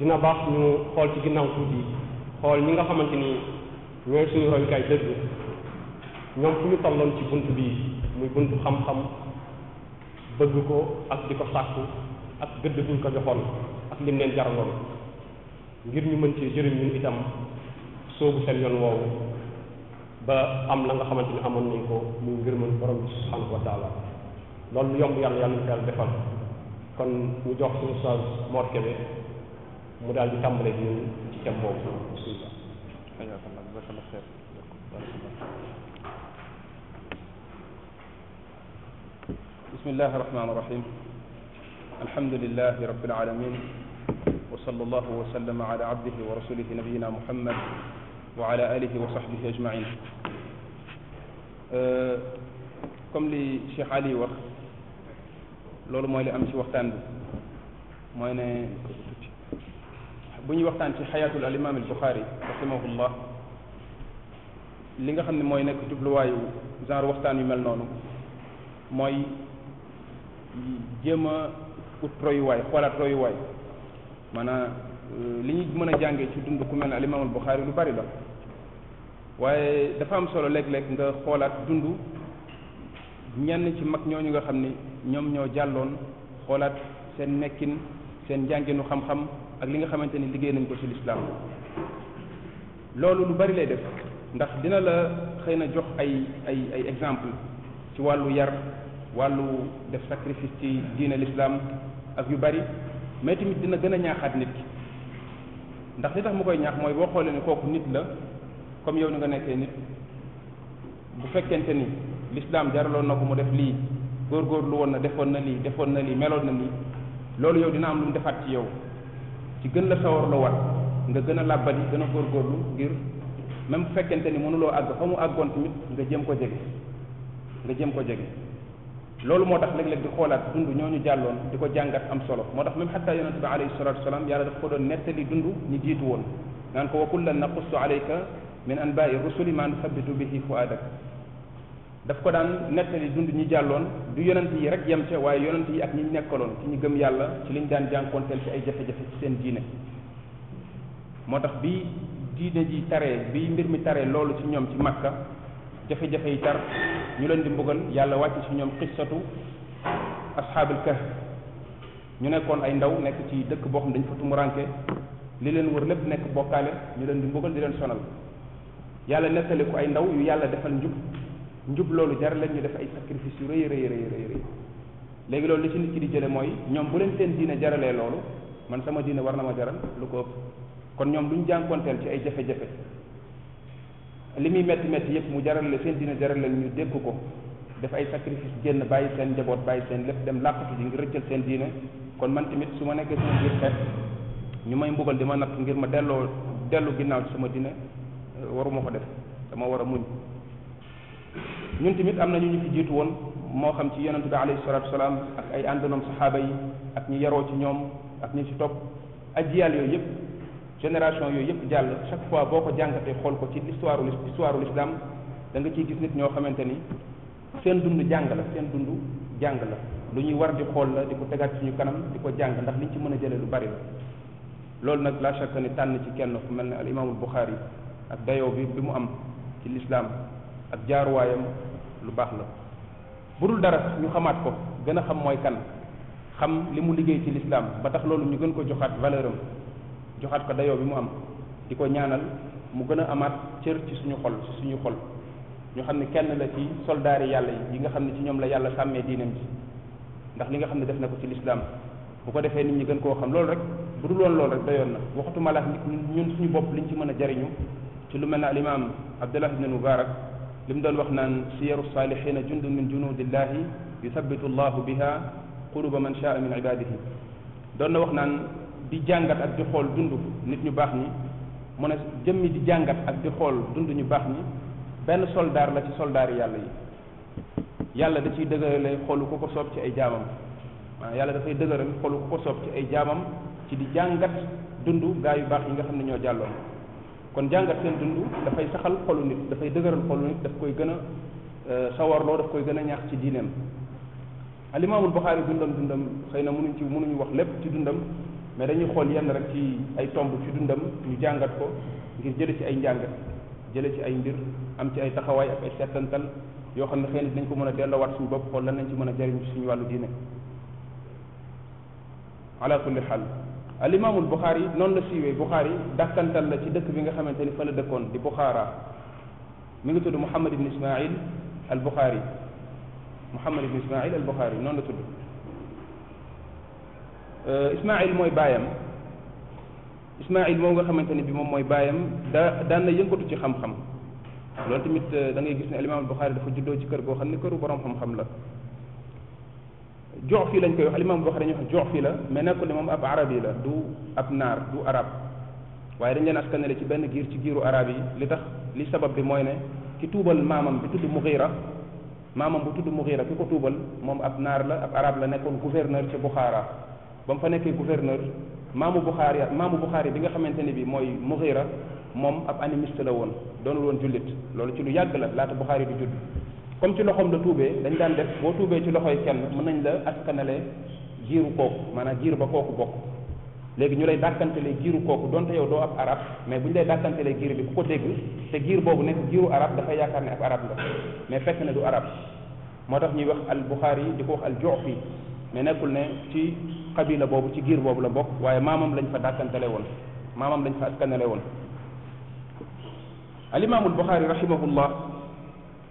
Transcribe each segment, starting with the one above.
dina baax ñu xool ci ginnaaw tuuti xool ñi nga xamante ni ñooy suñu royukaay dëgg ñoom fu ñu tolloon ci bunt bi muy buntu xam-xam bëgg ko ak di ko sàkku ak gëdd buñ ko joxoon ak lim leen jaraloon ngir ñu mën ci jëriñ ñun itam soobu seen yoon woowu ba am na nga xamante ni amoon nañ ko muy ngir mën borom bi subhanahu wa loolu yomb yàlla yàlla ñu ko defal kon ñu jox suñu sage Mor Kébé mu daal di tàmbale ñu ci cam boobu بسم الله الرحمن الرحيم الحمد لله رب العالمين وصلى الله وسلم على عبده ورسوله نبينا محمد وعلى آله وصحبه أجمعين comme لي شيخ علي wax loolu mooy لي am ci waxtaan bi موي bu ñuy waxtaan ci xayaatul al imam al buxaari rahimahullah li nga xam ne mooy nekk jubluwaayu genre waxtaan yu mel noonu mooy jéem a ut royuwaay xoolaat royuwaay maanaam euh, li ñu mën a jànge ci dund ku mel ne al imam lu bari la waaye dafa am solo léeg-léeg nga xoolaat dund ñenn ci mag ñooñu nga xam ni ñoom ñoo jàlloon xoolaat seen nekkin seen njànginu xam-xam ak li nga xamante ni liggéey nañ ko ci lislaam loolu lu bari lay def ndax dina la xëy na jox ay ay ay exemple ci wàllu yar wàllu def sacrifice ci diine lislaam ak yu bari mais tamit dina gën a ñaaxaat nit ki ndax li tax mu koy ñaax mooy boo xoolee ne kooku nit la comme yow ni nga nekkee nit bu fekkente ni lislaam jaraloon na ko mu def lii góorgóorlu woon na defoon na lii defoon na lii meloon na lii loolu yow dina am lu mu defaat ci yow ci gën la sawar la wat nga gën a làbbali gën a góor góorgóorlu ngir même bu fekkente ni mënuloo àgg fa mu àggoon tamit nga jëm ko jege nga jëm ko jege loolu moo tax léeg-léeg di xoolaat ñoo ñu jàlloon di ko jàngat am solo moo tax même xataa yonent bi alayhi salatu wasalaam yàlla daf ko doon nettali dund ñi jiitu woon naan ko wa kullan naqussu alayka min anbaai rusuli ma nusabbitu bihi fuadak daf ko daan nettali dund ñi jàlloon du yonent yi rek yem ca waaye yonent yi ak ñi nekkaloon ci ñu gëm yàlla ci liñ daan jànkoonteel ci ay jafe-jafe ci seen diine moo tax bi diine ji taree bi mbir mi taree loolu ci ñoom ci makka jafe-jafe yi tar ñu leen di mbugal yàlla wàcc ci ñoom xissatu asxaabul kahf ñu nekkoon ay ndaw nekk ci dëkk boo xam dañu fa tumuranke li leen wër lépp nekk bokkaale ñu leen di mbugal di leen sonal yàlla nettali ko ay ndaw yu yàlla defal njub loolu jar lañ ñu def ay sacrifice yu rëy rëy rëy rëy rëy léegi loolu li ci nit ki di jële mooy ñoom bu leen seen diine jaralee loolu man sama diine war na ma jaral lu ko ëpp kon ñoom lu ñu jànkoon jànkonteel ci ay jafe-jafe li muy métti métti yëpp mu jaral la seen diine jaral leen ñu dégg ko def ay sacrifice génn bàyyi seen njaboot bàyyi seen lépp dem làqatu ji ngir rëccal seen diine kon man tamit su ma nekkee sama biir xeet ñu may mbugal di ma natt ngir ma delloo dellu ginnaaw ci sama waruma ko def dama war a muñ ñun tamit am nañu ñu fi jiitu woon moo xam ci yonente bi alayhi salatu wasalaam ak ay àndandoom saxaaba yi ak ñu yaroo ci ñoom ak ñu ci topp ajiyaal yooyu yëpp génération yooyu yëpp jàll chaque fois boo ko jàngatee xool ko ci histoire histoire l'islam da nga ciy gis nit ñoo xamante ni seen dund jàng la seen dund jàng la lu ñuy war di xool la di ko tegaat ñu kanam di ko jàng ndax liñ ci mën a jëlee lu bari la loolu nag la chaque ni tànn ci kenn ku mel ne al imaamul buxaari ak dayoo bi bi mu am ci l'islam ak jaaruwaayam lu baax la bu dul dara ñu xamaat ko gën a xam mooy kan xam li mu liggéey ci lislaam ba tax loolu ñu gën ko joxaat valeur am joxaat ko dayoo bi mu am di ko ñaanal mu gën a amaat cër ci suñu xol ci suñu xol ñu xam ne kenn la ci soldaari yàlla yi yi nga xam ne ci ñoom la yàlla sàmmee diinam ji ndax li nga xam ne def na ko ci lislaam bu ko defee nit ñi gën koo xam loolu rek bu dul woon loolu rek doyoon na waxatuma la nit ñun suñu bopp liñ ci mën a ci lu mel ne al imam Abdullah ibn Mubarak li mu doon wax naan siyaru saalixiina jundun min junudillahi yuthabitu llahu biha quluba man shaa min ibadihi doon na wax naan di jàngat ak di xool dund nit ñu baax ñi mu ne jëmmi di jàngat ak di xool dund ñu baax ñi benn soldaar la ci soldaari yàlla yi yàlla da ciy dëgërale xolu ku ko soob ci ay jaamam waaw yàlla dafay dëgëral xolu ku ko soob ci ay jaamam ci di jàngat dund gaa yu baax yi nga xam ne ñoo jàlloon kon jàngat seen dund dafay saxal xolu nit dafay dëgëral xolu nit daf koy gën a euh, sawarloo daf koy gën a ñaax ci diineem alimaamul Buxaari dundam dundam xëy na mënuñ ci mënuñu wax lépp ci dundam mais dañuy xool yenn rek ci ay tomb ci dundam ñu jàngat ko ngir jële ci ay njàngat jële ci ay mbir am ci ay taxawaay ak ay settantal yoo xam ne xëy na dinañ ko mën a delloowaat suñu bopp xool lan lañ ci mën a jariñ suñu wàllu diine ala kulli xaal al imaamul Buxaari noonu la siiwee Buxaari dàkkantal la ci dëkk bi nga xamante ni fa la dëkkoon di Buxaara mi ngi tudd Muhammad ibn Ismail al Buxaari Muhammad ibn Ismail al Buxaari noonu la tudd euh, Ismail mooy baayam Ismail moom nga xamante ni bi moom mooy baayam daa daan na yëngatu ci xam-xam loolu tamit euh, da ngay gis ne al imaamul Buxaari dafa juddoo ci kër goo xam ne këru borom xam-xam la. jox fi lañ koy wax alimam wax dañuy wax jox fi la mais nekkul ne moom ab arabi la du ab naar du arab waaye dañ leen askanale ci benn giir ci giiru arab yi li tax li sabab bi mooy ne ki tuubal maamam bi tudd mugira maamam bu tudd mugira ki ko tuubal moom ab naar la ab arab la nekkoon gouverneur ci buxaara ba mu fa nekkee gouverneur maamu buxaari maamu buxaari bi nga xamante ne bi mooy mugira moom ab animiste la woon doonul woon jullit loolu ci lu yàgg la laata buxaari du judd comme ci loxoom la tuubee dañ daan def boo tuubee ci loxoy kenn mën nañ la askanale jiiru kooku maanaa jiir ba kooku bokk léegi ñu lay dàkkantelee jiiru kooku donte yow doo ab arab mais bu ñu lay dàkkantelee jiir bi ku ko dégg te giir boobu nekk jiiru arab dafay yaakaar ne ab arab la mais fekk ne du arab moo tax ñuy wax al buxaari di ko wax al joxfi mais nekkul ne ci xabila boobu ci giir boobu la bokk waaye maamam lañ fa dàkkantalee woon maamam lañ fa askanale woon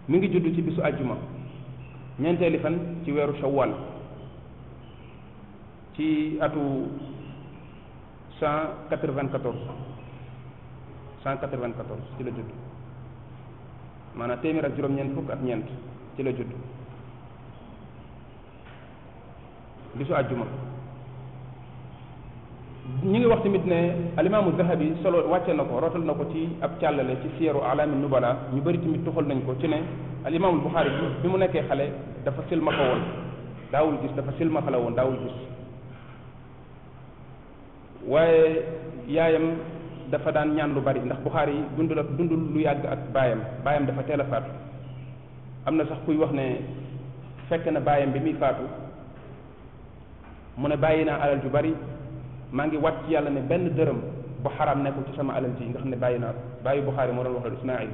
mi ngi judd ci bisu ajjuma ñeenteeli fan ci weeru shawwal ci atu cent quatre-vingt-quatorze cent quatre-vingt-quatorze ci la judd maanaam téeméer ak juróom-ñeent fukk ak ñeent ci la judd bisu ajjuma ñu ngi wax tamit ne alimaamu zahabi solo wàcce na ko rotal na ko ci ab càllale ci siyaru alaami nubala ñu bari tamit tuxal nañ ko ci ne alimaamul buxaari bi mu nekkee xale dafa silmaxa woon daawul gis dafa silmaxa la woon daawul gis waaye yaayam dafa daan ñaan lu bari ndax buxaari yi dund la dundul lu yàgg ak baayam baayam dafa teel a am na sax kuy wax ne fekk na baayam bi muy faatu mu ne bàyyi naa alal ju bari maa ngi wat yàlla ne benn dërëm bu xaraam nekkul ci sama alal ji nga xam ne bàyyi naa bàyyi Buxaari moo doon waxal Ismaïl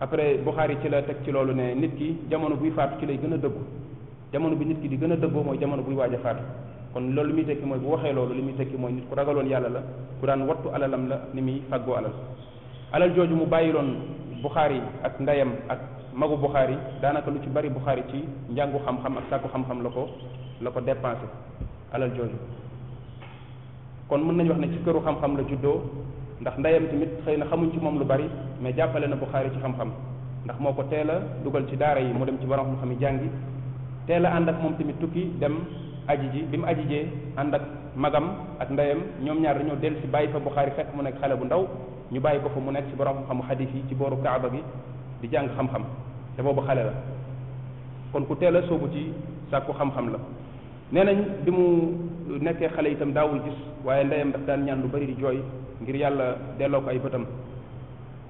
après Buxaari ci la teg ci loolu ne nit ki jamono buy faatu ci lay gën a dëggu jamono bi nit ki di gën a dëggoo mooy jamono buy waaj a faatu kon loolu li muy tekki mooy bu waxee loolu li muy tekki mooy nit ku ragaloon yàlla la ku daan wattu alalam la ni muy fàggoo alal alal jooju mu bàyyi bàyyiloon Buxaari ak ndeyam ak magu Buxaari daanaka lu ci bari Buxaari ci njàngu xam-xam ak sàkku la ko la ko dépensé alal jooju kon mën nañu wax ne ci këru xam-xam la juddoo ndax ndayam tamit xëy na xamuñ ci moom lu bari mais jàppale na buxaari ci xam-xam ndax moo ko teel a dugal ci daara yi mu dem ci borom xam-xam yi jàngi teel a ànd ak moom tamit tukki dem aji ji bi mu aji jee ànd ak magam ak ndayam ñoom ñaar dañoo del si bàyyi fa buxaari fekk mu nekk xale bu ndaw ñu bàyyi ko fa mu nekk ci borom xam-xamu xadis yi ci booru kaaba gi di jàng xam-xam te boobu xale la kon ku teel a soobu ci sàkku xam-xam la nee nañ bi mu nekkee xale itam daawul gis waaye ndeyam daf daan ñaan lu bari di jooy ngir yàlla delloo ko ay bëtam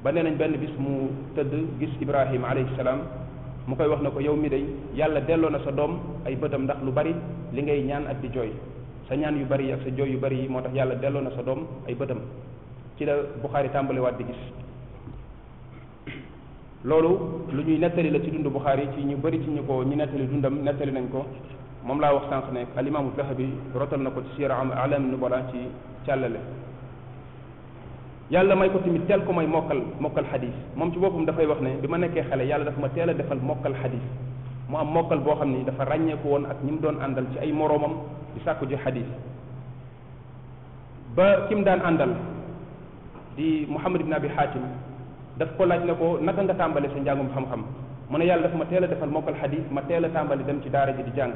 ba nee nañ benn bis mu tëdd gis Ibrahima alayhi salaam mu koy wax na ko yow mi day yàlla delloo na sa doom ay bëtam ndax lu bari li ngay ñaan ak di jooy sa ñaan yu bari yi ak sa jooy yu bari yi moo tax yàlla delloo na sa doom ay bëtam ci la Buxaari tàmbaliwaat di gis loolu lu ñuy nettali la ci dund Buxaari ci ñu bari ci ñu ko ñu nettali dundam nettali nañ ko mom la wax sànq ne imam dahabi rotal nako ci siira am alam nubala ci càllale yàlla may ko timi tel ko may mokal mokal hadith mom ci bopum da fay wax ne bima nekké xale yàlla dafa ma téla defal mokal hadith mu am mokal bo xamni dafa ragne ko won ak nim doon àndal ci ay moromam di sàkku ji hadith ba kim daan àndal di muhammad ibn abi hatim daf ko laaj nako naka nga tàmbale sa jangum xam xam-xam mu ne yàlla dafa ma téla defal mokal hadith ma téla a tàmbali dem ci daara ji di jàng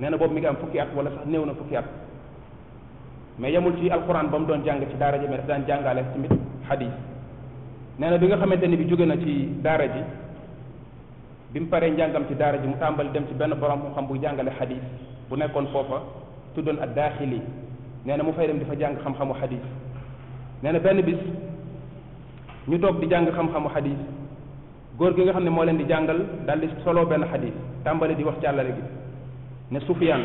nee na boobu mi ngi am fukki at wala sax néew na fukki at mais yamul ci alquran ba mu doon jàng ci daara ji mais daf daan jàngaale tamit xadis nee na bi nga xamante ni bi jóge na ci daara ji bi mu paree njàngam ci daara ji mu tàmbali dem ci benn borom mu xam buy jàngale xadis bu nekkoon foofa tuddoon ak daaxili nee na mu fay dem dafa fa jàng xam-xamu xadis nee na benn bis ñu toog di jàng xam-xamu xadis góor gi nga xam ne moo leen di jàngal daal di soloo benn xadis tàmbali di wax jàllale gi ne sufyan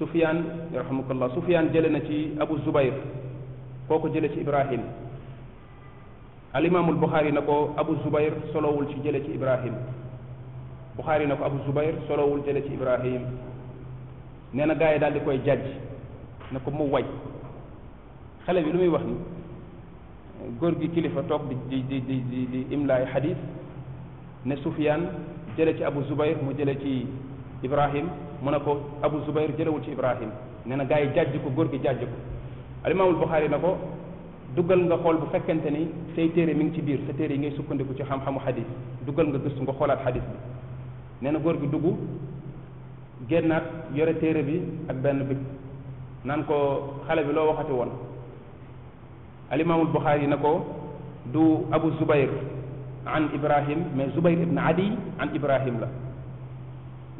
sufyan yarhamukallah sufyan jële na ci abu zubair koko jële ci ibrahim al imam al bukhari nako abu zubair solo wul ci jële ci ibrahim bukhari nako abu zubair solo wul jële ci ibrahim neena gaay dal yi di koy jajj nako ko mu way xale bi lumuy wax ni gor gi kilifa tok di di di di di di imlaay xadis ne sufyan jële ci abu zubair mu jële ci Ibrahim mu ne ko Abu Zubair jëlewul ci Ibrahim nee na gaa yi jàjj ko góor gi jàjj ko alimaamul Buxaari na ko duggal nga xool bu fekkente ni say téere mi ngi ci biir sa téere yi ngay sukkandiku ci xam-xamu xadis duggal nga gëstu nga xoolaat xadis bi nee na góor gi dugg génnaat yore téere bi ak benn bi naan ko xale bi loo waxati woon alimaamul Buxaari na ko du Abu Zubair an Ibrahim mais Zubair ibn Adi an Ibrahim la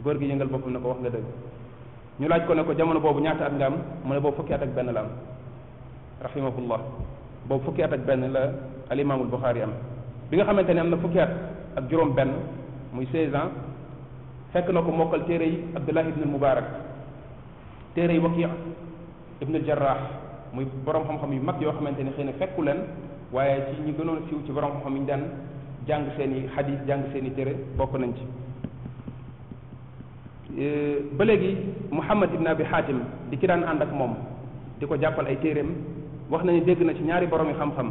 góor gi yëngal boppam ne ko wax nga dëgg ñu laaj ko ne ko jamono boobu ñaata at nga am mu ne boobu fukki at ak benn la am rahimahullah boobu fukki at ak benn la alimaamul buxaari am bi nga xamante ne am na fukki at ak juróom benn muy 16 ans fekk na ko mokkal téere yi abdullah ibn mubarak téere yi waqi ibn jarrah muy borom xam-xam yu mag yoo xamante ne xëy na fekku leen waaye ci ñi gënoon siiw ci borom xam-xam yi ñu daan jàng seen i xadis jàng seen i téere bokk nañ ci Euh, ba léegi Muhammad ibn Abi Hatim di ki daan ànd ak moom di ko jàppal ay téeréem wax nañu dégg na ci ñaari boroomi xam-xam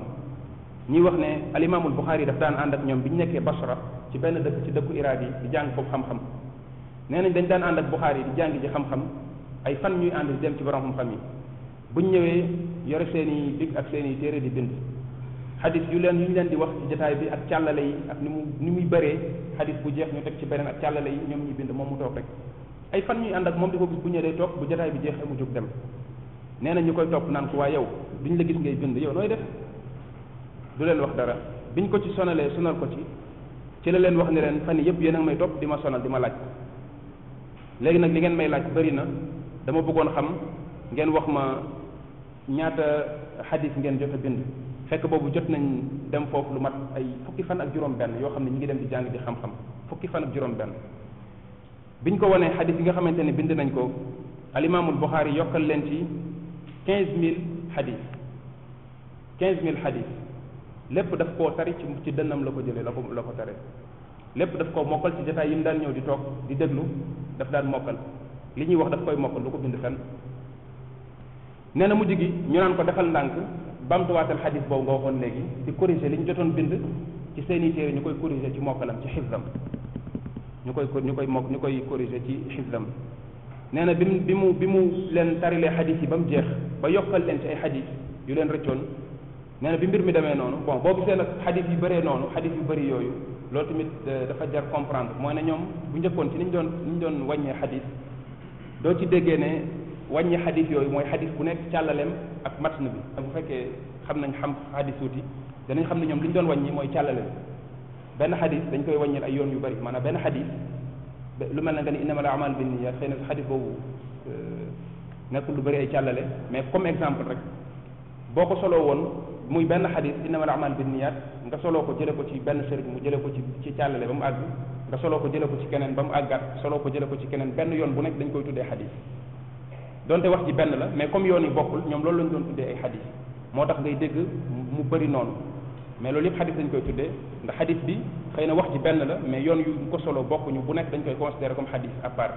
ñuy wax ne alimaamul Buxaari daf daan ànd ak ñoom bi ñu nekkee Basra ci benn dëkk ci dëkku Iraak yi di jàng foofu xam-xam nee nañ dañ daan ànd ak Buxaari di jàng ji xam-xam ay fan ñuy ànd di dem ci borom xam-xam yi buñ ñëwee yore seen i dig ak seen i téere di bind xadis yu leen yu ñu leen di wax ci jotaay bi ak càllale yi ak ni mu ni muy bëree xadis bu jeex ñu teg ci beneen ak càllale yi ñoom ñuy bind moom mu toog rek ay fan ñuy ànd ak moom di ko gis bu ñëwee toog bu jotaay bi jeexee mu jóg dem nee na ñu koy topp naan ko waa yow duñ la gis ngay bind yow nooy def du leen wax dara biñ ko ci sonalee sonal ko ci ci la leen wax ne leen fan yëpp yéen a may topp di ma sonal di ma laaj léegi nag li ngeen may laaj bëri na dama bëggoon xam ngeen wax ma ñaata xadis ngeen jot a bind fekk boobu jot nañ dem foofu lu mat ay fukki fan ak juróom-benn yoo xam ne ñu ngi dem di jàng ji xam-xam fukki fan ak juróom-benn biñ ko wanee xadis yi nga xamante ne bind nañ ko alimaamul Buxaari yokkal leen ci quinze mille xadis quinze mille xadis lépp daf koo tari ci dënnam la ko jëlee la ko la ko tare lépp daf koo mokkal ci jotaay yi mu daan ñëw di toog di déglu daf daan mokkal li ñuy wax daf koy mokkal lu ko bind fenn nee na mujj gi ñu naan ko defal ndànk bamtuwaatal xadis boobu nga waxoon léegi di corriger li ñu jotoon bind ci seeni téere ñu koy corriger ci mokkalam ci xifdam ñu koy ñu koy mokk ñu koy corriger ci xifdam nee na bi mu bi mu leen tarilee xadis yi ba mu jeex ba yokkal leen ci ay xadis yu leen rëccoon nee na bi mbir mi demee noonu bon boo gisee nag xadis yu bëree noonu xadis yu bëri yooyu loolu tamit euh, dafa jar comprendre mooy na ñoom bu njëkkoon ci ni ñu doon ni ñu doon wàññee xadis doo ci déggee wàññi xadis yooyu mooy xadis bu nekk càllaleem ak matn bi bu fekkee xam nañ xam xadis tuuti danañ xam ne ñoom li ñu doon wàññi mooy càllaleem benn xadis dañ koy wàññil ay yoon yu bari maanaam benn xadis lu mel na nga ni innamal a'mal binniyat xëy na xadis boobu euh, nekkul lu bari càllale mais comme rek boo ko soloo woon muy benn xadis innamal a'mal binniyat nga soloo ko jëlee ko ci benn sëriñ mu jële ko ci ci càllale ba mu àgg nga soloo ko jële ko ci keneen ba mu àggaat soloo ko jëlee ko ci keneen benn yoon bu nekk dañ koy tuddee xadis donte wax ji benn la mais comme yoon yi bokkul ñoom loolu lañ doon tuddee ay xadis moo tax ngay dégg mu bëri noonu mais loolu yëpp xadis lañ koy tuddee ndax xadis bi xëy na wax ji benn la mais yoon yu ko solo bokkuñu bu nekk dañ koy considérer comme xadis à part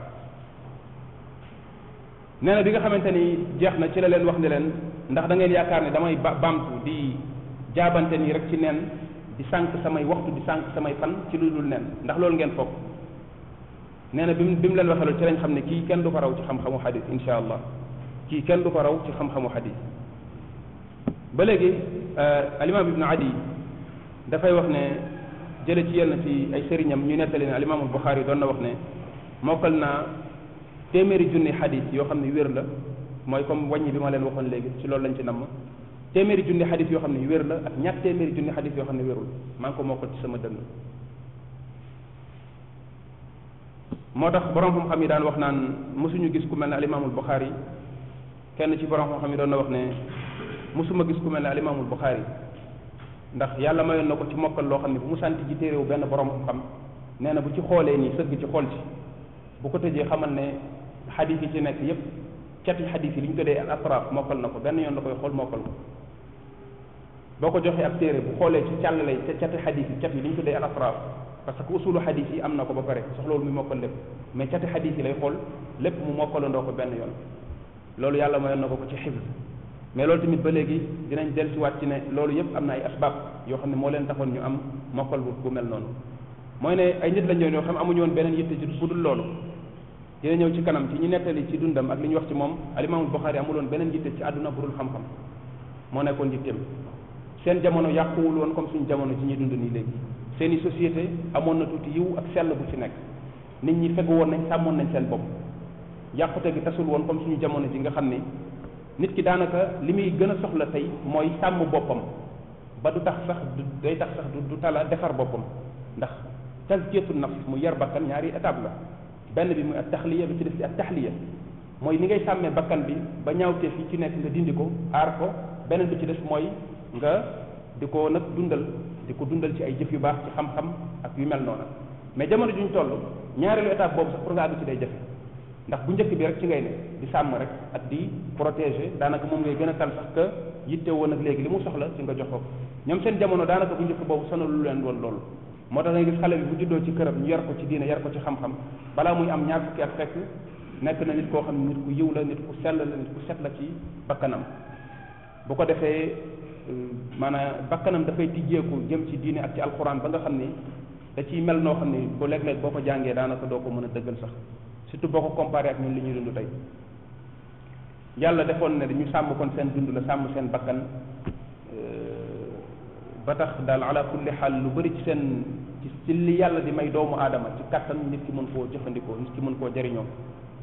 nee na bi nga xamante ni jeex na ci la leen wax ne leen ndax da ngeen yaakaar ne damay bamtu di jaabante nii rek ci nen di sànq samay waxtu di sànq samay fan ci lu dul nen ndax loolu ngeen foog nee na bi mu bi mu leen waxee loolu ci lañ xam ne kii kenn du ko raw ci xam-xamu xadis incha allah kii kenn du ko raw ci xam-xamu xadis ba léegi alimam ibnu adi dafay wax ne jële ci yenn ci ay sëriñam ñu nettali ne alimamul buxaari doon na wax ne mokkal naa téeméeri junni xadis yoo xam ne wér la mooy comme wàññi bi ma leen waxoon léegi ci loolu lañ ci namm téeméeri junni xadis yoo xam ne wér la ak ñaar téeméeri junni xadis yoo xam ne wérul maa ngi ko mokkal ci sama dënn moo tax borom xam-xam yi daan wax naan mosuñu gis ku mel ne alimaamul buxaari kenn ci borom xam-xam yi doon na wax ne mosuma gis ku mel ne alimaamul buxaari ndax yàlla mayoon na ko ci mokkal loo xam ne bu mu sant ji téeréew benn borom xam-xam nee na bu ci xoolee nii sëgg ci xool ci bu ko tëjee xamal ne xadis yi ci nekk yépp cati xadis yi li ñu tuddee al atraf mokkal na ko benn yoon la koy xool mokkal ko boo ko joxee ab téere bu xoolee ci càllale cati xadis yi cat yi li ñu tuddee al atraf parce que usulu hadith yi am na ko ba pare soxlawul muy mokkal lépp mais cati hadith yi lay xool lépp mu mokkalandoo ko benn yoon loolu yàlla mayoon na ko ko ci xibs mais loolu tamit ba léegi dinañ dellusiwaat ci ne loolu yëpp am na ay asbab yoo xam ne moo leen taxoon ñu am mokkal bu bu mel noonu mooy ne ay nit lañ ñoo xam amuñu woon beneen yitte ci bu dul loolu dina ñëw ci kanam ci ñu nettali ci dundam ak li ñu wax ci moom alimaamul Buxaari amul woon beneen yitte ci àdduna bu dul xam-xam moo nekkoon yitteem seen jamono yàquwul woon comme suñu jamono ci ñuy dund nii léegi seen i société amoon na tuuti yiw ak sell bu ci nekk nit ñi fegu woon nañ sàmmoon nañ seen bopp yàqute gi tasul woon comme suñu jamono ji nga xam ni nit ki daanaka li muy gën a soxla tey mooy sàmm boppam ba du tax sax du day tax sax du tala defar boppam ndax tazkiyatu nafs mu yar bakkan ñaari étape la benn bi muy at taxliya bi ci des di at taxliya mooy ni ngay sàmmee bakkan bi ba ñaawteef fi ci nekk nga dindi ko aar ko beneen bi ci des mooy nga di ko nag dundal di ko dundal ci ay jëf yu baax ci xam-xam ak yu mel noonu mais jamono ju ñu toll ñaareelu étape boobu sax pour nga àgg ci day jafe ndax bu njëkk bi rek ci ngay ne di sàmm rek ak di protéger daanaka moom ngay gën a tal sax que yitte woon ak léegi li mu soxla ci nga jox ko ñoom seen jamono daanaka bu njëkk boobu sonal lu leen woon loolu moo tax nga gis xale bi bu juddoo ci këram ñu yar ko ci diine yar ko ci xam-xam balaa muy am ñaar fukki at fekk nekk na nit koo xam ne nit ku yiw la nit ku sell la set la ci bakkanam maanaam bakkanam dafay tijjeeku jëm ci diine ak ci alxuraan ba nga xam ni da ciy mel noo xam ni bu léeg-léeg boo ko jàngee daanaka doo ko mën a dëggal sax surtout boo ko comparé ak ñun li ñu dund tey yàlla defoon ne ñu sàmm kon seen dund la sàmm seen bakkan ba tax daal ala kulli xaal lu bari ci seen ci li yàlla di may doomu aadama ci kattan nit ki mën koo jëfandikoo nit ki mën koo jariñoo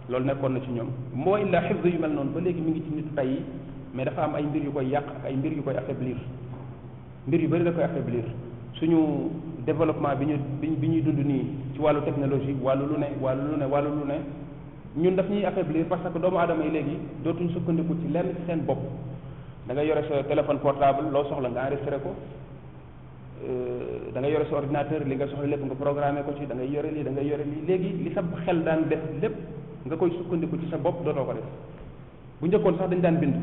loolu nekkoon na ci ñoom moo illa xifd yu mel noonu ba léegi mi ngi ci nitu tey mais dafa am ay mbir yu koy yàq ak ay mbir yu koy affaiblir mbir yu bëri la koy affaiblir suñu développement bi ñu bi ñuy dund nii ci wàllu technologie wàllu lu ne wàllu lu ne wàllu lu ne ñun daf ñuy affaiblir parce que doomu aadama yi léegi dootuñ sukkandiku ci lenn ci seen bopp dangay yore sa téléphone portable loo soxla nga enregistré ko euh, da nga yore sa ordinateur li nga soxla lépp nga programmé ko ci da nga yore lii da nga yore lii léegi li sa xel daan def lépp nga koy sukkandiku ci sa bopp dootoo ko def bu sax dañ daan bind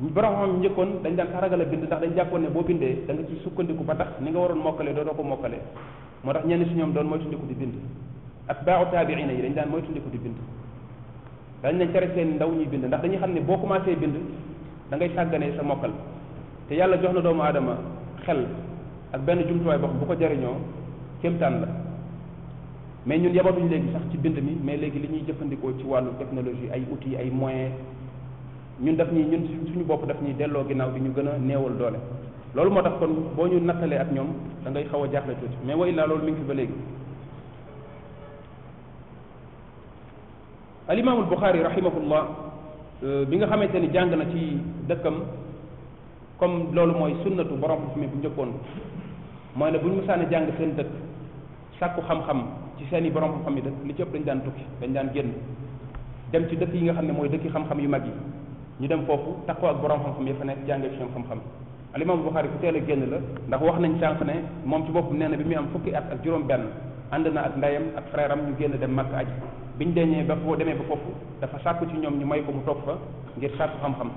borom xam njëkkoon dañ daan sax ragal a bind ndax dañ jàppoon ne boo bindee da nga ci sukkandiku ba tax ni nga waroon mokkale doo doo ko mokkale moo tax ñenn si ñoom doon moytundiku di bind atbaaru taabiina yi dañ daan moytundiku di bind dañ nañ tere seen ndaw ñuy bind ndax dañuy xam ne boo commencé bind dangay tàgganee sa mokkal te yàlla jox na doomu aadama xel ak benn jumtuwaay boo xam bu ko jariñoo kéemtaan la mais ñun yabatuñ léegi sax ci bind mi mais léegi li ñuy jëfandikoo ci wàllu technologie ay outils ay moyens ñun daf ñuy ñun suñu bopp daf ñuy delloo ginnaaw bi ñu gën a néewal doole loolu moo tax kon boo ñu nattalee ak ñoom da ngay xaw a jaaxle tuuti mais wa illaa loolu mi ngi fi ba léegi alimaamul Buxaari rahimahullah euh, bi nga xamante ni jàng na ci dëkkam comme loolu mooy sunnatu borom fi mi bu njëkkoon mooy ne bu ñu mësaan jàng seen dëkk sàkku xam-xam ci seen i borom xam yi dëkk li cëpp dañ daan tukki dañ daan génn dem ci dëkk yi nga xam ne mooy dëkki xam yu mag yi ñu dem foofu takkoo ak borom xam-xam ya fa nekk jàngee ci ñoom génn la ndax wax nañ sànq ne moom ci nee na bi muy am fukki at ak juróom benn ànd na ak ndeyam ak frère am ñu génn dem Makka aji biñ deñee ba foo demee ba foofu dafa sàkku ci ñoom ñu may ko mu toog fa ngir sàkku xam-xam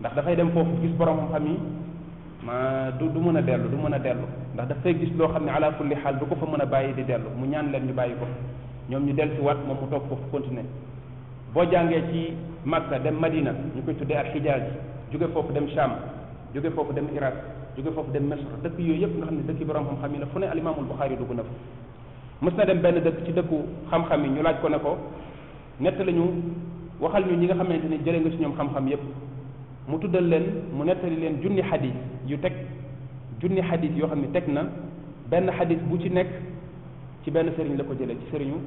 ndax dafay dem foofu gis borom xam-xam ma du du mën a dellu du mën a dellu ndax dafay gis loo xam ne ala kulli xaal du ko fa mën a bàyyi di dellu mu ñaan leen ñu bàyyi ko ñoom ñu dellu si waat moom mu toog foofu continuer boo jàngee ci Makka dem Madina ñu koy tuddee ak Xijaaz jóge foofu dem Sham jóge foofu dem Iraq jóge foofu dem Misr dëkk yooyu yëpp nga xam ne dëkk borom xam-xam yi la fu ne alimaamul Buxaari dugg na fa mës na dem benn dëkk ci dëkku xam-xam yi ñu laaj ko ne ko nett lañu waxal ñu ñi nga xamante ni jëlee nga ci ñoom xam-xam yépp mu tuddal leen mu nettali leen junni xadis yu teg junni xadis yoo xam ne teg na benn xadis bu ci nekk ci benn sëriñ la ko jëlee ci sëriñu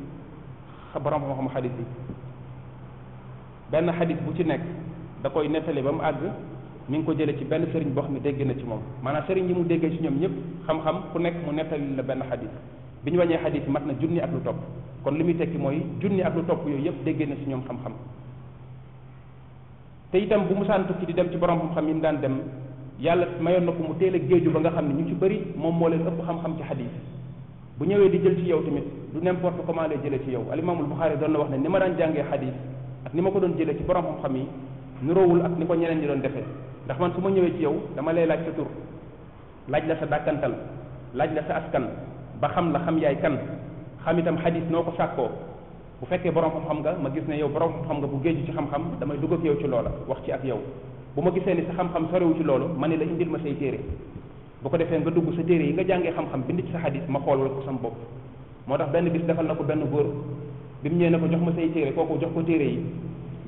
borom xam-xam xadis bi benn xadis bu ci nekk da koy nettali ba mu àgg mu ngi ko jëlee ci benn sëriñ boo xam ne dégg na ci moom maanaam sëriñ yi mu déggee ci ñoom ñëpp xam-xam ku nekk mu nettali la benn xadis bi ñu wañee xadis yi mat na junni ak lu topp kon li muy tekki mooy junni ak lu topp yooyu yëpp déggee na ci ñoom xam-xam te itam bu musaan tukki di dem ci borom xam-xam yi mu daan dem yàlla mayoon na ko mu teel a géeju ba nga xam ne ñu ci bëri moom moo leen ëpp xam-xam ci xadis bu ñëwee di jël ci yow tamit du n'importe comment lay jëlee ci yow al imaamul Buxaari doon na wax ne ni ma daan jàngee xadis ak ni ma ko doon jëlee ci borom xam-xam yi nuroowul ak ni ko ñeneen ñi doon defee ndax man su ma ñëwee ci yow dama lay laaj sa tur laaj la sa dàkkantal laaj la sa askan ba xam la xam yaay kan xam itam xadis noo ko sàkkoo bu fekkee borom xam-xam nga ma gis ne yow borom xam-xam nga bu géeju ci xam-xam damay dugg ak yow ci loola wax ci ak yow bu ma gisee ni sa xam-xam sorewu ci loolu ma ne la indil ma say téere bu ko defee nga dugg sa téere yi nga jàngee xam-xam bind ci sa xadis ma xool ko sam bopp moo tax benn bis defal na ko benn góor bi mu ñëwee ne ko jox ma say téere kooku jox ko téere yi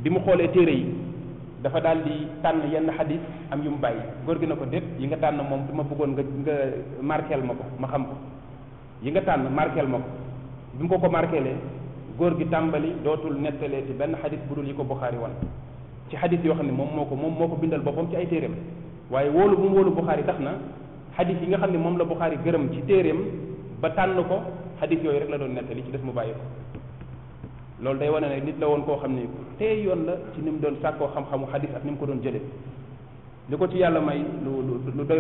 bi mu xoolee téere yi dafa daal di tànn yenn xadis am yu mu bàyyi góor gi na ko déet yi nga tànn moom dama bëggoon nga nga marqueel ma ko ma xam ko yi nga tànn marqueel ma ko bi mu ko ko marqueelee góor gi tàmbali dootul nettalee ci benn xadis bu dul yi ko Buxaari wan ci xadis yoo xam ne moom moo ko moom moo ko bindal boppam ci ay téeréem waaye wóolu bu mu wóolu Buxaari tax na xadis yi nga xam ne moom la Buxaari gërëm ci téeréem ba tànn ko xadis yooyu rek la doon nettali ci des mu bàyyi ko loolu day wane nit la woon koo xam ne tey yoon la ci ni mu doon sàkkoo xam-xamu xadis ak ni mu ko doon jëlee ko ci yàlla may lu lu doy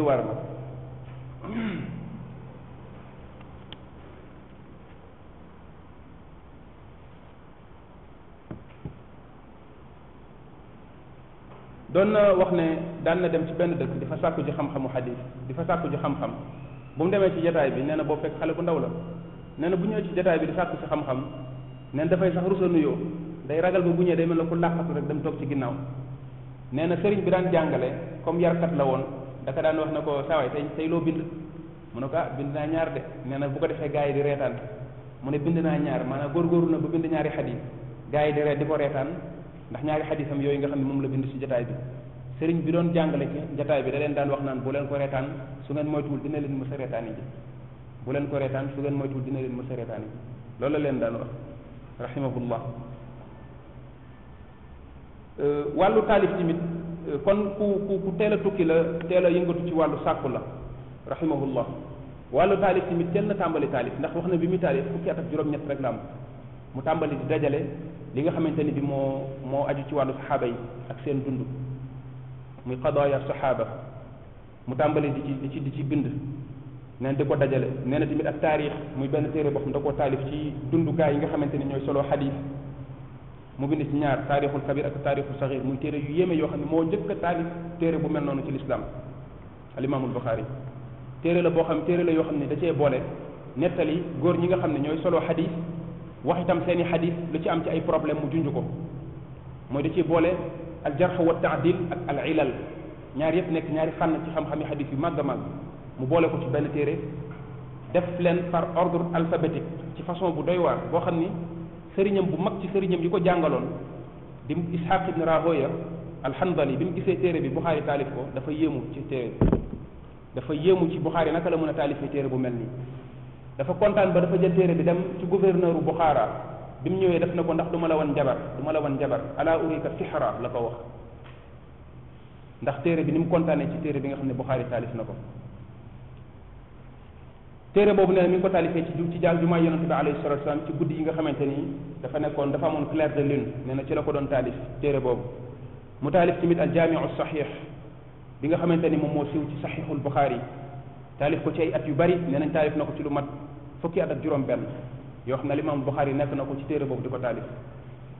doon na wax ne daan na dem ci benn dëkk di fa sàkku ji xam-xamu xadis di fa sàkku xam-xam bu mu demee ci jataay bi nee na boo fekk xale bu ndaw la nee na bu ñëwee ci jataay bi di sàkku si xam-xam neen dafay sax rusa nuyoo day ragal ba bu ñëwee day mel ne ku làqatu rek dem toog ci ginnaaw nee na sëriñ bi daan jàngale comme yarkat la woon daka daan wax na ko saawaay tey tey loo bind mu ne ko ah bind naa ñaar de nee na bu ko defee gars yi di reetaan mu ne bind naa ñaar maanaam góorgóorlu na ba bind ñaari xadis gars yi di reet di ko reetaan ndax ñaari xadisam yooyu nga xam ne moom la bind ci jotaay bi sëriñ bi doon jàngale ci jotaay bi da leen daan wax naan bu leen ko reetaan su ngeen moytuwul dina leen mës a reetaan bu leen ko reetaan su ngeen moytuwul dina leen mës a reetaan yi loolu la leen daan wax rahimahullah euh, wàllu taalif tamit euh, kon ku ku ku teel tukki la teel a yëngatu ci wàllu sàkku la rahimahullah wàllu taalif tamit teel na tàmbali taalif ndax wax na bi muy taalif fukki at juróom-ñett rek la mu tàmbali di dajale li nga xamante ni bi moo moo aju ci wàllu saxaaba yi ak seen dund muy qadaaya saxaaba mu tàmbali di ci di ci di ci bind neen da ko dajale nee na tamit ak taarix muy benn téere boo xam da koo taalif ci dundukaay yi nga xamante ni ñooy solo xadis mu bind ci ñaar taarixul kabir ak taarixul saxir muy téere yu yéeme yoo xam ne moo njëkk a taalif téere bu mel noonu ci lislaam alimaamul buxaari téere la boo xam téere la yoo xam ne da cee boole nettali góor ñi nga xam ne ñooy solo xadis wax itam seen i xadis lu ci am ci ay problème mu junj ko mooy da ciy boole al jarx wa taadil ak al ilal ñaar yëpp nekk ñaari fànn ci xam-xami xadis yu màgg a màgg mu boole ko ci benn téere def leen par ordre alphabétique ci façon bu doy waar boo xam ni sëriñam bu mag ci sëriñam yi ko jàngaloon di ishaq ibn rahoya alhanbali bi mu gisee téere bi buxaari taalif ko dafa yéemu ci téere dafa yéemu ci buxaari naka la mën a taalifee téere bu mel nii dafa kontaan ba dafa jël téere bi dem ci gouverneur bu buxaara bi mu ñëwee def na ko ndax du ma la wan jabar du ma la wan jabar ala urika sixra la ko wax ndax téere bi ni mu kontaanee ci téere bi nga xam ne buxaari taalif na ko téere boobu nee na mi ngi ko taalifee ci ci jaal jumaa yonante bi alayhi salatu wasalam ci guddi yi nga xamante ni dafa nekkoon dafa amoon clair de lune nee na ci la ko doon taalif téere boobu mu taalif tamit al jamiu sahih bi nga xamante ni moom moo siiw ci sahihul buxaari taalif ko ci ay at yu bari nee nañ taalif na ko ci lu mat fukki at ak juróom benn yoo xam ne limaam buxaari nekk na ko ci téere boobu di ko taalif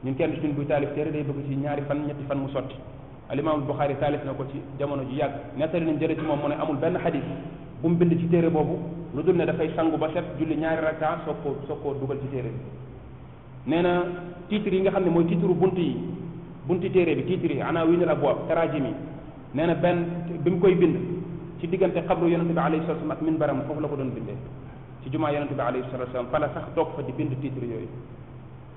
ñun kenn ci ñun buy taalif téere day bëgg ci ñaari fan ñetti fan mu sotti al imaam buxaari taalif na ko ci jamono ju yàgg nettali nañ jële ci moom mu ne amul benn hadith bu mu bind ci téere boobu lu dul ne dafay sangu ba set julli ñaari rakka soog koo soog koo dugal ci téere bi nee na titre yi nga xam ne mooy titre bunt yi bunti téere bi titre yi anawinul abwaab taraajim yi nee na benn bi mu koy bind ci diggante xabru yonente bi alayhi salatu wasalam ak minbaram foofu la ko doon bindee ci jumaa yonente bi alayhi salatu wasalam fala sax toog fa di bind titre yooyu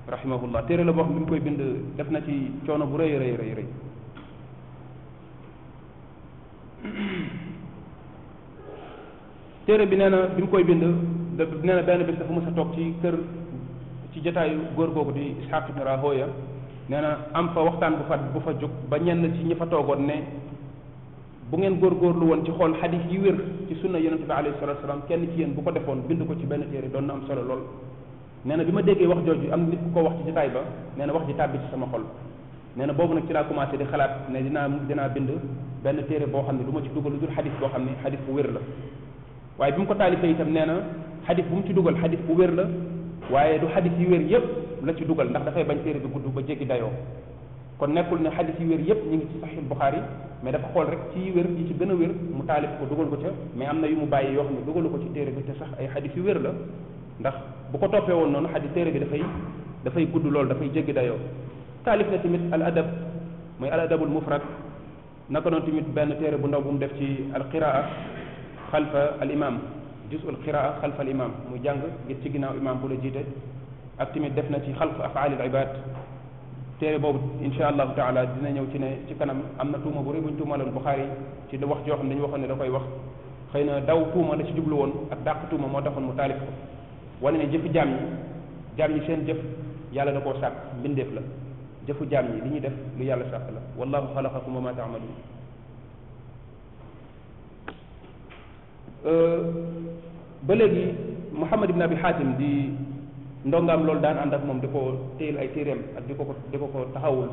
rahimahullah téere la boo xam bi mu koy bind def na ci coono bu rëy rëy rëy rëy téere bi nee na bi mu koy bind da nee na benn bés dafa mës a toog ci kër ci jataayu góor googu di Isxaaq ibn Rahoya nee na am fa waxtaan bu fa bu fa jóg ba ñenn ci ñi fa toogoon ne bu ngeen góor góorgóorlu woon ci xool xadis yi wér ci sunna yonente bi alayhi salatu salaam kenn ci yéen bu ko defoon bind ko ci benn téere doon na am solo lool nee na bi ma déggee wax jooju am nit ku ko wax ci jotaay ba nee na wax ji tàbbi ci sama xol nee na boobu nag ci laa commencé di xalaat ne dinaa dinaa bind benn téere boo xam ne du ma ci dugal lu dul xadis boo xam ne xadis bu wér la waaye bi mu ko taalifee itam nee na xadis bu mu ci dugal xadis bu wér la waaye du xadis yu wér yépp la ci dugal ndax dafay bañ téere bi gudd ba jéggi dayoo kon nekkul ne xadis yu wér yépp ñu ngi ci sahih bukhari mais dafa xool rek ci wér yi ci gën a wér mu taalif ko dugal ko ca mais am na yu mu bàyyi yoo xam ne dugalu ko ci téere bi te sax ay xadis yu wér la ndax bu ko toppee woon noonu xadis téere bi dafay dafay gudd lool dafay jéggi dayoo taalif na tamit al adab mooy al adabul mufrad naka noonu tamit benn téere bu ndaw bu mu def ci al qiraa خلف الامام جزء القراءه خلف الامام مو جانغ جيت سي غيناو امام بولا جيتا اك تيميت دفنا سي خلف افعال العباد تيري بوب ان شاء الله تعالى دينا نيو سي ني سي كانام امنا توما بو ري بو توما لون بخاري سي دو واخ جو خن دني واخ ني داكاي واخ خاينا داو توما لا سي جوبلو وون اك داك توما مو تاخون مو تاليف واني ني جيف جامي جامي سين جيف يالا داكو ساك بنديف لا جيفو جامي لي ني ديف لو يالا ساك لا والله خلقكم وما تعملون ba léegi Muhammad ibn Abi Hatim di ndongaam loolu daan ànd ak moom di ko téyel ay téeréem ak di ko ko di ko ko taxawul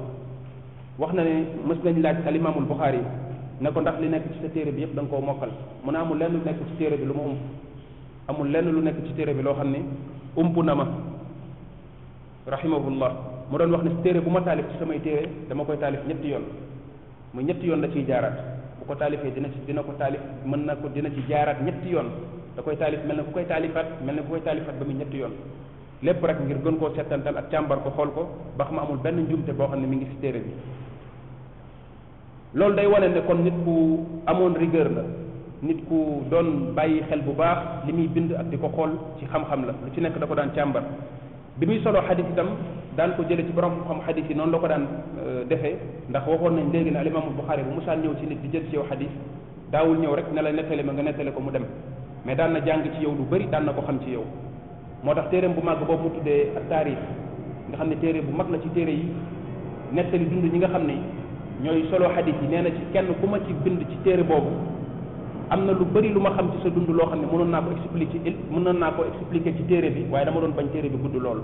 wax na ne mës nañ laaj al imaamul Buxaari ne ko ndax li nekk ci sa téere bi yëpp danga nga koo mokkal mu ne amul lenn lu nekk ci téere bi lu ma ump amul lenn lu nekk ci téere bi loo xam ne ump na ma rahimahullah mu doon wax ne téere bu ma taalif ci samay téere dama koy taalif ñetti yoon muy ñetti yoon la ciy jaaraat ko taalifee dina ci dina ko taalif mën na ko dina ci jaaraat ñetti yoon da koy taalif mel na ku koy taalifaat mel na ku koy taalifaat ba muy ñetti yoon lépp rek ngir gën koo seetal settantal ak càmbar ko xool ko ba xam amul benn njumte boo xam ne mu ngi ci téere bi loolu day wane ne kon nit ku amoon rigueur la nit ku doon bàyyi xel bu baax li muy bind ak di ko xool ci xam-xam la lu ci nekk da ko daan càmbar bi muy solo xadis itam daan ko jële ci borom xam xadis yi noonu la ko daan euh, defee ndax waxoon nañ léegi ne alimaamul Buxaari bu musaan ñëw ci nit di jël ci yow xadis daawul ñëw rek ne la nettale ma nga nettale ko mu dem mais daan na jàng ci yow lu bëri daan na ko xam ci yow moo tax téeréem bu màgg boobu mu tuddee ak taarix nga xam ne téere bu mag la ci téere yi nettali dund ñi nga xam ne ñooy solo xadis yi nee na ci kenn ku ma ci bind ci téere boobu am na lu bari lu ma xam ci sa dund loo xam ne mënoon naa ko expliquer ci mënoon naa ko expliquer ci téere bi waaye dama doon bañ téere bi gudd loolu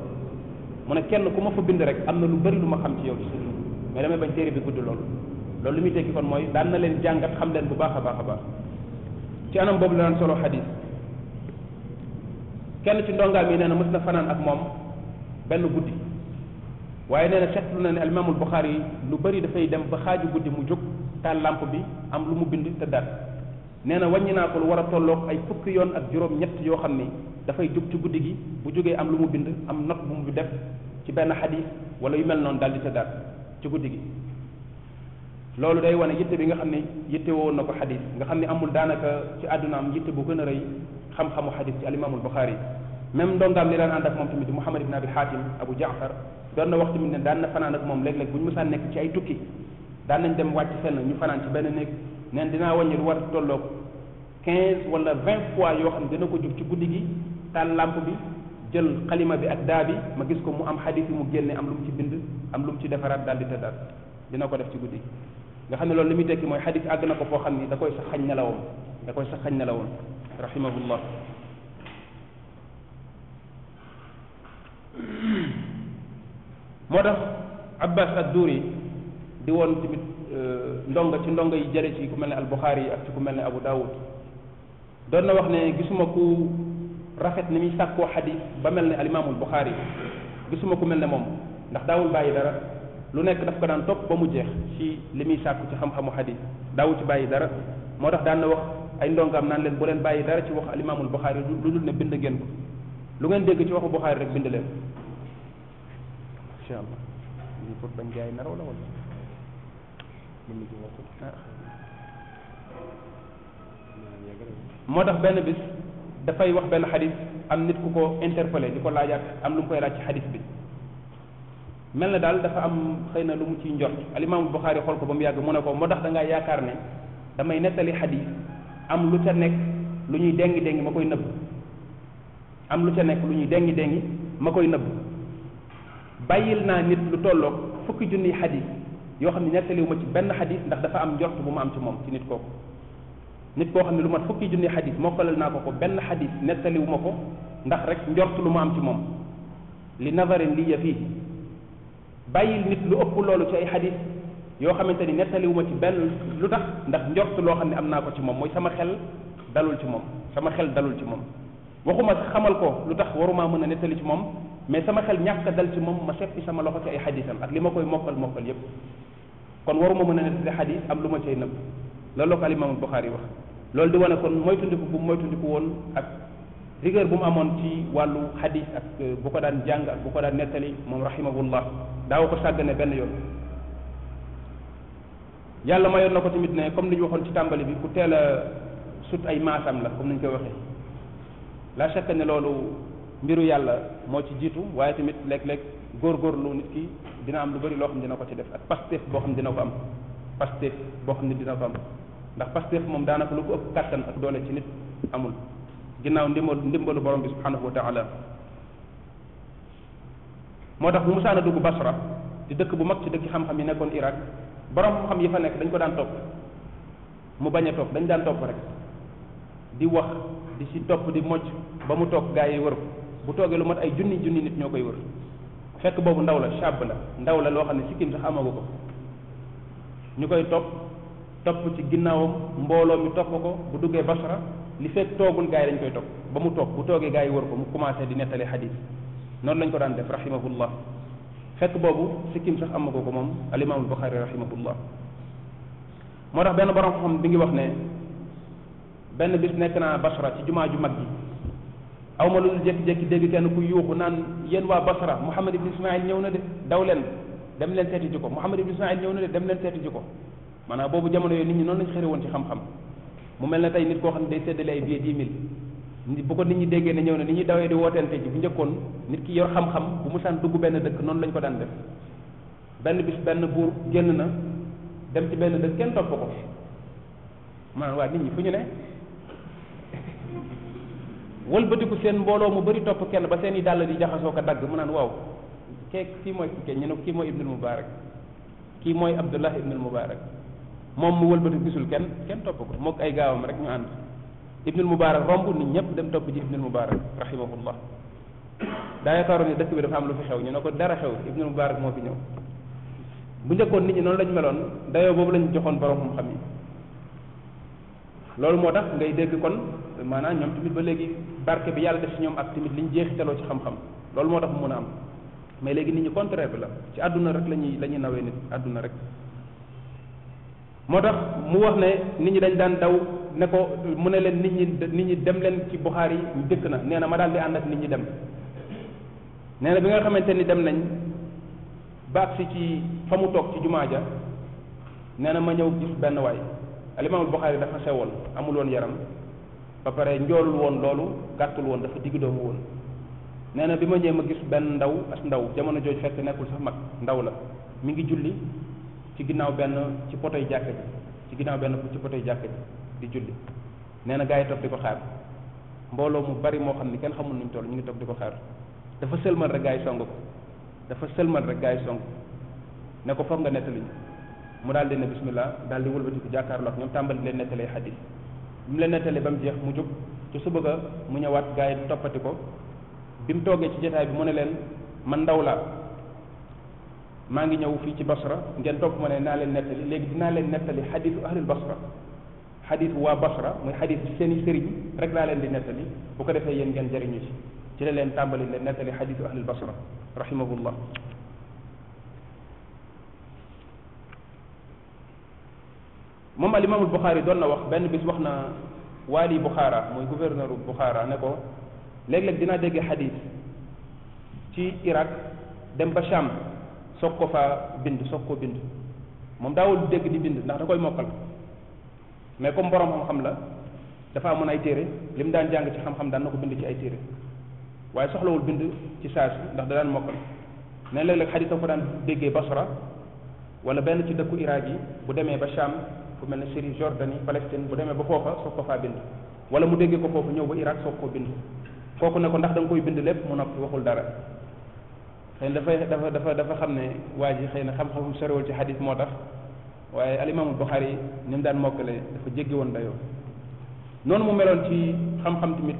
mu ne kenn ku ma fa bind rek am na lu bari lu ma xam ci yow ci sa dund mais damay bañ téere bi gudd loolu loolu li muy tekki kon mooy daan na leen jàngat xam leen bu baax a baax a baax ci anam boobu la daan solo xadis kenn ci ndongaam yi nee na mës na fanaan ak moom benn guddi waaye nee na seetlu na ne alimaamul Buxaari yi lu bari dafay dem ba xaaju guddi mu jóg taal lampe bi am lu mu bind te nee na wàññi naa ko lu war a tolloog ay fukki yoon ak juróom ñett yoo xam ni dafay jóg ci guddi gi bu jógee am lu mu bind am not bu mu def ci benn xadis wala yu mel noonu daal di tëddaat ci guddi gi loolu day wane yitte bi nga xam ne yitte woon na ko xadis nga xam ne amul daanaka ci àddunaam yitte bu gën a rëy xam-xamu xadis ci alimaamul Buxaari même ndongaam li daan ànd ak moom tamit Muhammad ibn Abi Hatim Abu Jaafar doon na wax tamit ne daan na fanaan ak moom léeg-léeg bu ñu mësaan nekk ci ay tukki daan nañ dem wàcc fenn ñu fanaan ci benn néeg neen dinaa wàññi lu war tolloog quinze wala vingt fois yoo xam ne dina ko jub ci guddi gi taal làmp bi jël xalima bi ak daa bi ma gis ko mu am xadis yi mu génne am lu mu ci bind am lu mu ci defaraat daal di tëddaat dina ko def ci guddi gi nga xam ne loolu li muy tekki mooy xadis àgg na ko foo xam ni da koy sax xañ nelawam da koy sax xañ nelawam rahimahullah moo tax abbas ad di woon tamit Euh, ndonga ci ndonga yi jëre ci ku mel ni albuxaari yi ak ci ku mel ni abu daawud doon na wax ne gisuma ku rafet ni muy sàkkoo xadis ba mel ne alimaamul buxaari gisuma ku mel ne moom ndax daawul bàyyi dara lu nekk daf ko daan topp ba mu jeex ci li muy sàkku ci xam-xamu xadis daawu ci bàyyi dara moo tax daan na wax ay ndongaam naan leen bu leen bàyyi dara ci wax alimaamul buxaari lu dul ne bind ngeen ko lu ngeen dégg ci waxu buxaari rek bind leen incha allah lii pour bañ gaay naraw moo tax benn bis dafay wax benn xadis am nit ku ko interpellé di ko laajaat am lu mu koy laaj ci bi mel na daal dafa am xëy na lu mu ciy njort alimaamul Buxaari xool ko ba mu yàgg mu ne ko moo tax dangay ngaa yaakaar ne damay nettali xadis am lu ca nekk lu ñuy dengi dengi ma koy nëbb am lu ca nekk lu ñuy dengi dengi ma koy nëbb bàyyil naa nit lu tolloog fukki junniy xadis yoo xam ne ma ci benn xadis ndax dafa am njort bu ma am ci moom ci nit kooku nit koo xam ne lu mat fukki junni xadis mokkalal naa ko ko benn xadis nettaliwuma ko ndax rek njort lu ma am ci moom li nazarin li ya fii bàyyil nit lu ëpp loolu ci ay xadis yoo xamante ni ma ci benn lu tax ndax njort loo xam ne am naa ko ci moom mooy sama xel dalul ci moom sama xel dalul ci moom waxuma xamal ko lu tax waruma mën a nettali ci moom mais sama xel ñàkk dal ci moom ma seppi sama loxo ci ay xadisam ak li ma koy mokkal mokkal yépp kon waruma mën a nettali xadis am lu ma cay nëbb loolu ko alimam Bukhari wax loolu di wane kon moytundiku bu moytundiku woon ak rigueur bu mu amoon ci wàllu xadis ak bu ko daan jàng ak bu ko daan nettali moom rahimahullah daaw ko sàggane benn yoon yàlla mayoon na ko tamit ne comme ni ñu waxoon ci tàmbali bi ku teel a sut ay maasam la comme ni ñu koy waxee la chaque ne loolu mbiru yàlla moo ci jiitu waaye tamit léeg-léeg góorgóorlu nit kii dina am lu bari loo xam ne dina ko ci def ak pasteef boo xam ne dina ko am pasteef boo xam ne dina ko am ndax pasteef moom daanaka lu ko ëpp kàttan ak doole ci nit amul ginnaaw ndimbalu ndimbalu borom bi subhanahu wa taala moo tax bu musaana dugg di dëkk bu mag ci dëkk xam yi nekkoon Irak borom xam-xam yi fa nekk dañ ko daan topp mu bañ a topp dañ daan topp rek di wax di ci topp di mocc ba mu toog gaa yi wër bu toogee lu mat ay junni junni nit ñoo koy wër fekk boobu ndaw la chab la ndaw la loo xam ne sikkim sax amagu ko ñu koy topp topp ci ginnaawam mbooloo mi topp ko bu duggee basra li fekk toogul gaa yi dañ koy topp ba mu toog bu toogee gaa yi wër ko mu commencé di nettali xadis noonu lañ ko daan def rahimahullah fekk boobu sikkim sax amagu ko moom alimaamul Buxaari rahimahullah moo tax benn borom xam bi ngi wax ne benn bis nekk naa basra ci jumaa ju mag ji aw ma loolu jékki-jékki dégg kenn ku yuuxu naan yéen waa Basra Muhammad ibn Ismail ñëw na de dawleen leen dem leen seeti ji ko Muhammad ibn Ismail ñëw na de dem leen seeti ji ko maanaa boobu jamono yooyu nit ñi noonu lañ xëre woon ci xam-xam mu mel ne tey nit koo xam ne day séddale ay billets dix mille bu ko nit ñi déggee ne ñëw na nit ñi dawee di wooteente ji bu njëkkoon nit ki yor xam-xam bu mu saan dugg benn dëkk noonu lañ ko daan def benn bis benn buur génn na dem benn dëkk kenn topp ko maanaam waa nit ñi fu ñu ne wëlbatiku seen mbooloo mu bëri topp kenn ba seen i dàll di jaxasoo ko dagg mu naan waaw kee kii mooy kii ñu ne kii mooy Ibnul Mubarak kii mooy Abdullah Ibnul Mubarak moom mu wëlbatiku gisul kenn kenn topp ko mook ay gaawam rek ñu ànd Ibnul Mubarak romb nit ñëpp dem topp ji Ibnul Mubarak rahimahullah daa yaakaaroon ne dëkk bi dafa am lu fi xew ñu ne ko dara xew Ibnul Mubarak moo fi ñëw bu njëkkoon nit ñi noonu lañ meloon dayoo boobu lañ joxoon borom xam-xam yi loolu moo tax ngay dégg kon maanaa ñoom tamit ba léegi barke bi yàlla def ci ñoom ak tamit li ñu jeexitaloo ci xam-xam loolu moo tax mu mën a am mais léegi nit ñi contraire bi la ci àdduna rek la ñuy la nawee nit àdduna rek moo tax mu wax ne nit ñi dañ daan daw ne ko mu ne leen nit ñi nit ñi dem leen ci Buxaari yi dëkk na nee na ma daal di ànd ak nit ñi dem nee na bi nga xamante ni dem nañ baag si ci fa mu toog ci jumaa ja nee na ma ñëw gis benn waay alimaamul Buxaari dafa sewoon amul woon yaram ba pare njoolul woon loolu gàttul woon dafa digg doomu woon nee na bi ma ñëwee ma gis benn ndaw ndaw jamono jooju fekk nekkul sax mag ndaw la mi ngi julli ci ginnaaw benn ci potoy jàkka ji ci ginnaaw benn ci potoy jàkka ji di julli nee na gaa yi toog di ko xaar mbooloo mu bari moo xam ni kenn xamul nuñ toll ñu ngi toog di ko xaar dafa sëlmal rek gaa song ko dafa sëlmal rek gaa yi song ne ko foog nga nettali ñu mu daal leen ne bismillah daal di wëlbatiku jàkkaarloo ak ñoom tàmbali leen nettalee xadis bi mu leen nettalee ba mu jeex mu jóg ci su bëgg a mu ñëwaat gars yi toppati ko bi mu toogee ci jotaay bi mu ne leen man ndaw laa maa ngi ñëw fii ci Basra ngeen topp ma ne naa leen nettali léegi dinaa leen nettali xadisu ahlul Basra xadis waa Basra muy xadis ci seen i sëriñ rek laa leen di nettali bu ko defee yéen ngeen jariñu ci ci la leen tàmbali leen nettali xadisu ahlul Basra rahimahullah moom al imaamul Buxaari doon na wax benn bis wax na waali Buxaara mooy gouverneur Buxaara ne ko léeg-léeg dinaa dégg xadis ci Irak dem ba Cham soog ko fa bind soog koo bind moom daawul dégg di bind ndax da koy mokkal mais comme borom xam-xam la dafa amoon ay téere li mu daan jàng ci xam-xam daan na ko bind ci ay téere waaye soxlawul bind ci saa si ndax da daan mokkal ne léeg-léeg xadis da daan déggee Basra wala benn ci dëkku Irak yi bu demee ba Cham fu mel ne Syrie Jordanie Palestine bu demee ba foofa soog ko faa bind wala mu déggee ko foofu ñëw ba Irak soog koo bind kooku ne ko ndax da nga koy bind lépp mu noppi waxul dara xëy na dafay dafa dafa dafa xam ne waa ji xëy na xam-xamum sorewul ci xadis moo tax waaye alimaamul Buxaari ni mu daan mokkale dafa jéggi woon dayoo noonu mu meloon ci xam-xam tamit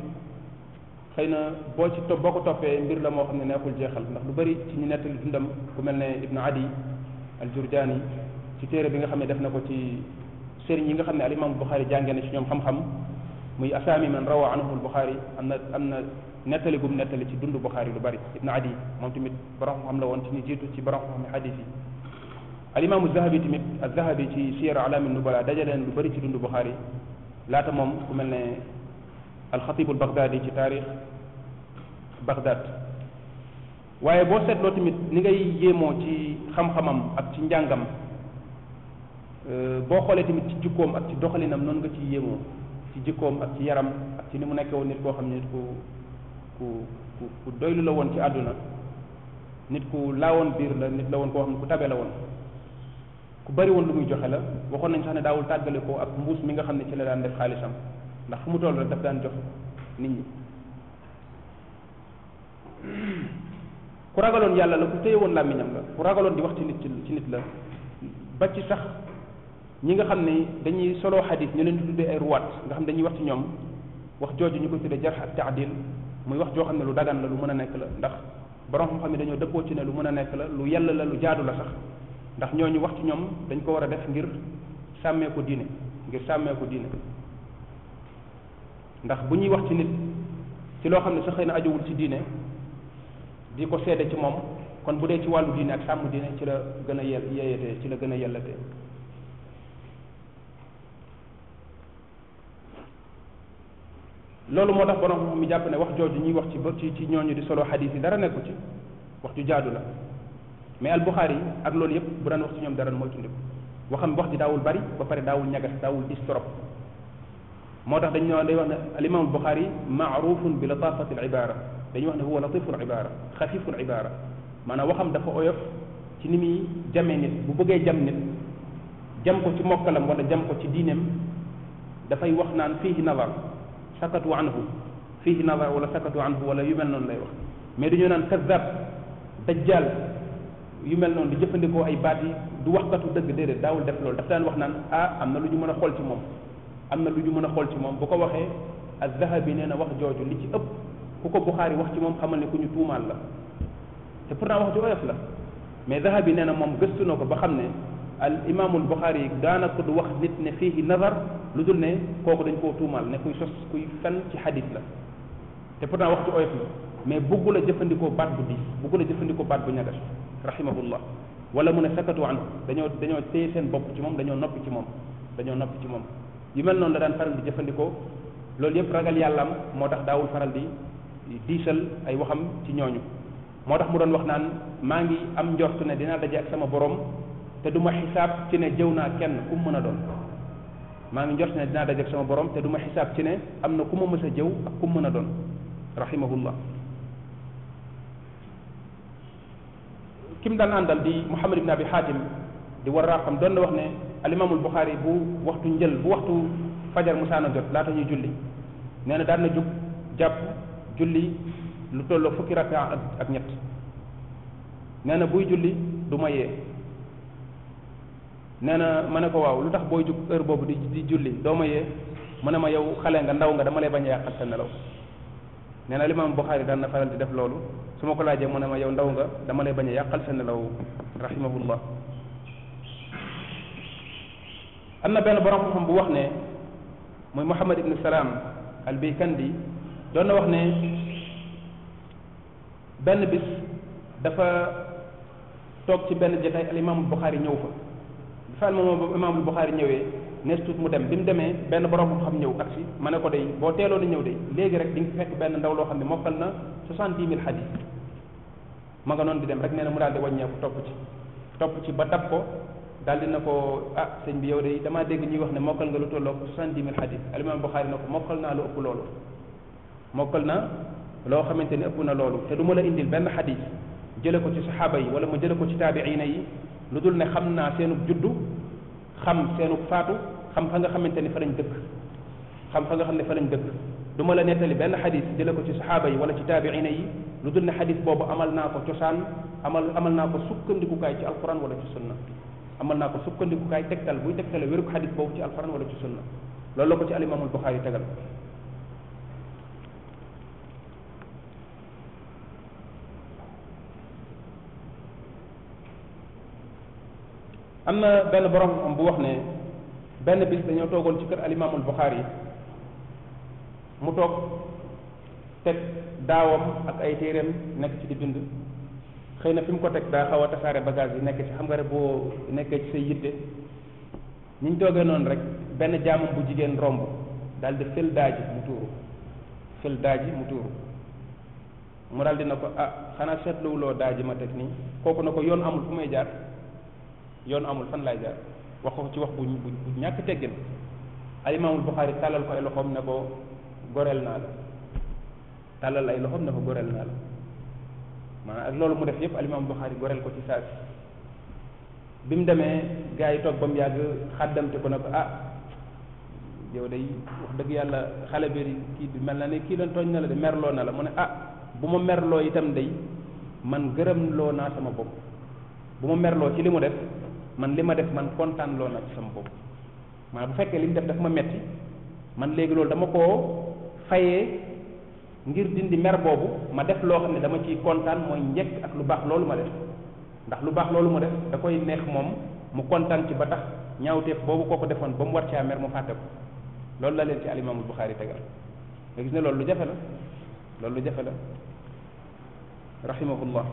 xëy na boo ci topp boo ko toppee mbir la moo xam ne neexul jeexal ndax lu bari ci ñu nettali dundam ku mel ne Ibnu Adi al Jurjaani ci téere bi nga xam ne def na ko ci سيرين ييغا خا نني امام البخاري جانغي نا سي نيوم خام خام موي اسامي من روى عنه البخاري امنا امنا نتالي بوم نتالي سي دوند البخاري لو باري ابن عدي مام تيميت بروم خام لا وون سي نيتو سي بروم خام حديثي الامام الذهبي تيميت الذهبي سي سير اعلام النبلاء دجالين لو باري سي دوند البخاري لاتا مام كو ملني الخطيب البغدادي في تاريخ بغداد waye bo setlo tamit ni ngay yemo ci xam xamam ak ci njangam Euh, boo xoolee tamit ci jikkoom ak ci doxalinam noonu nga ci yéemoo ci jikkoom ak ci yaram ak ci ni mu nekkee woon nit koo xam ne nit ku ku ku doylu la woon ci àdduna nit ku laawoon biir la nit la woon koo xam ne ku tabe la woon ku bari woon lu muy joxe la waxoon nañ sax ne daawul tàggale ko ak mbuus mi nga xam ne ci la daan def xaalisam ndax fu mu toll rek daf daan jox nit ñi ku ragaloon yàlla la ku téye woon làmmiñam la ku ragaloon di wax ci nit ci nit la sax ñi nga xam ne dañuy solo xadis ñu leen di tuddee ay ruwaat nga xam dañuy wax ci ñoom wax jooju ñu koy tuddee jarx ak taadil muy wax joo xam ne lu dagan la lu mën a nekk la ndax borom xam-xam ne dañoo dëppoo lu mën a nekk la lu yell la lu jaadu la sax ndax ñoo ñu wax ci ñoom dañ ko war a def ngir sàmmee ko diine ngir sàmmee ko diine ndax bu ñuy wax ci nit ci loo xam ne sa xëy na ajowul ci diine di ko seede ci moom kon bu dee ci wàllu diine ak sàmm diine ci la gën a yel yeeyatee ci la gën a yellatee loolu moo tax borom mi jàpp ne wax jooju ñuy wax ci ci ci ñooñu di solo xadis yi dara nekku ci wax ju jaadu la mais al buxaari ak loolu yëpp bu daan wax ci ñoom dara mooy tundiku waxam wax ji daawul bari ba pare daawul ñagas daawul dis trop moo tax dañ day wax ne al imam al buxaari maarufun bi latafati al ibara dañuy wax ne huwa latiful ibara xafifu ibara maanaam waxam dafa oyof ci ni muy jamee nit bu bëggee jam nit jam ko ci mokkalam wala jam ko ci diineem dafay wax naan fiihi nazar sakatu anhu fihi nadar wala sakatu anhu wala yu mel noonu lay wax mais dañoo nan kazzab dajjal yu mel noonu di jëfëndiko ay baat yi du waxatu deug dede dawul def lol daf daan wax nan ah amna luñu mëna xol ci mom amna luñu mëna xol ci mom bu ko waxe az-zahabi neena wax joju li ci ëpp ku ko bukhari wax ci mom xamal ni ku ñu tuumaal la c'est pourtant wax ju oyof la mais zahabi neena mom gëstu na ba xamne al imaamul Buxaari daanaka du wax nit ne fii nazar lu dul ne kooku dañ koo tuumaal ne kuy sos kuy fen ci xadis la te pourtant wax ci oyof la mais bëggu la jëfandikoo baat bu diis bëggu la jëfandikoo baat bu ñagas rahimahullah wala mu ne sakatu anhu dañoo dañoo téye seen bopp ci moom dañoo noppi ci moom dañoo noppi moom yu mel noonu la daan faral di jëfandikoo loolu yëpp ragal yàlla yàllaam moo tax daawul faral di diisal ay waxam ci ñooñu moo tax mu doon wax naan maa ngi am njort ne dinaa daje ak sama borom te du ma xisaab ci ne jëw naa kenn ku mu mën a doon maa ngi njort ne dinaa dajeek sama borom te du ma xisaab ci ne am na ku ma mës a jëw ak ku mu mën a doon rahimahullah kim daan àndal di Muhammad ibn Abi Hatim di war a xam doon na wax ne alimaamul Buxaari bu waxtu njël bu waxtu fajar musaana jot laata ñuy julli nee na daan na jug jàpp julli lu tolloo fukki raka ak ñett nee na buy julli du ma yee nee na ma ne ko waaw lu tax booy jug heure boobu di di julli doo ma yee mu ne ma yow xale nga ndaw nga dama lay bañ a yàqal sa nelaw nee na limaam Buxaari daan na faral di def loolu su ma ko laajee mu ne ma yow ndaw nga dama lay bañ a yàqal sa nelaw rahimahullah am na benn borom bu wax ne muy Muhammad ibn Salaam al-Bikandi wax ne benn bis dafa toog ci benn jotaay al imam ñëw ko fan moom imam Bukhari ñëwee nees tuut mu dem bi mu demee benn borom xam ñëw aksi ma ne ko day boo teeloon a ñëw day léegi rek di nga fekk benn ndaw loo xam ne mokkal na soixante dix mille hadis ma nga noonu di dem rek nee na mu daal di wàññeeku topp ci topp ci ba dab ko daal dina ko ah sëñ bi yow de damaa dégg ñuy wax ne mokkal nga lu tolloog soixante dix mille hadis Bukhari na ko mokkal lu ëpp loolu mokkal na loo xamante ëpp na loolu te du la indil benn hadis jële ko ci saxaaba yi wala ma jële ko ci taabiina yi lu dul ne xam naa seenug juddu xam seenug faatu xam fa nga xamante ni fa lañ dëkk xam fa nga xam ne fa lañ dëkk du ma la nettali benn xadis jële ko ci saxaaba yi wala ci taabiina yi lu dul ne xadis boobu amal naa ko cosaan amal amal naa ko sukkandikukaay ci alquran wala ci sunna amal naa ko sukkandikukaay tegtal buy tegtale wéru xadis boobu ci alquran wala ci sunna loolu la ko ci alimaamul buxaari tegal am na benn borom am bu wax ne benn bis dañoo toogoon ci kër alimaamul Buxaari yi mu toog teg daawam ak ay téeréem nekk ci di bind xëy na fi mu ko teg daa xaw a tasaare bagage yi nekk ci xam nga rek boo nekkee ci say yitte ñu ñu toogee noonu rek benn jaamam bu jigéen romb daldi di fël daaji mu tuuru fël daaji mu tuuru mu daal di na ko ah xanaa seetluwuloo daaji ma teg nii kooku na ko yoon amul fu may jaar yoon amul fan laay jaar wax ko ci wax bu ñàkk teggin al imaamul Buxaari tàllal ko ay loxoom ne ko goreel naa la tàllal ay loxoom ne ko goreel naa la maanaam ak loolu mu def yëpp al imaamul Buxaari ko ci saa bi mu demee gars yi toog yàgg xàddamte ko ah, yow day dëgg yàlla xale bi kii bi mel na ne kii doon tooñ na merloo na la mu ne ah bu ma merloo itam day man gërëm loo naa sama bopp bu ma merloo ci li mu def man li ma def man kontaan loo na ci sama bopp maanaam bu fekkee lim mu def daf ma metti man léegi loolu dama koo fayee ngir dindi mer boobu ma def loo xam ne dama ciy kontaan mooy njëkk ak lu baax loolu ma def ndax lu baax loolu mu def da koy neex moom mu kontaan ci ba tax ñaawteef boobu koo ko defoon ba mu war caa mer mu fàtte ko loolu la leen ci alimaamul Buxaari tegal nga gis ne loolu lu jafe la loolu lu jafe la rahimahullah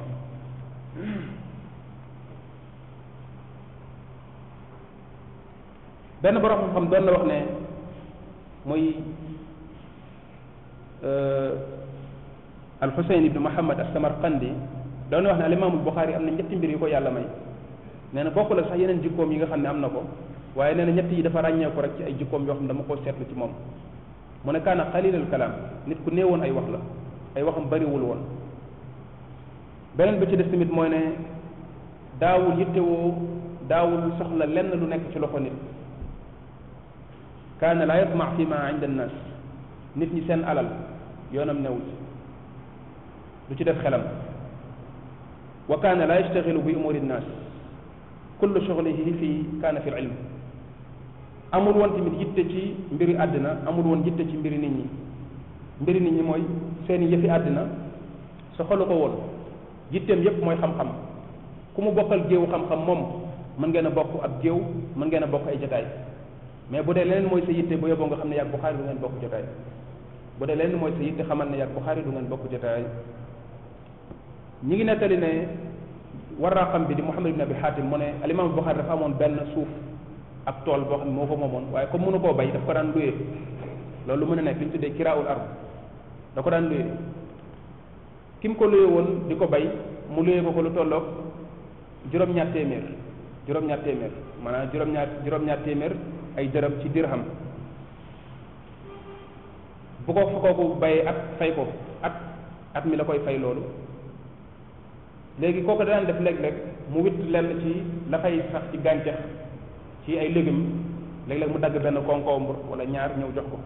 benn borom xam-xam doon na wax ne muy euh, al Xuseyn ibnu Muhammad as-Samarqandi doon na wax ne al imaamul Buxaari am na ñetti mbir yu ko yàlla may nee na bokkul ak sax yeneen jikkoom yi nga xam ne am na ko waaye nee na ñett yi dafa ràññee rek ci ay jikkoom yoo xam ne dama koo seetlu ci moom mu ne kaana xalilal kalaam nit ku woon ay wax la ay waxam bariwul woon beneen bi ci des tamit mooy ne daawul yittewoo daawul soxla lenn lu nekk ci loxo nit كان لا يطمع فيما عند الناس نيت ني سين علال يونم نيوت دو تي خلام وكان لا يشتغل بامور الناس كل شغله في كان في العلم امول وون تيميت ييتي ميري ادنا امول وون ييتي ميري نيت ميري نيت موي سين يفي ادنا سخلو كو وون ييتم ييب موي خام خام كومو بوكال جيو خام خام موم من ngeena bokk ab jew man ngeena bokk ay jotaay mais bu dee leneen mooy sa yitte bu yóbboo nga xam ne yàgg Buxaari du ngeen bokk jotaay bu dee leneen mooy sa yitte xamal ne yàgg Buxaari du ngeen bokk jotaay ñi ngi nettali ne xam bi di mu Muhammad ibn Abi Hatim mu ne alimam Buxaari dafa amoon benn suuf ak tool boo xam ne moo ko moomoon waaye comme mënu koo bay daf ko daan luyee loolu lu mën a nekk li ñu tuddee kiraawul ard da ko daan luyee ki ko luyee woon di ko bay mu luyee ko ko lu tolloog juróom maanaam juróom-ñaar téeméer ay dërëm ci dirham bu ko fu kooku bayee at fay ko at at mi la koy fay loolu léegi kooku daan def léeg-léeg mu witt lenn ci la fay sax ci gàncax ci ay légumes léeg-léeg mu dagg benn concombre wala ñaar ñëw jox ko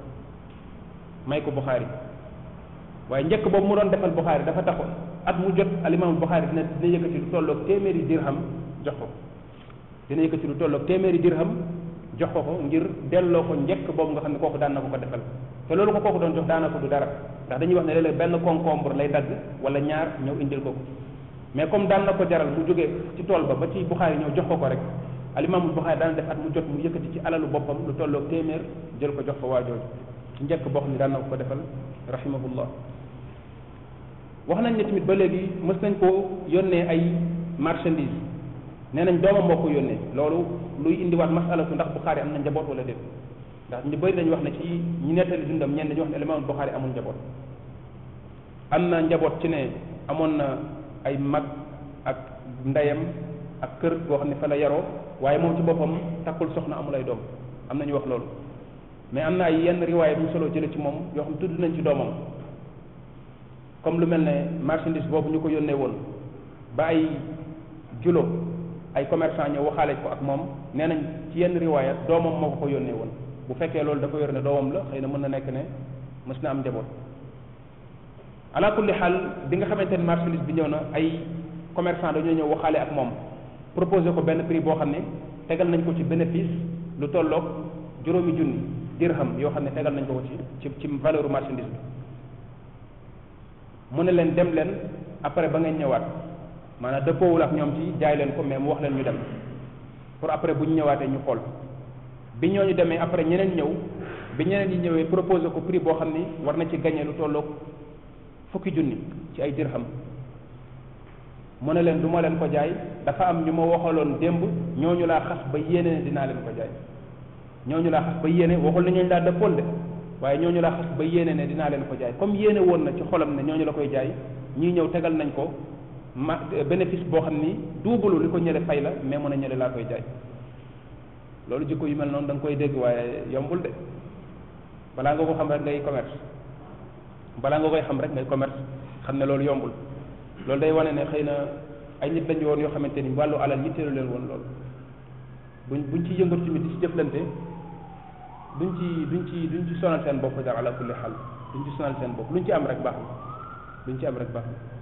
may ko Buxaari waaye njëkk boobu mu doon defal Buxaari dafa taxoon at mu jot aliment Buxaari dina dina yëkkati lu tolloog téeméeri dirham jox ko dina yëkkati lu tolloog téeméeri dirham jox ko ko ngir delloo ko njëkk boobu nga xam ne kooku daan na ko ko defal te loolu ko kooku doon jox daana ko du dara ndax dañuy wax ne léeg-léeg benn concombre lay dagg wala ñaar ñëw indil ko ko mais comme daan na ko jaral mu jógee ci tool ba ba ci Buxaari ñëw jox ko ko rek alimaamul Buxaari daana def at mu jot mu yëkkati ci alalu boppam lu tolloo téeméer jël ko jox ko waa jooju njëkk boo xam ne daan na ko ko defal rahimahullah wax nañ ni tamit ba léegi mës nañ koo yónnee ay marchandise nee nañ doomam moo ko yónnee loolu luy indiwaat masalatu ndax bu Buxaari am na njaboot wala déet ndax ñu bari lañu wax na ci ñi nettali dundam ñenn dañu wax ne Imaam Buxaari amul njaboot am na njaboot ci ne amoon na ay mag ak ndeyam ak kër goo xam ne fa la yaroo waaye moom ci boppam takkul soxna amul ay doom am na ñu wax loolu mais am na ay yenn riwaay bu ñu solo jële ci moom yoo xam tudd nañ ci doomam comme lu mel ne marchandise boobu ñu ko yónnee woon ba ay ay commerçant ñëw waxaale ko ak moom nee nañ ci yenn riwaayat doomam moo ko ko yónnee woon bu fekkee loolu da ko yor ne doomam la xëy na mën na nekk ne mës am njaboot ala kulli xaal bi nga xamante ne marchandise bi ñëw na ay commerçant dañoo ñëw waxaale ak moom proposé ko benn prix boo xam ne tegal nañ ko ci bénéfice lu tolloog juróomi junni xam yoo xam ne tegal nañ ko ci ci ci valeur marchandise bi mu ne leen dem leen après ba ngeen ñëwaat maanaam dëppoowul ak ñoom ci jaay leen ko mais mu wax leen ñu dem pour après bu ñu ñëwaatee ñu xool bi ñoo ñu demee après ñeneen ñëw bi ñeneen ñi ñëwee proposé ko prix boo xam ne war na ci gagné lu tolloog fukki junni ci ay dirham mu ne leen duma leen ko jaay dafa am ñu ma waxaloon démb ñooñu laa xas ba yéene dinaa leen ko jaay ñooñu laa xas ba yéene waxul ne ñooñu laa dëppoon de waaye ñooñu laa ba yéene ne dinaa leen ko jaay comme yéene woon na ci xolam ne ñooñu la koy jaay ñii ñëw tegal nañ ko ma bénéfice boo xam ni duubalu li ko ñële fay la mais mën a ñële laa koy jaay loolu jikko yu mel noonu danga koy dégg waaye yombul de balaa nga ko xam rek ngay commerce nga koy xam rek ngay commerce xam ne loolu yombul loolu day wane ne xëy na ay nit lañu woon yoo xamante ni wàllu alal yitteelu leen woon loolu buñ buñ ci yëngatu tamit di ci jëflante duñ ci duñ ci ci sonal seen bopp daal ala kulli xaal duñ ci sonal seen bopp luñ ci am rek baax lu luñ ci am rek baax na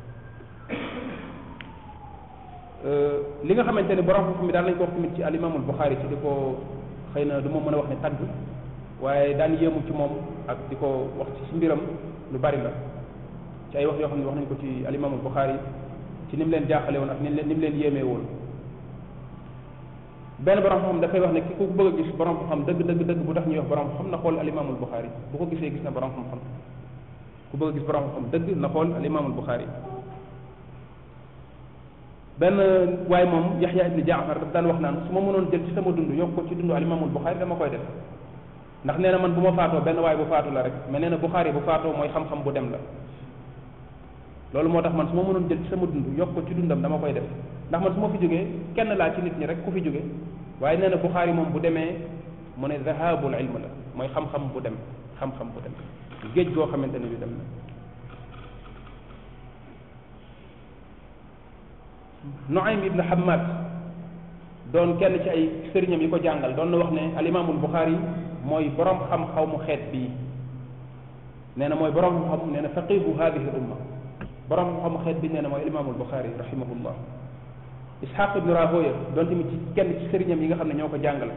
Euh, li nga xamante ne borom foofu mi nañ ko wax ci alimamul Buxaari ci di ko xëy na mën a wax ne tagg waaye daan yéemu ci moom ak di ko wax bari la ci wax yoo xam ne nañ ko ci alimamul Buxaari ci ni leen jaaxale woon ak ni mu leen yéemee woon benn borom xam dafay wax ne ki ku bëgg a gis borom xam dëgg dëgg dëgg bu tax ñuy wax borom xam na xool alimamul Buxaari bu ko gisee gis na borom xam-xam ku bëgg a gis borom xam dëgg na xool alimamul Buxaari benn waaye moom yaxya ibni jaafar daf daan wax naan su ma mënoon jël ci sama dund yokk ko ci dund al imaamul buxaari dama koy def ndax nee na man bu ma faatoo benn waaye bu faatu la rek mais nee na buxaari bu faatoo mooy xam bu dem la moo tax man su ma mënoon jël ci sama dund yokk ko ci dundam koy def ndax man su fi jógee kenn laa ci nit ñi rek ku fi jóge waaye nee na buxaari moom bu demee mu ne zahabul ilm la mooy xam-xam bu dem xam-xam bu dem géej goo xamante ne bi dem na Nuaym ibn Hammad doon kenn ci ay sëriñam yi ko jàngal doon na wax ne al imaamul Buxaari mooy borom xam xaw mu xeet bii nee na mooy boroom xam nee na faqihu hadihi umma borom xam xeet bi nee na mooy al imaamul Buxaari rahimahullah Isxaaq ibn Rahoya doon tamit ci kenn ci sëriñam yi nga xam ne ñoo ko jàngal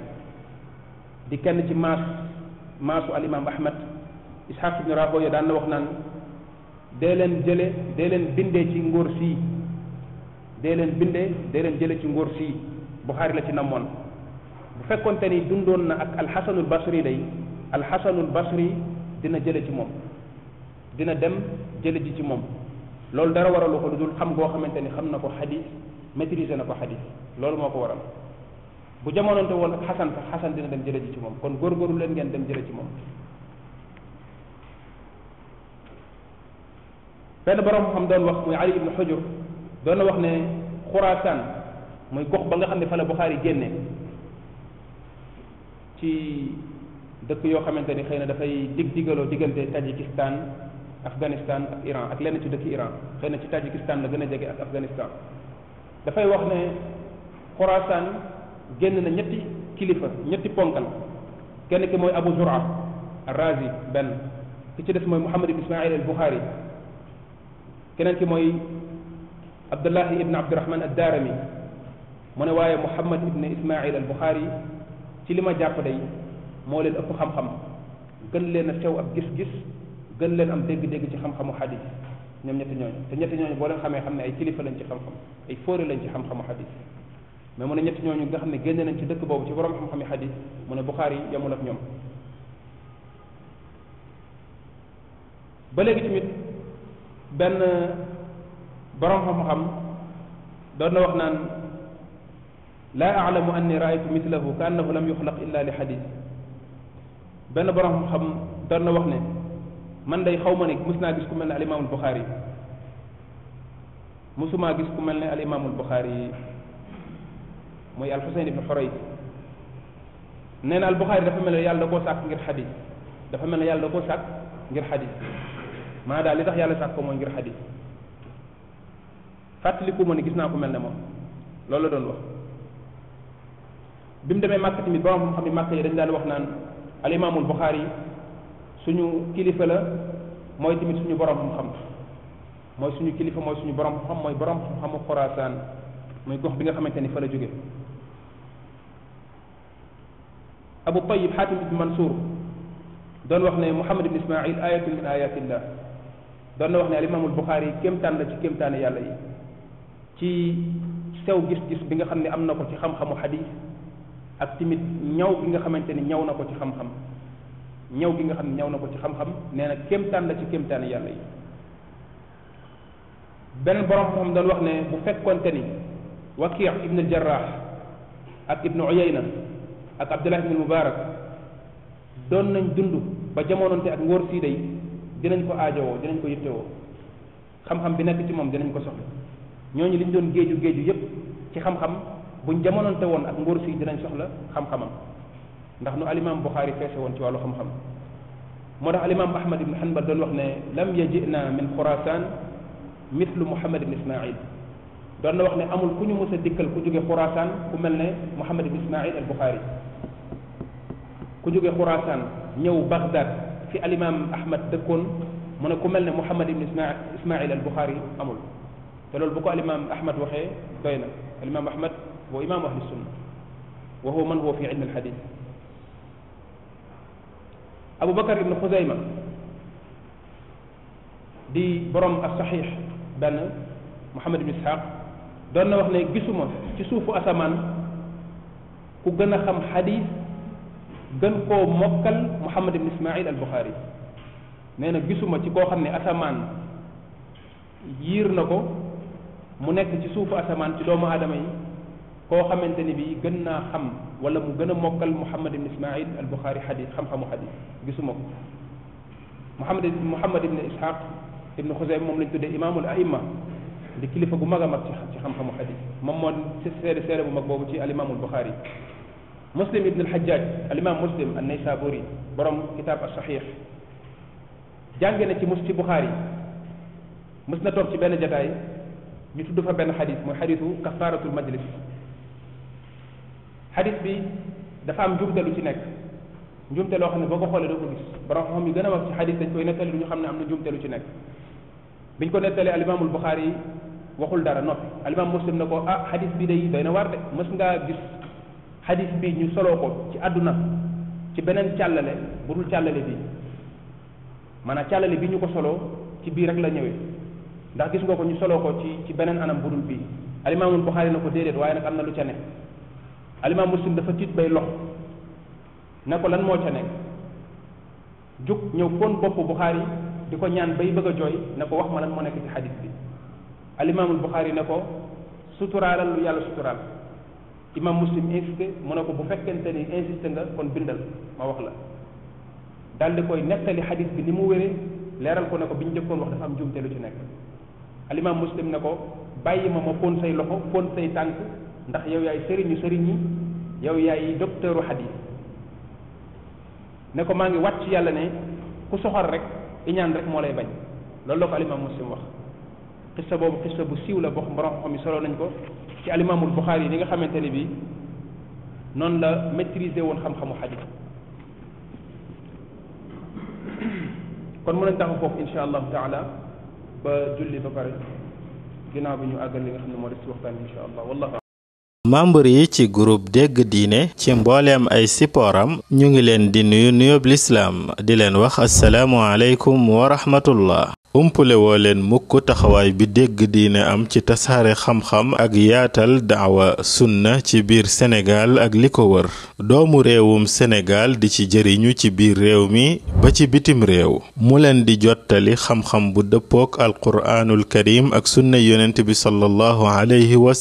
di kenn ci maas maasu al imaam Ahmad Isxaaq ibn Rahoya daan na wax naan dee leen jële dee leen bindee ci ngóor sii dee leen bindee dee leen jële ci ngóor sii buxaari la ci namoon bu fekkonte ni dundoon na ak alxasanul basri day alxasanul basri dina jële ci moom dina dem jële ji ci moom loolu dara waralu ko lu dul xam goo xamante ni xam na ko xadis maîtriser na ko xadis loolu moo ko waral bu jamononte woon ak xasan sax xasan dina dem jële ji ci moom kon góorgóorlu leen ngeen dem jële ci moom benn borom xam doon wax muy ali ibnu xujur doon na wax ne xuraasaan mooy gox ba nga xam ne fa la Buxaari génne ci dëkk yoo xamante ni xëy na dafay dig digaloo diggante Tajikistan Afghanistan ak Iran ak lenn ci dëkk Iran xëy na ci Tajikistan la gën a jege ak dafay wax ne xuraasaan génn na ñetti kilifa ñetti ponkal kenn ki mooy Abu Zura Razi benn ki ci des mooy Muhammad ibn Ismail al Buxaari keneen ki mooy abdullahi ibn abdirahman addaarami mu ne waaye muhammad ibn ismail al buxaari ci li ma jàpp day moo leen ëpp xam-xam gën leen a teew ak gis-gis gën leen am dégg-dégg ci xam-xamu xadis ñoom ñetti ñooñu te ñetti ñooñu boo leen xamee xam ne ay kilifa lañ ci xam-xam ay fóore lañ ci xam-xamu xadis mais mu ne ñetti ñooñu nga xam ne génne nañ ci dëkk boobu ci borom xam-xami xadis mu ne buxaari yamul ak ñoom ba léegi tamit benn borom xam-xam doon na wax naan laa aalamu anni raaytu mislahu ka annahu lam yuxlaq illa li xadis benn borom xam xam doon na wax ne man day xaw ma ne mus naa gis ku mel ne alimamul bouxaari musuma gis ku mel ne alimamul bouxaari mooy alxusayn ibne xorayt nee na albuxaari dafa mel ne yàlla da koo sàkk ngir xadis dafa mel ne yàlla da koo sàkk ngir xadis maa daal li tax yàlla sàkk ko mooy ngir xadis fàttaliku ma ni gis naa ko mel ne moom loolu la doon wax bi mu demee màkk tamit borom xam-xam ni màkk yi dañ daan wax naan alimaamul buxaari suñu kilifa la mooy tamit suñu borom xam-xam mooy suñu kilifa mooy suñu borom xam mooy borom xam-xamu xorasaan muy gox bi nga xamante ni fa la jóge abu tayib xaatim ibn mansour doon wax ne muhammad ibn ismail ayatu min ayatillah doon na wax ne al alimaamul buxaari kéemtaan la ci kéemtaane yàlla yi ci sew gis-gis bi nga xam ne am na ko ci xam-xamu xadis ak timit ñaw gi nga xamante ni ñaw na ko ci xam-xam ñaw gi nga xam ne ñaw na ko ci xam-xam nee na kéemtaan la ci kéemtaan yàlla yi beneen borom xam dañ wax ne bu fekkonte ni Waki' ibn al-Jarrah ak ibn Uyayna ak Abdullah ibn Mubarak doon nañ dund ba jamonoonte ak ngóor sii day dinañ ko aajowoo dinañ ko yittewoo xam-xam bi nekk ci moom dinañ ko soxla ñooñu liñ doon géeju géeju yépp ci xam-xam buñ jamononte woon ak ngóor si dinañ soxla xam-xamam ndax nu alimam buxaari feese woon ci wàllu xam-xam moo tax alimam ahmad ibne hanbal doon wax ne lam yajina min xurasan mithlu muhammad ibne ismail doon na wax ne amul ku ñu mës a dikkal ku jóge xurasan ku mel ne muhammad ibne ismail al buxaari ku jóge xurasan ñëw baghdad fi alimam ahmad dëkkoon mu ne ku mel ne muhammad ibne ismail al buxaari amul تلول بقى الإمام أحمد وحي بينا الإمام أحمد هو إمام أهل السنة وهو من هو في علم الحديث أبو بكر بن خزيمة دي برم الصحيح بن محمد بن إسحاق دون وحنا جسما تشوف أسمان كجنا خم حديث جن كو مكل محمد بن إسماعيل البخاري نينا جسما تكو خم أسمان يير نكو mu nekk ci suufu asamaan ci doomu aadama yi koo xamante ni bi gën naa xam wala mu gën a mokkal muhammad ibn ismail al bukhari xadis xam-xamu xadis gisuma ko muhammad muhammad ibn ishaq ibn xuseym moom lañ tuddee imaamul aima di kilifa gu mag a mag ci xam-xamu xadis moom moo seede seede bu mag boobu ci al imaamul bukhari muslim ibn al hajjaj al imam muslim an naysaburi borom kitab as sahih jànge na ci mus ci bukhari mus na toog ci benn jataay ñu tudd fa benn xadis mooy xadisu kafaratul majlis xadis bi dafa am njumte ci nekk njumte loo xam ne boo ko xoolee doo ko gis borom xam yu gën a wax ci xadis dañ koy nettali lu ñu xam ne am na njumte ci nekk biñ ko nettalee alimaamul buxaari waxul dara noppi alimaam muslim na ko ah xadis bi day doy na war de mës ngaa gis xadis bi ñu soloo ko ci àdduna ci beneen càllale bu dul càllale bi maanaam càllale bi ñu ko soloo ci biir rek la ñëwee ndax gis nga ko ñu soloo ko ci ci beneen anam bu budul bii alimaamul Buxaari na ko déedéet waaye nag am na lu ca nekk alimaam Muslim dafa tiit bay lox ne ko lan moo ca nekk jug ñëw foon bopp Buxaari di ko ñaan bay bëgg a jooy ne ko wax ma lan moo nekk ci xadis bi alimaamul Buxaari na ko suturaalal lu yàlla suturaal imaam Muslim insisté mu ne ko bu fekkente ni insisté nga kon bindal ma wax la daal di koy nettali xadis bi ni mu wéree leeral ko ne ko bi ñu wax dafa am jumte lu ci nekk alimam muslim ne ko bàyyi ma ma pon say loxo pon say tànk ndax yow yaay sëriñu sëriñ yi yow yaay docteuru hadith ne ko maa ngi wàcc yàlla ne ku soxor rek iñaan rek moo lay bañ loolu la ko alimam muslim wax xissa boobu xissa bu siiw la box borom xam yi solo nañ ko ci alimamul buxaari ni nga xamante ne bi noonu la maîtriser woon xam-xamu hadith kon mën nañ taxaw foofu insha allahu taala ba julli ba pare ginaaw bi ñu àggal li nga xam ne moo des ci waxtaan bi incha allah wallah membre yi ci groupe dégg diine ci mbooleem ay sipooram ñu ngi leen di nuyu nuyoob lislaam di leen wax asalaamu aleykum wa rahmatullah umpule woo leen mukk taxawaay bi dégg diine am ci tasaare xam-xam ak yaatal daawa sunna ci biir senegaal ak li ko wër doomu réewum Sénégal di ci jëriñu ci biir réew mi ba ci bitim réew mu leen di jottali xam-xam bu dëppook alquraanul karim ak sunna yonent bi sallallahu alayhi wa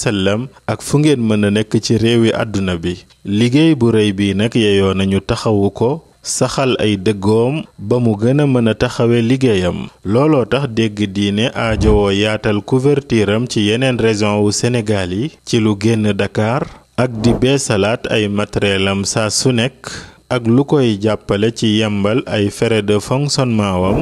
ak fu ngeen mën a nekk ci réewi àdduna bi liggéey bu rëy bi nag yeyoo nañu taxawu ko saxal ay dëggoom ba mu gën a mën a taxawe liggéeyam looloo tax dégg diine aajowoo yaatal couverture am ci yeneen région wu Sénégal yi ci lu génn dakaar ak di beesalaat ay matériel am saa su nekk ak lu koy jàppale ci yembal ay frais de fonctionnement wam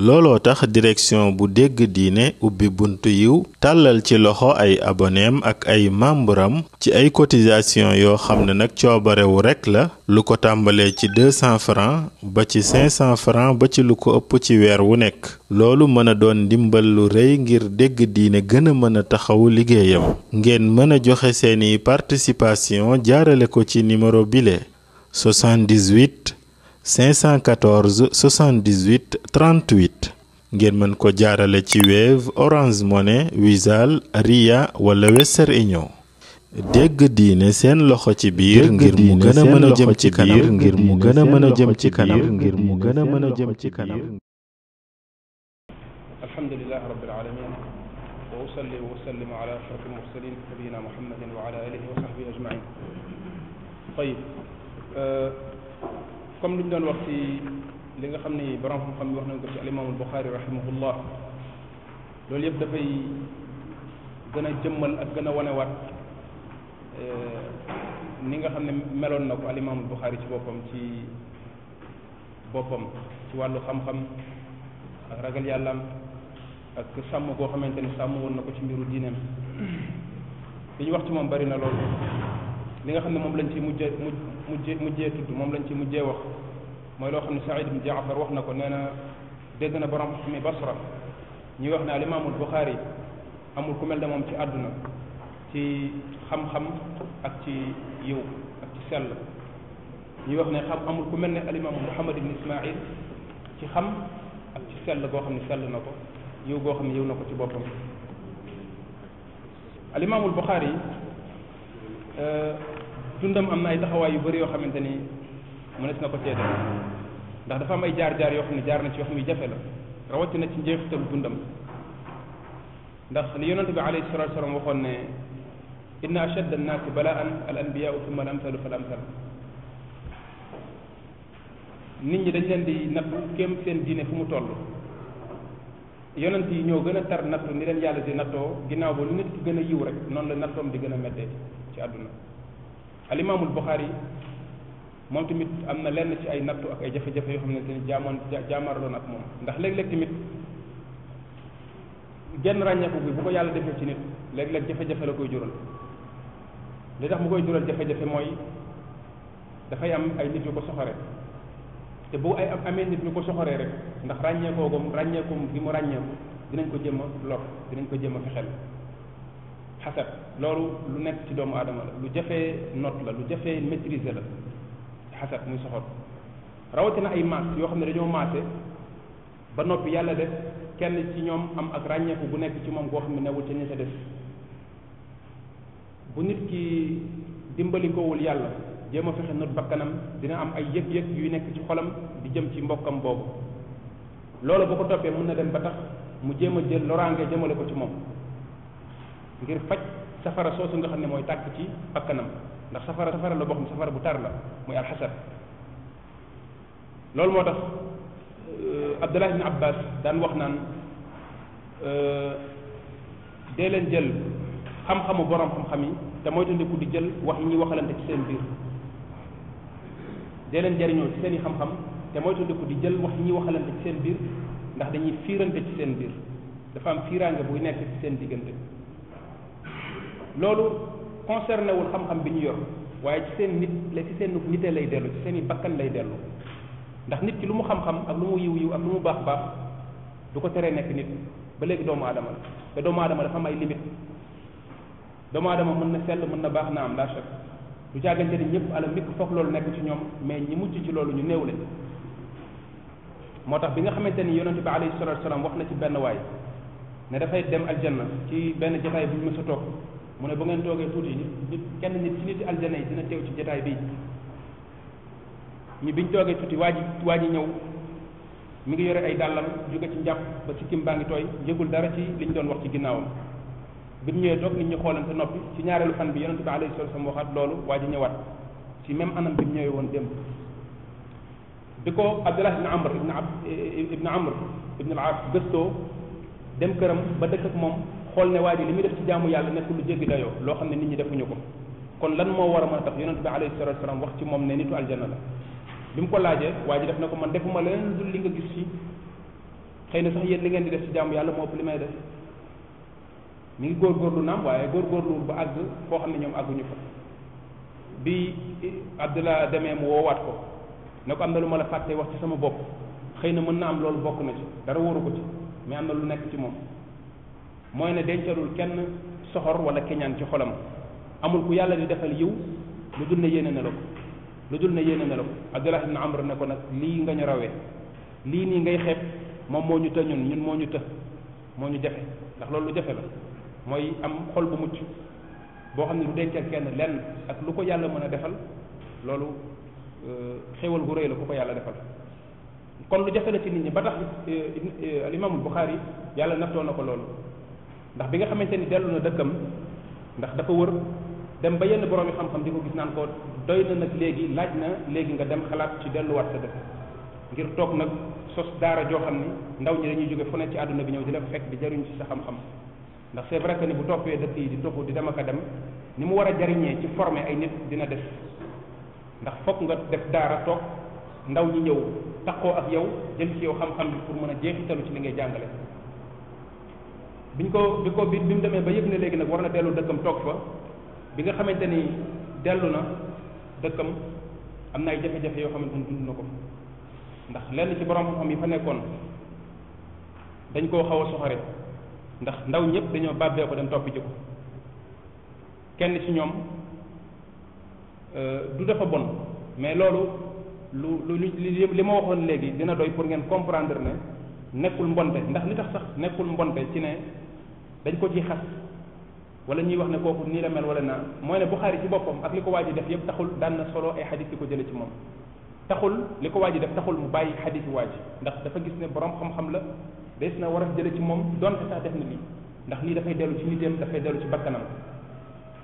looloo tax direction bu dégg diine ubbi buntu yiw tàllal ci loxo ay aboneem ak ay membram ci ay cotisation yoo xam ne nag coobarewu rekk la lu ko tàmbalee ci 200 francs ba ci 500 francs ba ci lu ko ëpp ci weer wu nekk loolu mën a doon ndimbal lu rëy ngir dégg diine gën a mën a taxawu liggéeyam ngeen mën a joxe seeni participation jaarale ko ci numéro bile 78 514 78 38 ngeen mën ko jaarale ci Wave Orange Money Wizall Ria wala Western Union dégg diine seen loxo ci biir ngir mu gëna mëna jëm ci kanam ngir mu gën a mën a jëm ci kanam ngir mu gën a mën jëm ci kanam comme lu ñu doon wax ci li nga xam ni borom xam-xam yi wax nañ ko ci alimaamul Buxaari rahimahullah loolu yëpp dafay gën a jëmmal ak gën a wanewaat eh, ni nga xam ne meloon na ko alimaamul Buxaari ci boppam ci boppam ci wàllu xam-xam ak ragal yàllaam ak sàmm koo xamante ni sàmm woon na ko ci mbiru diineem li ñu wax ci moom bari na loolu li nga xam ne moom lañ ci mujj mujj mujjee mujjee tudd moom lañ ci mujjee wax mooy loo xam ne Saïd ibn Jaafar wax na ko nee na dégg na borom xami Basra ñuy wax ne alimaamul Buxaari amul ku mel ne moom ci àdduna ci xam-xam ak ci yiw ak ci sell ñuy wax ne xam amul ku mel ne alimaamu Muhammad ibn Ismail ci xam ak ci sell goo xam ne sell na ko yiw goo xam ne yiw na ko ci boppam alimaamul Buxaari dundam am na ay taxawaay yu bari yoo xamante ni mënees na ko cee ndax dafa am ay jaar-jaar yoo xam ne jaar na ci yoo xam ne jafe la rawatina ci njeexitalu dundam ndax li yonente bi alayhi salatu wasalam waxoon ne inna ashadda annaasi balaan al anbiyaau summa al amsalu fal amsal nit ñi dañ leen di nattu kéem seen diine fu mu toll yonent yi ñoo gën a tar nattu ni leen yàlla di nattoo ginnaaw ba lu nit ki gën a yiw rek noonu la nattoom di gën a mettee ci àdduna الإمام البخاري mom tamit amna lenn ci ay nattu ak ay jafe-jafe yo xamné tane jamon jamar jaamarloon ak mom ndax léeg-léeg tamit genn ràññeeku bi bu ko yàlla defé ci nit léeg-léeg jafe-jafe la koy jural li tax mu koy jural jafe-jafe moy da fay am ay nit yu ko soxore te bu ay am amé nit yu ko soxoré rek ndax ràññeekoo ko ràññeekum gi mu ràññeeku dinañ ko jëm a dinañ ko jëm fi xel xasad loolu lu nekk ci doomu aadama la lu jafe not la lu jafe maîtriser la xasad muy soxor rawatina ay maas yoo xam ne dañoo maase ba noppi yàlla de kenn ci ñoom am ak ràññeeku bu nekk ci moom koo xam ne newul ca ña ca des bu nit ki dimbalikoowul yàlla jéem a fexe not bakkanam dina am ay yëg-yëg yuy nekk ci xolam di jëm ci mbokkam boobu loolu boo ko toppee mën na dem ba tax mu jéem a jël loraange jëmale ko ci moom ngir faj safara soosu nga xam ne mooy tàkk ci bakkanam ndax safara safara la boo xam safara bu tar la muy alxasar loolu moo tax euh, Abdullah ibn Abbas daan wax naan euh, dee leen jël xam-xamu borom xam-xam yi te ku di jël wax yi ñuy waxalante ci seen biir dee leen jariñoo ci seen i xam-xam te moytandiku di jël wax yi ñuy waxalante ci seen biir ndax dañuy fiirante ci seen biir dafa am fiiraange buy nekk ci seen diggante loolu concerné wul xam-xam bi ñu yor waaye ci seen nit la ci seen nitee lay dellu ci seen i bakkan lay dellu ndax nit ki lu mu xam-xam ak lu mu yiw yiw ak lu mu baax baax du ko teree nekk nit ba léegi doomu aadama la te doomu adama dafa am ay limite doomu aadama mën na sell mën na baax na am la chèque du jaagante ni ñëpp ala mikk foog loolu nekk ci ñoom mais ñi mucc ci loolu ñu néew lañ moo tax bi nga xamante ni yonente bi alayhi salatu salaam wax na ci benn waay ne dafay dem aljanna ci benn jotaay bu ñu mës a mu ne bu ngeen toogee tuuti nit nit kenn nit ci nit aljana yi dina teew ci jotaay bi ñu biñ toogee tuuti waa ji waa ji ñëw mu ngi yore ay dàllam jóge ci njàpp ba sikkim baa ngi tooy jégul dara ci liñ doon wax ci ginnaawam bi mu ñëwee toog nit ñi xoolante noppi ci ñaareelu fan bi yonente bi alayhi salatu wasallam waxaat loolu waa ji ñëwaat ci même anam bi mu ñëwee woon démb bi ko abdullah ibn amr ibn ab ibn amr ibn al-aas gëstoo dem këram ba dëkk moom xool ne waa ji li muy def ci jaamu yàlla nekk lu jéggi dayoo loo xam ne nit ñi defuñu ko kon lan moo war a mën a tax yonent bi alayhi salatu wasalam wax ci moom ne nitu aljanna la bi mu ko laajee waa ji def na ko man defuma leneen dul li nga gis ci xëy na yéen li ngeen di def ci jaamu yàlla moo ëpp li may def mi ngi naam waaye góorgóorluwul ba àgg foo xam ne ñoom àgguñu fa bi Abdullah demee mu woowaat ko ne ko am na lu ma la fàtte wax ci sama bopp xëy na mën na am loolu bokk na ci dara wóoru ko ci mais am na lu nekk ci moom mooy ne dencalul kenn soxor wala keñaan ci xolam amul ku yàlla di defal yiw lu dul ne yéene na ko lu dul ne yéene na la ko Abdullah ibn Amr ne ko nag lii nga ñu rawee lii nii ngay xeeb moom moo ñu të ñun ñun moo ñu të moo ñu jafe ndax loolu lu jafe la mooy am xol bu mucc boo xam ne du dencal kenn lenn ak lu ko yàlla mën a defal loolu euh, xéwal gu rëy la ku ko yàlla defal kon lu jafe la ci nit ñi ba tax euh, euh, al imaamul Buxaari yàlla nattoo na ko loolu ndax bi nga xamante ni dellu na dëkkam ndax dafa wër dem ba yenn borom yi xam-xam di ko gis naan ko doy na nag léegi laaj na léegi nga dem xalaat ci delluwaat sa dëkk ngir toog nag sos daara joo xam ni ndaw ñi dañuy jóge fu ne ci àdduna bi ñëw di la fekk bi jariñ ci sa xam-xam ndax c'est vrai que ni bu toppee dëkk yi di toxu di dem ak a dem ni mu war a jariñee ci former ay nit dina def ndax fokk nga def daara toog ndaw ñi ñëw taxoo ak yow jël ci yow xam-xam pour mën a jeexitalu ci li ngay jàngale biñ ko bi ko bi bi mu demee ba yëg ne léegi nag war na dellu dëkkam toog fa bi nga xamante ni dellu na dëkkam am na ay jafe-jafe yoo xamante ni dund na ko ndax lenn ci borom xam yi fa nekkoon dañ koo xaw a ndax ndaw ñëpp dañoo bàbbee ko dem topp ji ko kenn ci ñoom euh, du dafa bon mais loolu lu lu li li ma waxoon léegi dina doy pour ngeen comprendre ne nekkul mbonte ndax li tax sax nekkul mbonte ci ne dañ ko ci xas wala ñuy wax ne kooku nii la mel wala naa mooy ne buxaari ci boppam ak li ko waa ji def yëpp taxul daan na solo ay xadis di ko jële ci moom taxul li ko waa ji def taxul mu bàyyi xadis waa ji ndax dafa gis ne borom xam-xam la des na war a jële ci moom donte sax def na lii ndax lii dafay dellu ci nitéem dafay dellu ci bakkanam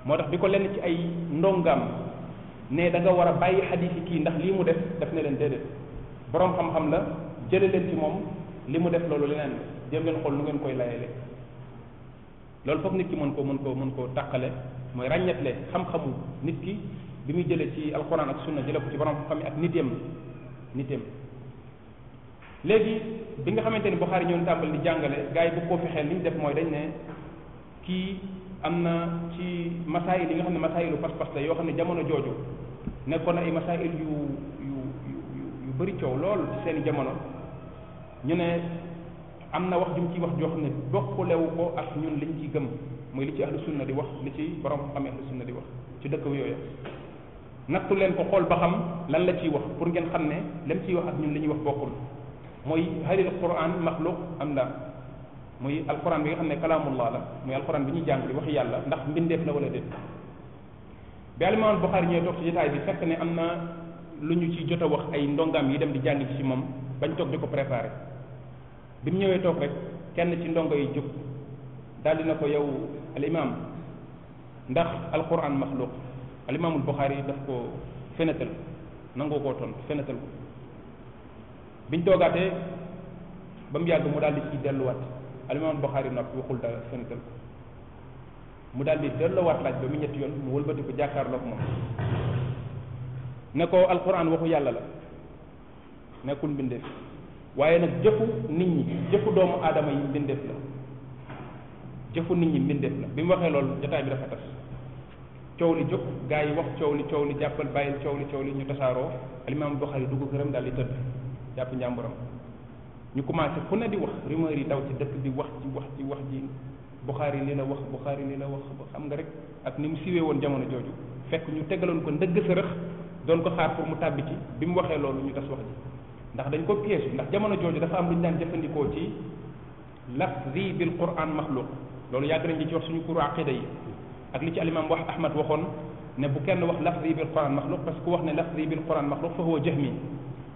moo tax bi ko lenn ci ay ndongaam ne da nga war a bàyyi xadis yi kii ndax lii mu def daf ne leen déedéet borom xam-xam la jële leen ci moom li mu def loolu leneen jéem leen xool lu ngeen koy layale loolu foog nit ki mën koo mën koo mën koo tàqale mooy ràññetle xam-xamu nit ki bi muy jëlee ci alxuraan ak sunna jëlee ko ci borom xam ak niteem niteem léegi bi nga xamante ni Buxaari ñoon tàmbal di jàngale gars yi bu koo fexee li ñu def mooy dañ ne kii am na ci masaayil yi nga xam ne masaayilu pas-pas la yoo xam ne jamono jooju nekkoon na ay masaayil yu yu yu yu bëri coow lool ci seen jamono ñu ne am na wax ju mu ci wax joo xam ne bokkulewu ko ak ñun liñ ci gëm mooy li ci ahlu sunna di wax li ci borom xam-xam ahlu sunna di wax ci dëkk yooyu nattu leen ko xool ba xam lan la ciy wax pour ngeen xam ne lam ciy wax ak ñun li ñuy wax bokkul mooy halil quran maxluq am la muy alquran bi nga xam ne kalaamullah la muy alquran bi ñuy jàng di wax yàlla ndax mbindeef la wala déet bi alimaam Buxaari ñooy toog ci jotaay bi fekk ne am na lu ñu ci jot a wax ay ndongaam yi dem di jàng ci moom bañ toog di ko préparé bi mu ñëwee toog rek kenn ci ndongo yi jóg daal dina ko yow al ndax alquran maxluq al imaamul buxaari daf ko fenetal nangoo koo ton fenetal ko biñ toogaatee ba mu yàgg mu daal di ci delluwaat al imaamul buxaari noppi waxul dara fenetal ko mu daal di delluwaat laaj ba mu ñetti yoon mu wëlbati ko jàkkaarloo ak moom ne ko alquran yàlla la nekkul mbindeef waaye nag jëfu nit ñi jëfu doomu aadama yi mbindeef la jëfu nit ñi mbindeef la bi mu waxee loolu jotaay bi dafa tas coow li jóg gaa yi wax coow li coow li jàppal bàyyil coow li coow li ñu tasaaroo alimaam Buxaari dugg këram daal di tëdd jàpp njàmburam ñu commencé ku ne di wax rumeur yi daw ci dëkk bi wax ci wax ci wax ji Buxaari li la wax Buxaari li na wax ba xam nga rek ak ni mu siwee woon jamono jooju fekk ñu tegaloon ko ndëgg sërëx doon ko xaar pour mu tàbbi ci bi mu waxee loolu ñu tas wax ji ndax dañ ko piège ndax jamono jooju dafa am lu ñu daan jëfandikoo ci lafzi bil quran maxluq loolu yàgg nañ di ci wax suñu kuru aqida yi ak li ci alimam wax ahmad waxoon ne bu kenn wax lafzi bil quran maxluq parce que wax ne lafzi bil quran maxluq fa huwa jahmi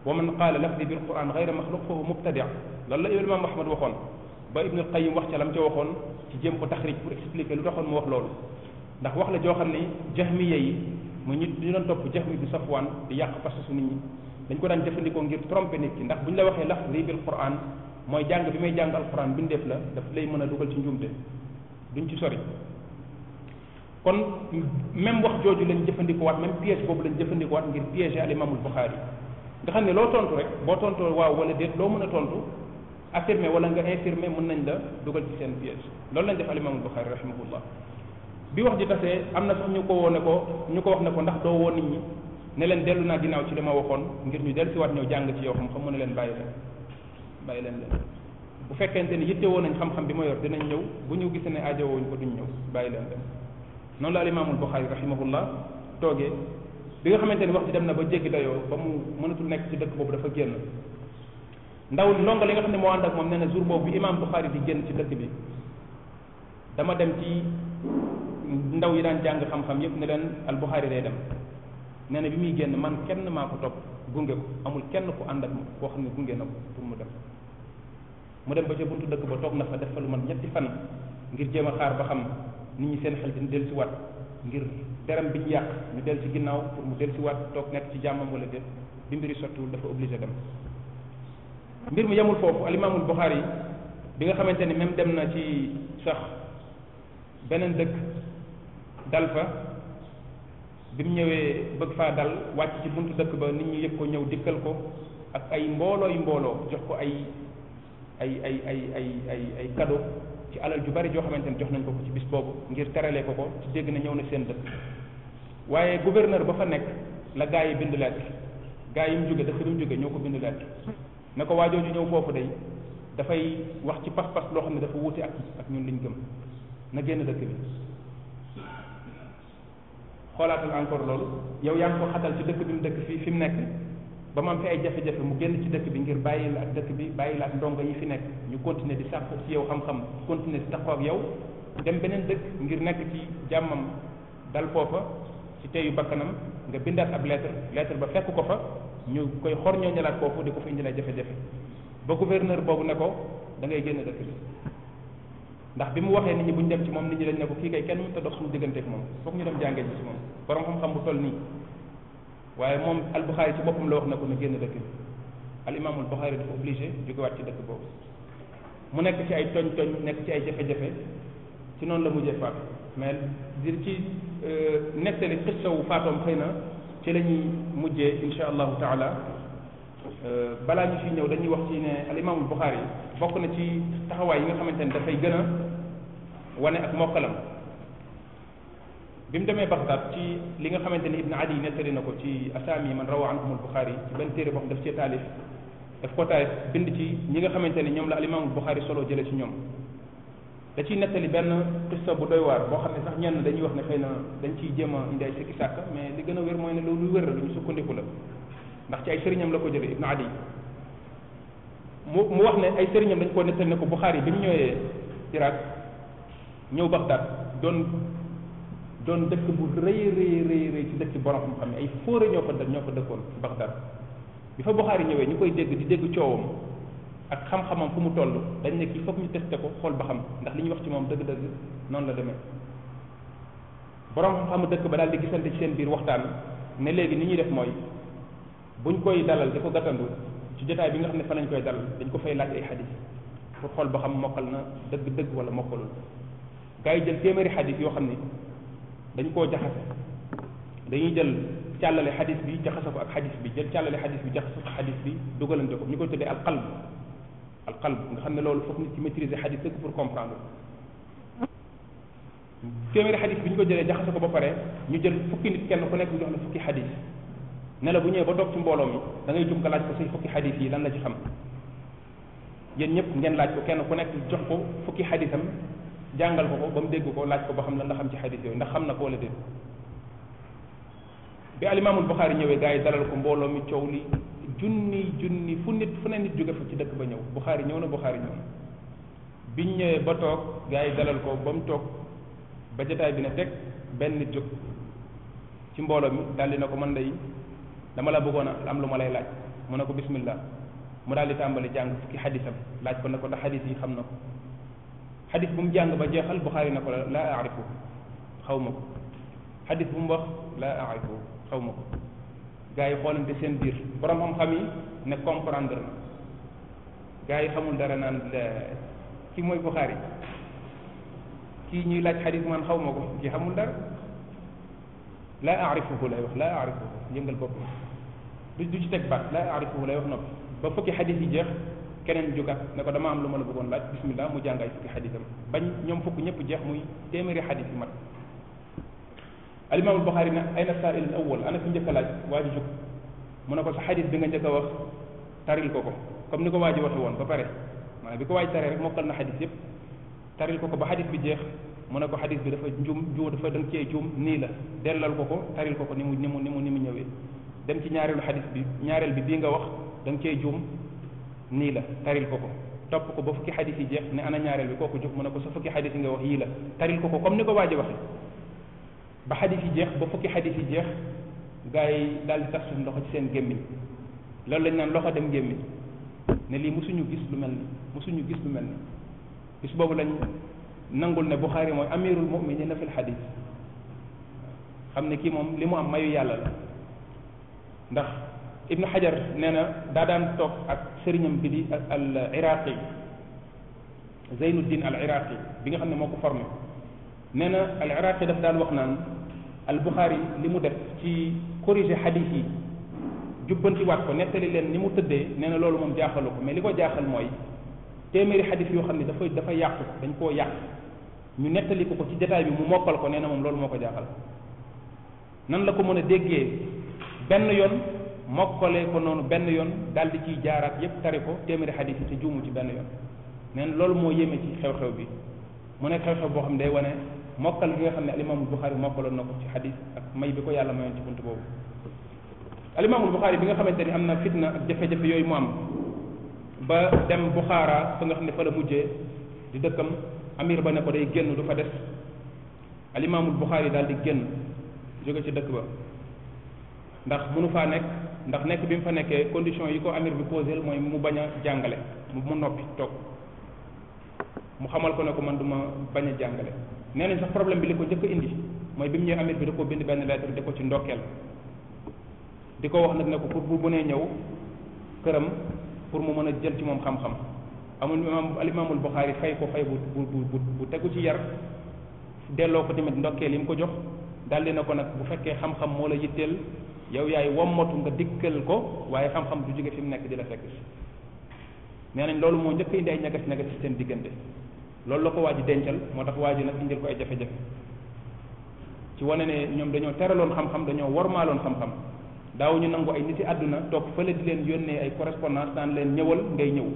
wa man qaala lafzi bil quran gayra maxluq fa huwa mubtadi loolu la imam ahmad waxoon ba ibnul qayim wax ca lam ca waxoon ci jëm ko taxrij pour expliquer lu taxoon mu wax loolu ndax wax la joo xam ni jahmiya yi mu ñi ñu doon topp jaxmi bi safwaan di yàq parce su nit ñi dañ ko daan jëfandikoo ngir tromper nit ki ndax bu ñu la waxee laf ribil quran mooy jàng bi may jàng alquran bindeef la daf lay mën a dugal ci njuumte duñ ci sori kon même wax jooju jëfandikoo jëfandikuwaat même piège boobu lañ jëfandikuwaat ngir piéger al imamul Buxaari nga xam ne loo tontu rek boo tontoo waaw wala déet loo mën a tontu affirmer wala nga infirmer mun nañ la dugal ci seen piège loolu lañ def al imamul Buxaari rahimahullah bi wax ji tasee am na sax ñu ko ne ko ñu ko wax ne ko ndax doo woo nit ñi ne leen dellu naa ginnaaw ci dama waxoon ngir ñu dellu si waat ñëw jàng ci yow xam-xam mu ne leen bàyyi leen bàyyi leen leen bu fekkente ni yitte woo nañ xam-xam bi ma yor dinañ ñëw bu ñu gisee ne wooñ ko duñ ñëw bàyyi leen leen noonu la al imaamul Buxaari rahimahullah toogee bi nga xamante ni wax ji dem na ba jéggi dayoo ba mu mënatul nekk ci dëkk boobu dafa génn ndaw ndongo li nga xam ne moo ànd ak moom nee na jour boobu bi imam Buxaari di génn ci dëkk bi dama dem ci ndaw yi daan jàng xam-xam yépp ne leen albuxaari day dem nee na bi muy génn man kenn maa ko topp gunge ko amul kenn ku ànd ak koo xam ne gunge na ko pour mu dem mu dem ba ca buntu dëkk ba toog na fa def fa lu man ñetti fan ngir jéem a xaar ba xam nit ñi seen xel dina del si waat ngir deram bi ñu yàq ñu del ci ginnaaw pour mu del si waat toog nekk ci jàmmam wala déet bi mbiri sottiwul dafa obligé dem mbir mi yemul foofu alimaamul Buxaari yi bi nga xamante ni même dem na ci sax beneen dal fa bi mu ñëwee bëgg faa dal wàcc ci buntu dëkk ba nit ñi yëg ko ñëw dikkal ko ak ay mboolooy mbooloo jox ko ay ay ay ay ay ay ay cadeau ci alal ju bari joo xamante ne jox nañ ko ko ci bis boobu ngir terale ko ko ci dégg na ñëw na seen dëkk waaye gouverneur ba fa nekk la gaa yi bind lettre gaa yi mu jóge dëkk bi jóge ñoo ko bind lettre na ko waajooju ñëw foofu day dafay wax ci pas-pas loo xam ne dafa wuute ak ak ñun liñ gëm na génn dëkk bi xoolaatal encore loolu yow yaa ngi ko xatal ci dëkk bi mu dëkk fii fi mu nekk ba mu am fi ay jafe-jafe mu génn ci dëkk bi ngir bàyyi la ak dëkk bi bàyyi la ak ndongo yi fi nekk ñu continuer di sàkku ci yow xam-xam continuer di taxaw ak yow dem beneen dëkk ngir nekk ci jàmmam dal foofa ci teyu bakkanam nga bindaat ab lettre lettre ba fekk ko fa ñu koy xor ñoo ñalaat foofu di ko fi indilee jafe-jafe ba gouverneur boobu ne ko da ngay génn dëkk bi ndax bi mu waxee nit ñi bu ñu dem ci moom nit ñi dañ ne ko kii kay kenn mënut a dox suñu digganteek moom foog ñu dem jàngee ci moom borom xam-xam bu toll nii waaye moom albuxaari ci boppam la wax na ko na génn dëkk bi al imaamul buxaari dafa obligé jógewaat ci dëkk boobu mu nekk ci ay toñ-toñ nekk ci ay jafe ci noonu la mujjee faatu mais di ci euh, nettali xissawu faatoom xëy na ci la ñuy mujjee insha allahu taala euh, balaa ñu fi ñëw dañuy wax ci ne al imaamul buxaari bokk na ci taxawaay yi nga xamante ne dafay gën a wane ak mokkalam bi mu demee Baxdaad ci li nga xamante ne Ibn Adi nettali na ko ci asaami man rawa anhum al-Buxaari ci benn téere boo def daf cee taalif daf ko taalif bind ci ñi nga xamante ni ñoom la alimaamul Buxaari solo jële ci ñoom da ciy nettali benn xissa bu doy waar boo xam ne sax ñeen dañuy wax ne xëy na dañ ciy jéem a indi ay sikki sàkk mais li gën a wér mooy ne loolu wér la lu ñu sukkandiku la ndax ci sëriñam la ko jële Ibn Adi mu mu wax ne ay sëriñam dañ koo nettal ne ko Buxaari bi mu ñëwee Irak ñëw Bagdad doon doon dëkk bu rëy rëy rëy rëy ci dëkk borom xam-xam ne ay fóore ñoo fa ñoo fa dëkkoon Bagdad bi fa Buxaari ñëwee ñu koy dégg di dégg coowam ak xam-xamam fu mu toll dañ ne kii foog ñu testé ko xool ba xam ndax li ñuy wax ci moom dëgg-dëgg noonu la demee borom xam-xamu dëkk ba daal di gisante ci seen biir waxtaan ne léegi ni ñuy def mooy buñ koy dalal di ko gàttandu ci jotaay bi nga xam ne fa lañ koy dal dañ ko fay laaj ay hadith pour xool ba xam mokkal na dëgg dëgg wala mokkalul gars yi jël téeméeri hadith yoo xam ni dañ koo jaxase dañuy jël càllale hadith bi jaxase ko ak hadith bi jël càllale hadith bi jaxase ko hadith bi dugalante ko ñu koy tuddee alqalb alqalb nga xam ne loolu foog nit ci maîtriser hadith dëgg pour comprendre téeméeri hadith bi ñu ko jëlee jaxase ko ba pare ñu jël fukki nit kenn ku nekk ñu jox la fukki hadith ne bu ñëwee ba toog ci mbooloo mi da ngay jub nga laaj ko say fukki xadis yi lan la ci xam yéen ñëpp ngeen laaj ko kenn ku nekk jox ko fukki xadisam jàngal ko ko ba mu dégg ko laaj ko ba xam lan la xam ci xadis yooyu ndax xam na ko wala déet bi alimaamul Buxaari ñëwee gars yi dalal ko mbooloo mi coow li junni junni fu nit fu ne nit jóge fa ci dëkk ba ñëw Buxaari ñëw na Buxaari ñëw na biñ ñëwee ba toog gaa yi dalal ko ba mu toog ba jotaay bi ne teg benn nit ci mbooloo mi daldi na ko mën day dama la bëggoon a am lu ma lay laaj mu ne ko bismillah mu daal di tàmbali jàng fukki xadisam laaj ko ne ko te xadis yi xam na ko xadis bu mu jàng ba jeexal Buxaari na ko la arifu xaw ma ko xadis bu mu wax laa arifu xaw ma ko gars yi seen biir borom xam-xam yi yi xamul dara naan ki mooy Buxaari kii ñuy laaj xadis man xaw ma ko kii xamul dara laa arifuhu lay wax laa arifuhu yëngal bopp du du ci teg baat la arifuhu lay wax noppi ba fukki xadis yi jeex keneen jógaat ne ko dama am lu ma la bëggoon laaj bismillah mu jàng ay fukki xadisam bañ ñoom fukk ñëpp jeex muy téeméeri xadis yu mat alimaamul Buxaari ay ayna saail al awal ana fi njëkk a laaj waa ji jóg mu ne ko sa xadis bi nga njëkk a wax taril ko ko comme ni ko waa ji waxe woon ba pare maanaam bi ko waa ji taree rek mokkal na xadis yépp taril ko ko ba xadis bi jeex mu ne ko xadis bi dafa njum juu dafa dañ cee jum nii la dellal ko ko taril ko ko ni mu ni mu ni mu ni mu ñëwee dem ci ñaareelu xadis bi ñaareel bi bii nga wax da nga cee jum nii la taril ko ko topp ko ba fukki xadis yi jeex ne ana ñaareel bi kooku jóg mu ne ko sa fukki xadis yi nga wax yii la taril ko ko comme ni ko waaji waxe ba xadis yi jeex ba fukki xadis yi jeex gaay yi daal di tax suuf ndoxo ci seen gémmiñ loolu lañ naan loxo dem gémmiñ ne lii musuñu gis lu mel ni musuñu gis lu mel ni bis boobu lañ nangul ne Bukhari moy amirul mu'minin fi xadis xam ne kii moom li am mayu yàlla la ndax ibnu xajar neena da daan tok ak serignam bi di al iraqi zainuddin al iraqi bi nga xamne moko formé neena al iraqi daf daan wax naan al bukhari limu def ci corriger hadith yi jubanti wat ko netali len ni mu tëddee nee na loolu moom mais liko jaxal moy mooy hadith yo xamni da fay da fay yaq dañ ko yàq ñu nekkaliku ko ci jataay bi mu mokkal ko nee na moom loolu moo ko jaaxal nan la ko mën a déggee benn yoon mokkalee ko noonu benn yoon daal di ciy jaaraat yépp tari ko téeméeri xadis yi te juumu ci benn yoon nee loolu moo yéeme ci xew-xew bi mu nekk xew-xew boo xam ne day wane mokkal gi nga xam ne alimaamul Buxaari mokkaloon na ko ci xadis ak may bi ko yàlla mayoon ci bunt boobu alimaamul Buxaari bi nga xamante ni am na fitna ak jafe-jafe yooyu mu am ba nga xam ne fa la mujjee di dëkkam amir ba ne ko day génn du fa des alimaamul Buxaari daal di génn jóge ci dëkk ba ndax mënu faa nekk ndax nekk bi mu fa nekkee condition yi ko amir bi posé mooy mu bañ a jàngale mu noppi toog mu xamal ko ne ko man du ma bañ a jàngale nee nañ sax problème bi li ko njëkk indi mooy bi mu ñëwee amir bi da ko bind benn lettre di ko ci ndokkeel di ko wax nag ne ko pour bu nee ñëw këram pour mu mën a jël ci moom xam-xam amul imaam alimaamul Buxaari fay ko fay bu bu bu bu tegu ci yar delloo ko tamit ndokkeel yi mu ko jox daldi na ko nag bu fekkee xam-xam moo la yitteel yow yaay wommatu nga dikkal ko waaye xam-xam du jóge fi mu nekk di la fekk si nee nañ loolu moo njëkk indi ay ñagas ñagas ci seen diggante loolu la ko waa ji dencal moo tax waa ji nag indil ko ay jafe-jafe ci wane ne ñoom dañoo teraloon xam-xam dañoo wormaaloon xam-xam daaw ñu nangu ay nit yi àdduna toog fële di leen yónnee ay correspondance daan leen ñëwal ngay ñëw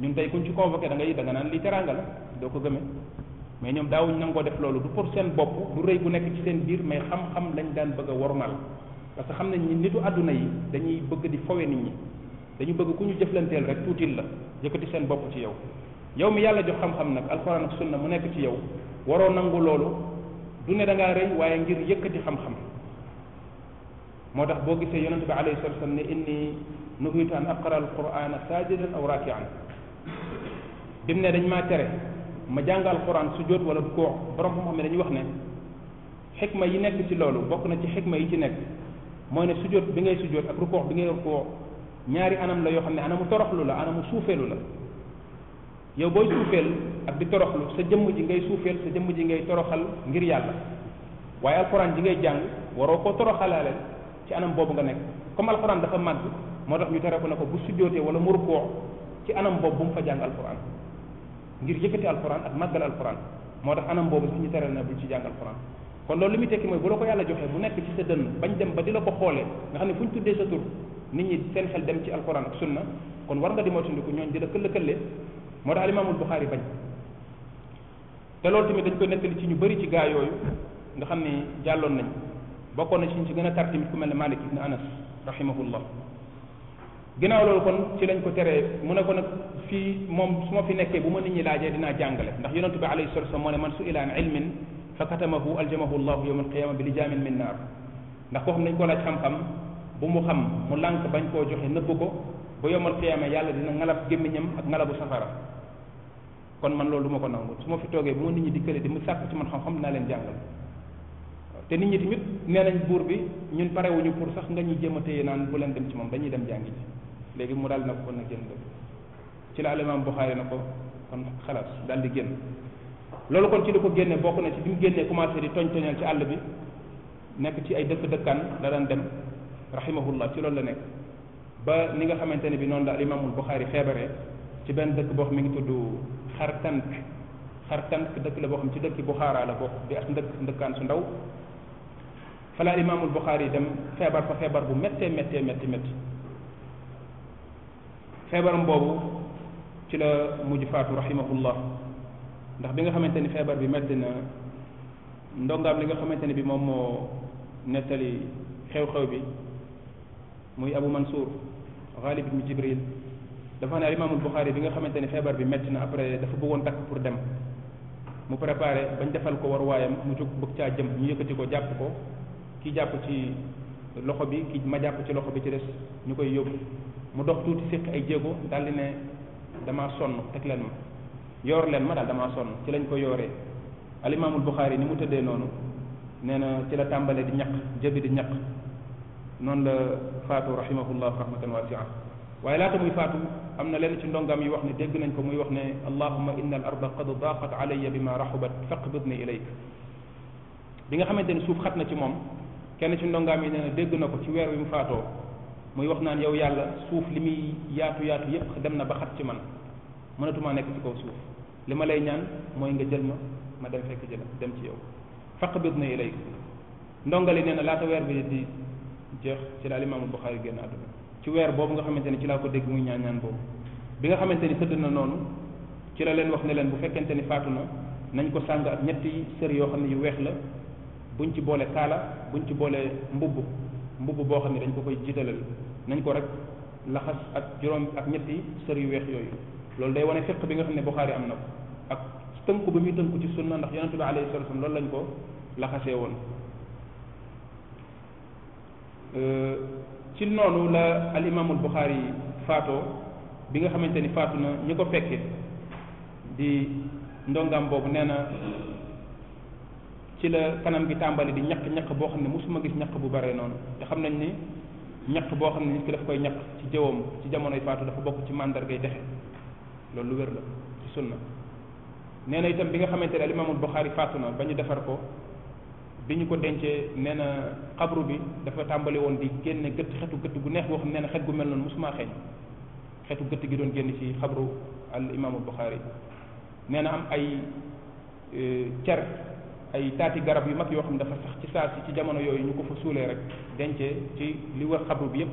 ñun tey kuñ ci convoqué da ngay da nga naan lii teraanga la doo ko gëmee mais ñoom daawuñ nangoo def loolu du pour seen bopp du rëy bu nekk ci seen biir mais xam-xam lañ daan bëgg a wormal parce que xam nañ ni nitu àdduna yi dañuy bëgg di fowe nit ñi dañu bëgg ku ñu jëflanteel rek tuutil la yëkkati seen bopp ci yow yow mi yàlla jox xam-xam nag alxuraan ak sunna mu nekk ci yow waroo nangu loolu du ne da rëy waaye ngir yëkkati xam-xam moo tax boo gisee yonente bi alayhi salatu wasallam ne inni nuhitu an aqra alqurana sajidan aw rakian bi ne dañ maa tere ma jàngal quran su jóot wala ko borom xam xam ne dañuy wax ne xikma yi nekk ci loolu bokk na ci xikma yi ci nekk mooy ne su jóot bi ngay su jóot ak rukoox bi ngay rukoox ñaari anam la yoo xam ne anamu toroxlu la anamu suufeelu la yow booy suufeel ak di toroxlu sa jëmm ji ngay suufeel sa jëmm ji ngay toroxal ngir yàlla waaye alquran ji ngay jàng waroo koo toroxalaale ci anam boobu nga nekk comme alquran dafa màgg moo tax ñu tere ko ne ko bu sujjootee wala mu rukoo ci anam boobu bu mu fa jàng alquran ngir yëkkati alquran ak màggal alquran moo tax anam boobu sax ñu teral na bul ci jàng alquran kon loolu li muy tekki mooy bu la ko yàlla joxee bu nekk ci sa dënn bañ dem ba di la ko xoolee nga xam ne fu ñu tuddee sa tur nit ñi seen xel dem ci alquran ak sunna kon war nga di moytandiku ñooñ di la këll këlle moo tax alimaamul Buxaari bañ te loolu tamit dañ koy nettali ci ñu bëri ci gaa yooyu nga xam ne jàlloon nañ bokkoon na ci ñu ci gën a tar ku mel ne Malik ibn Anas rahimahullah ginnaaw loolu kon ci lañ ko teree mu ne ko nag fii moom su ma fi nekkee bu ma nit ñi laajee dinaa jàngale ndax yonent bi alayhi salatu wasallam moo ne man su ilaan ilmin fa katamahu aljamahu llahu yawma alqiyama bi lijaamin min naar ndax koo xam nañ ko laaj xam-xam bu mu xam mu lànq bañ koo joxe nëbb ko ba yawmal qiyaama yàlla dina ngalab gémmiñam ak ngalabu safara kon man loolu du ko nangu su ma fi toogee bu ma nit ñi dikkale di mu sàkk ci man xam-xam dinaa leen jàngal te nit ñi tamit nee nañ buur bi ñun parewuñu pour sax nga ñuy jéem a téye naan bu dem ci moom dañuy dem jàngi ci léegi mu daal na ko kon na génn dëkk ci la alimaam Buxaari na ko kon xalaas daal di génn loolu kon ci di ko génne bokk na ci bi mu génnee commencé di toñ toñal ci àll bi nekk ci ay dëkk dëkkaan da daan dem rahimahullah ci loolu la nekk ba ni nga xamante ne bi noonu la alimaamul Buxaari feebaree ci benn dëkk boo xam mi ngi tudd xartank xartank dëkk la boo xam ci dëkk Buxaara la bokk di ak ndëkk ndëkkaan su ndaw fala alimaamul Buxaari dem feebar fa feebar bu méttee méttee métti métti feebaram boobu ci la mujj faatu rahimahullah ndax bi nga xamante ni feebar bi metti na ndongaam li nga xamante ni bi moom moo nettali xew-xew bi muy Abu Mansour Ghalib mu Jibril dafa ne al imaamul Buxaari bi nga xamante ni feebar bi metti na après dafa bëggoon takk pour dem mu préparé bañ defal ko war waayam mu jóg bëgg caa jëm ñu yëkkati ko jàpp ko kii jàpp ci loxo bi ki ma jàpp ci loxo bi ci des ñu koy yóbbu mu dox tuuti séq ay jéego daal di ne damaa sonn teg leen ma yoor leen ma daal damaa sonn ci lañ ko yooree alimaamul Buxaari ni mu tëddee noonu nee na ci la tàmbalee di ñaq jëbi di ñaq noonu la faatu rahimahullah rahmatan wasia waaye laata muy faatu am na leen ci ndongam yi wax ne dégg nañ ko muy wax ne allahuma inna al arda qad daqat alayya bi ma raxubat faqbidni ilayk bi nga xamante ne suuf xat na ci moom kenn ci ndongaam yi nee na dégg na ko ci weer wi mu faatoo muy wax naan yow yàlla suuf li muy yaatu yaatu yépp dem na ba xat ci man mënatuma nekk ci kaw suuf li ma lay ñaan mooy nga jël ma ma dem fekk jël dem ci yow faqbid na ilayk ndongali nee na laata weer bi di jeex ci la alimaamu Buxaari génn àdduna ci weer boobu nga xamante ni ci laa ko dégg muy ñaan ñaan boobu bi nga xamante ni tëdd na noonu ci la leen wax ne leen bu fekkente ni faatu na nañ ko sàng ak ñetti sër yoo xam ne yu weex la buñ ci boolee kaala buñ ci boolee mbubb mbubb boo xam ne dañ ko koy jiitalal nañ ko rek laxas ak juróom ak ñetti sër yu weex yooyu loolu day wane fiq bi nga xam ne Buxaari am na ko ak tënku bi muy tënku ci sunna ndax yonente bi alayhi salatu wasallam ko laxasee woon euh, ci noonu la al imaamul Buxaari yi faatoo bi nga xamante ni faatu na ñi ko fekke di ndongam boobu nee na ci la kanam gi tàmbali di ñaq ñaq boo xam ne mosuma gis ñaq bu bare noonu te xam nañ ni ñaq boo xam ne nit ko daf koy ñaq ci jëwam ci jamonoy faatu dafa bokk ci màndargay texe loolu lu wér la ci sunna nee na itam bi nga xamante ne alimaamul Buxaari faatu na ba ñu defar ko bi ñu ko dencee nee na xabru bi dafa tàmbali woon di génne gëtt xetu gëtt gu neex boo xam nee ne xet gu mel noonu mosuma xeeñ xetu gëtt gi doon génn ci xabru al imaamul Buxaari na ay euh, cer ay taati garab yu mag yoo xam ne dafa sax ci saa si ci jamono yooyu ñu ko fa suulee rek dencee ci li wër xabru bi yépp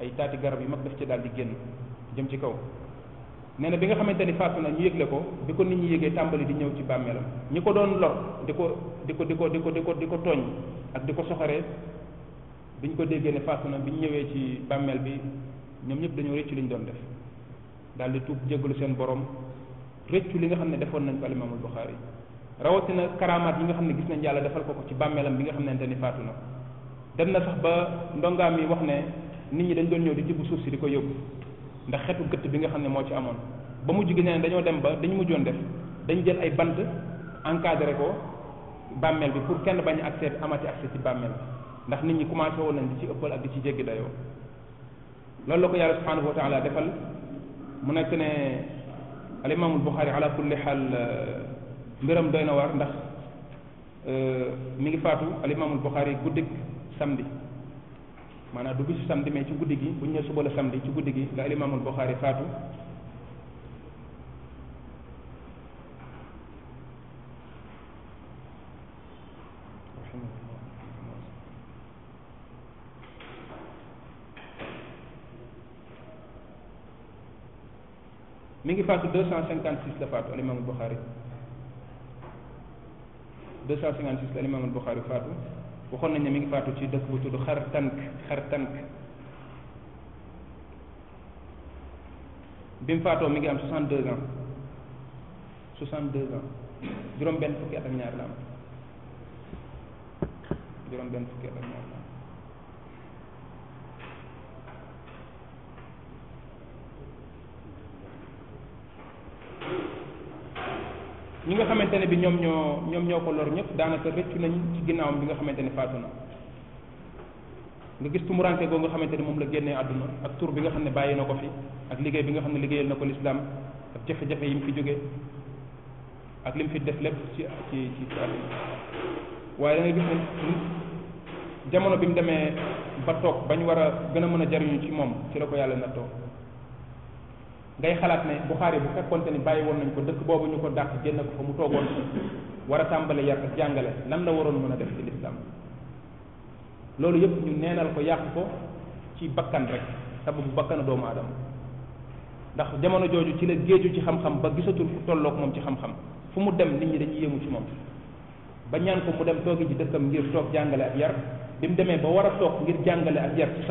ay taati garab yu mag daf ci daal di génn jëm ci kaw nee na bi nga xamante ni faatu na ñu yëgle ko bi ko nit ñi yëgee tàmbali di ñëw ci bàmmeelam ñi ko doon lor di ko di ko di ko di ko di di ko tooñ ak di ko soxoree bi ko déggee ne faatu na bi ñu ñëwee ci bàmmeel bi ñoom ñëpp dañoo rëccu li ñu doon def daal di tuub jéggalu seen borom rëccu li nga xam ne defoon nañ ko alimaamul yi rawatina karamaat yi nga xam ne gis nañ yàlla defal ko ko ci bàmmeelam bi nga xamante ni faatu na dem na sax ba ndongaam yi wax ne nit ñi dañ doon ñëw di tibb suuf si di ko yóbbu ndax xetu gëtt bi nga xam ne moo ci amoon ba mujj gi ne dañoo dem ba dañu mujjoon def dañ jël ay bant encadré ko bàmmeel bi pour kenn bañ accès amati accès ci bàmmeel bi ndax nit ñi commencé woon nañ di ci ëppal ak di ci jéggi dayoo loolu la ko yàlla subhanahu wa taala defal mu nekk ne al imaamul ala kulli xaal mbiram doy na war ndax euh, mi ngi faatu alimaamul Buxaari guddig samedi maanaam du bisu samedi mais ci guddi gi bu ñu nee suba la samedi ci guddi gi la alimaamul Buxaari faatu mi ngi faatu deux cent cinquante six la faatu alimaamul Buxaari 256 la imaam al Buxaari faatu waxoon nañ ne mi ngi faatu ci dëkk bu tudd xar tànk xar tànk bi mu faatoo mi ngi am 62 ans 62 ans juróom benn fukki at ak ñaar la am juróom benn fukki at ak ñaar ñi nga xamante ne bi ñoom ñoo ñoom ñoo ko lor ñëpp daanaka rëccu nañ ci ginnaawam bi nga xamante ne faatu na nga gis tumuranke goo nga xamante ne moom la génnee àdduna ak tur bi nga xam ne bàyyi na ko fi ak liggéey bi nga xam ne liggéeyal na ko lislaam ak jafe-jafe yi mu fi jóge ak li mu fi def lépp ci ci ci àdduna waaye da gis ne jamono bi mu demee ba toog bañ war a gën a mën a jariñu ci moom ci la ko yàlla nattoo ngay xalaat ne Buxaari bu fekkonte ni bàyyi woon nañ ko dëkk boobu ñu ko dàq génn ko fa mu toogoon war a tàmbale yar ak jàngale nan la waroon mën a def ci lislaam loolu yëpp ñu neenal ko yàq ko ci bakkan rek sababu bakkanu doomu aadama ndax jamono jooju ci la géeju ci xam-xam ba gisatul fu tolloog moom ci xam-xam fu mu dem nit ñi dañuy yéemu ci moom ba ñaan ko mu dem toogi ji dëkkam ngir toog jàngale ak yar bi mu demee ba war a toog ngir jàngale ak yar ci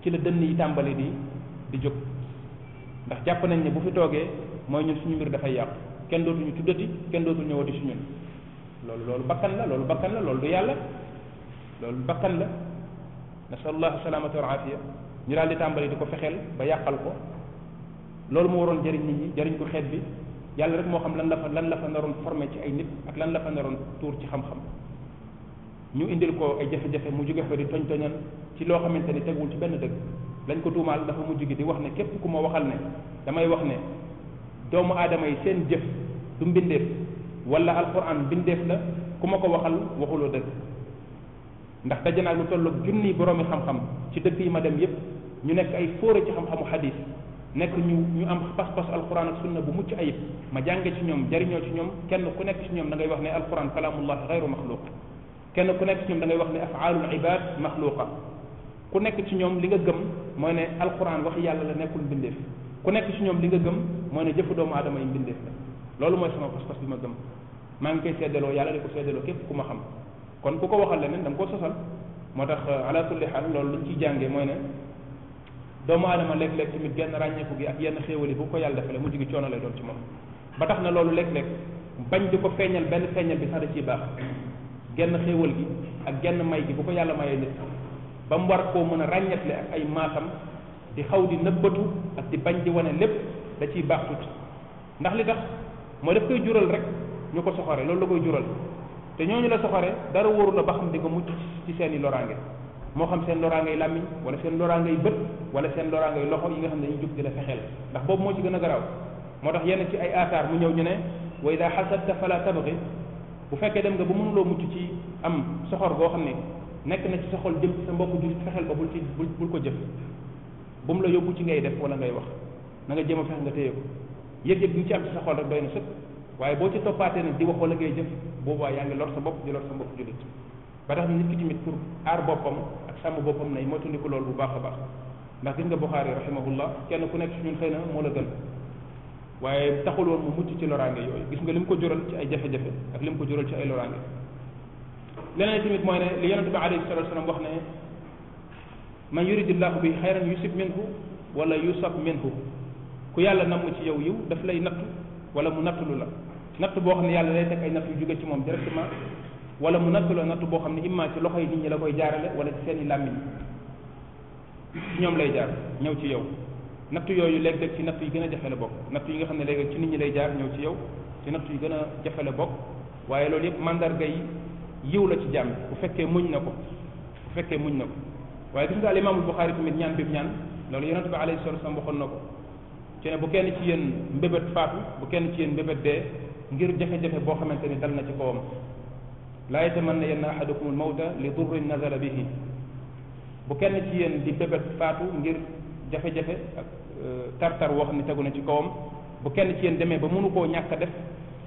ci la dënn yi tàmbale di di jóg ndax jàpp nañ ne bu fi toogee mooy ñun suñu mbir dafay yàqu kenn dootuñu tuddati kenn dootul ñëwati si ñun loolu loolu bakkan la loolu bakkan la loolu du yàlla loolu bakkan la nasalullah salaamata wal afiya ñu daal di tàmbali di ko fexeel ba yàqal ko loolu mu waroon jëriñ nit ñi jëriñ ko xeet bi yàlla rek moo xam lan la fa lan la fa naroon formé ci ay nit ak lan la fa naroon tuur ci xam-xam ñu indil ko ay jafe-jafe mu jóge fa di toñ toñan ci loo xamante ni tegul ci benn dëgg lañ ko tuumaal dafa mujj gi di wax ne képp ku ma waxal ne damay wax ne doomu aadama yi seen jëf du mbindeef wala alquran mbindeef la ku ma ko waxal waxuloo dëgg ndax daje naa lu toll junni boroomi xam-xam ci dëkk yi ma dem yépp ñu nekk ay fóore ci xam-xamu xadis nekk ñu ñu am pas-pas alquran ak sunna bu mucc ayib ma jànge ci ñoom jariñoo ci ñoom kenn ku nekk ci ñoom da ngay wax ne alquran kalamullah xayru maxluq kenn ku nekk ci ñoom da ngay wax ne afaalul ibad maxluqa ku nekk ci ñoom li nga gëm mooy ne alquran waxi yàlla la nekkul mbindeef ku nekk si ñoom li nga gëm mooy ne jëfu doomu aadama yi mbindeef la loolu mooy sama pas-pas bi ma gëm maa ngi koy seddaloo yàlla di ko seddaloo képp ku ma xam kon ku ko waxal leneen da nga koo sosal moo tax ala kulli xaal loolu luñ ciy jàngee mooy ne doomu aadama léeg-léeg tamit genn ràññeeku gi ak yenn xéewali bu ko yàlla defale mu jigi coono lay doon ci moom ba tax na loolu léeg-léeg bañ di ko feeñal benn feeñal bi sax da ciy baax genn xéewal gi ak genn may gi bu ko yàlla mayee nit ba mu war koo mën a ràññatle ak ay maasam di xaw di nëbbatu ak di bañ di wane lépp da ciy baax tuuti ndax li tax mooy daf koy jural rek ñu ko soxore loolu la koy jural te ñooñu la soxore dara wóoru la ba xam di nga mucc ci seen i loraange moo xam seen loraangay làmmiñ wala seen loraangay bët wala seen loraangay loxo yi nga xam ne dañuy jóg di la fexeel ndax boobu moo ci gën a garaaw moo tax yenn ci ay aataar mu ñëw ñu ne wa ida xasadta fala tabxi bu fekkee dem nga ba mënuloo mucc ci am soxor goo xam ne nekk na ci sa xol jëm ci sa mbokk julit fexel ba bul ci bul ko jëf bu mu la yóbbu ci ngay def wala ngay wax na nga jéem a fexe nga téye ko yëg-yëg bi ci am ci sa xol rek doy na sëkk waaye boo ci toppaatee nag di wax wala ngay jëf boobaa yaa ngi lor sa bopp di lor sa mbokk julit ba tax nit ki tamit pour aar boppam ak sàmm boppam nay moytandiku loolu bu baax a baax ndax gis nga buxaari rahimahullah kenn ku nekk si ñun xëy na moo la gën waaye taxul woon mu mucc ci loraange yooyu gis nga lim ko jural ci ay jafe-jafe ak lim ko jural ci ay loraange leneen tamit mooy ne li yonente bi alayhi salatu wasalam wax ne man yuridillahu bi xayran yusib minhu wala yusab minhu ku yàlla namm ci yow yu daf lay natt wala mu lu la natt boo xam ne yàlla lay teg ay natt yu jóge ci moom directement wala mu natt la natt boo xam ne imma ci loxo yi nit ñi la koy jaarale wala ci seen i làmmiñ ñoom lay jaar ñëw ci yow natt yooyu lekk léeg ci natt yi gën a jafe la bokk natt yi nga xam ne léeg ci nit ñi lay jaar ñëw ci yow ci natt yu gën a jafe la waaye loolu yëpp mandarga yi yiw la ci jàmm bu fekkee muñ na ko bu fekkee muñ na ko waaye gis nga alimaamul buxaari tamit ñaan bi ñaan loolu yonente bi alayhi salatu wasalam waxoon na ko ci ne bu kenn ci yéen mbébét faatu bu kenn ci yéen mbébét dee ngir jafe-jafe boo xamante ni dal na ci kawam laa yatamanna yanna ahadukum almawta li durrin nazala bihi bu kenn ci yéen di mbébét faatu ngir jafe-jafe ak tartar woo xam ne tegu na ci kawam bu kenn ci yéen demee ba mënu koo ñàkk a def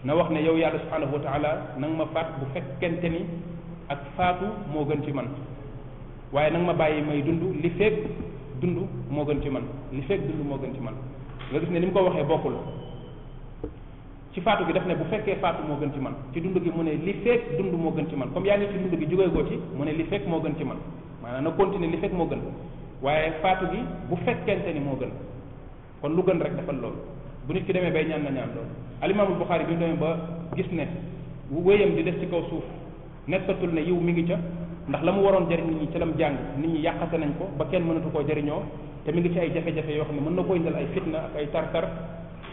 na wax ne yow yàlla subhanahu wa taala na nga ma faat bu fekkente ni ak faatu moo gën ci man waaye na ma bàyyi may dund li fekk dund moo gën ci man li fekk dund moo gën ci man nga gis ne ni mu ko waxee bokkul ci faatu gi daf ne bu fekkee faatu moo gën ci man ci dund gi mu ne li fekk dund moo gën ci man comme yaa ngi ci dund gi jógee goo ci mu ne li fekk moo gën ci man maanaa na continuer li fekk moo gën waaye faatu gi bu fekkente ni moo gën kon lu gën rek defal loolu bu nit ki demee bay ñaan alimaamul bukhari bi doon ba gis ne wéyam di def ci kaw suuf nekkatul ne yiw mi ngi ca ndax la mu waroon jëriñ nit ñi ci lam jàng nit ñi yàqate nañ ko ba kenn mënatu koo jëriñoo te mi ngi ci ay jafe-jafe yoo xam ne mën na ko indal ay fitna ak ay tartar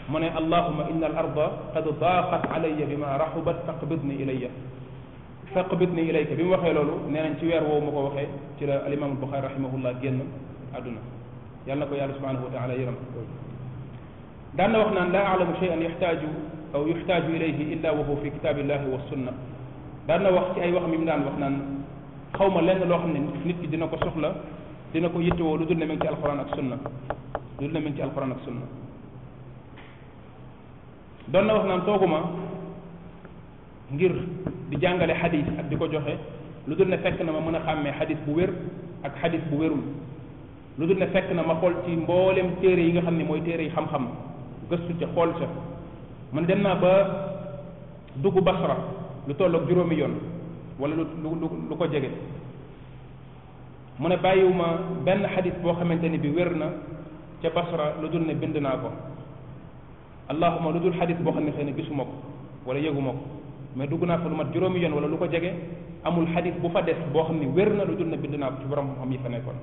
mu ne allahuma inna al arda qad daqat alayya bima rahubat faqbidni ilayya faqbidni ilayka bi mu waxee loolu nee nañ ci weer woowu ma ko waxee ci la alimam al bukhari rahimahullah génn àdduna yàlla na ko yàlla subhanahu wa taala yërëm دعنا وقنا لا أعلم شيئا يحتاج أو يحتاج إليه إلا وهو في كتاب الله والسنة دعنا وقت أي وقت من دعنا وقنا خوما لأن الله من نتك دينك وصخلة دينك يتوى لدرنا كتاب القرآن والسنة لدرنا منك القرآن والسنة دعنا وقنا نتوقما ngir di jàngale hadith ak di ko joxe lu dul ne fekk na ma mën a xàmmee hadith bu wér ak hadith bu wérul lu dul ne fekk na ma xool ci mboolem téere yi nga xam ne mooy téere yi xam-xam gëstu ca xool ca man dem naa ba dugg basra lu tolloog juróomi yoon wala lu lu lu ko jege mu ne bàyyiwuma benn xadis boo xamante ni bi wér na ca basra lu dul ne bind naa ko allahuma lu dul xadis boo xam ne xëy na gisuma ko wala yëguma ko mais dugg naa fa lu mat juróomi yoon wala lu ko jege amul xadis bu fa des boo xam ne wér na lu dul ne bind naa ko ci borom xam yi fa nekkoon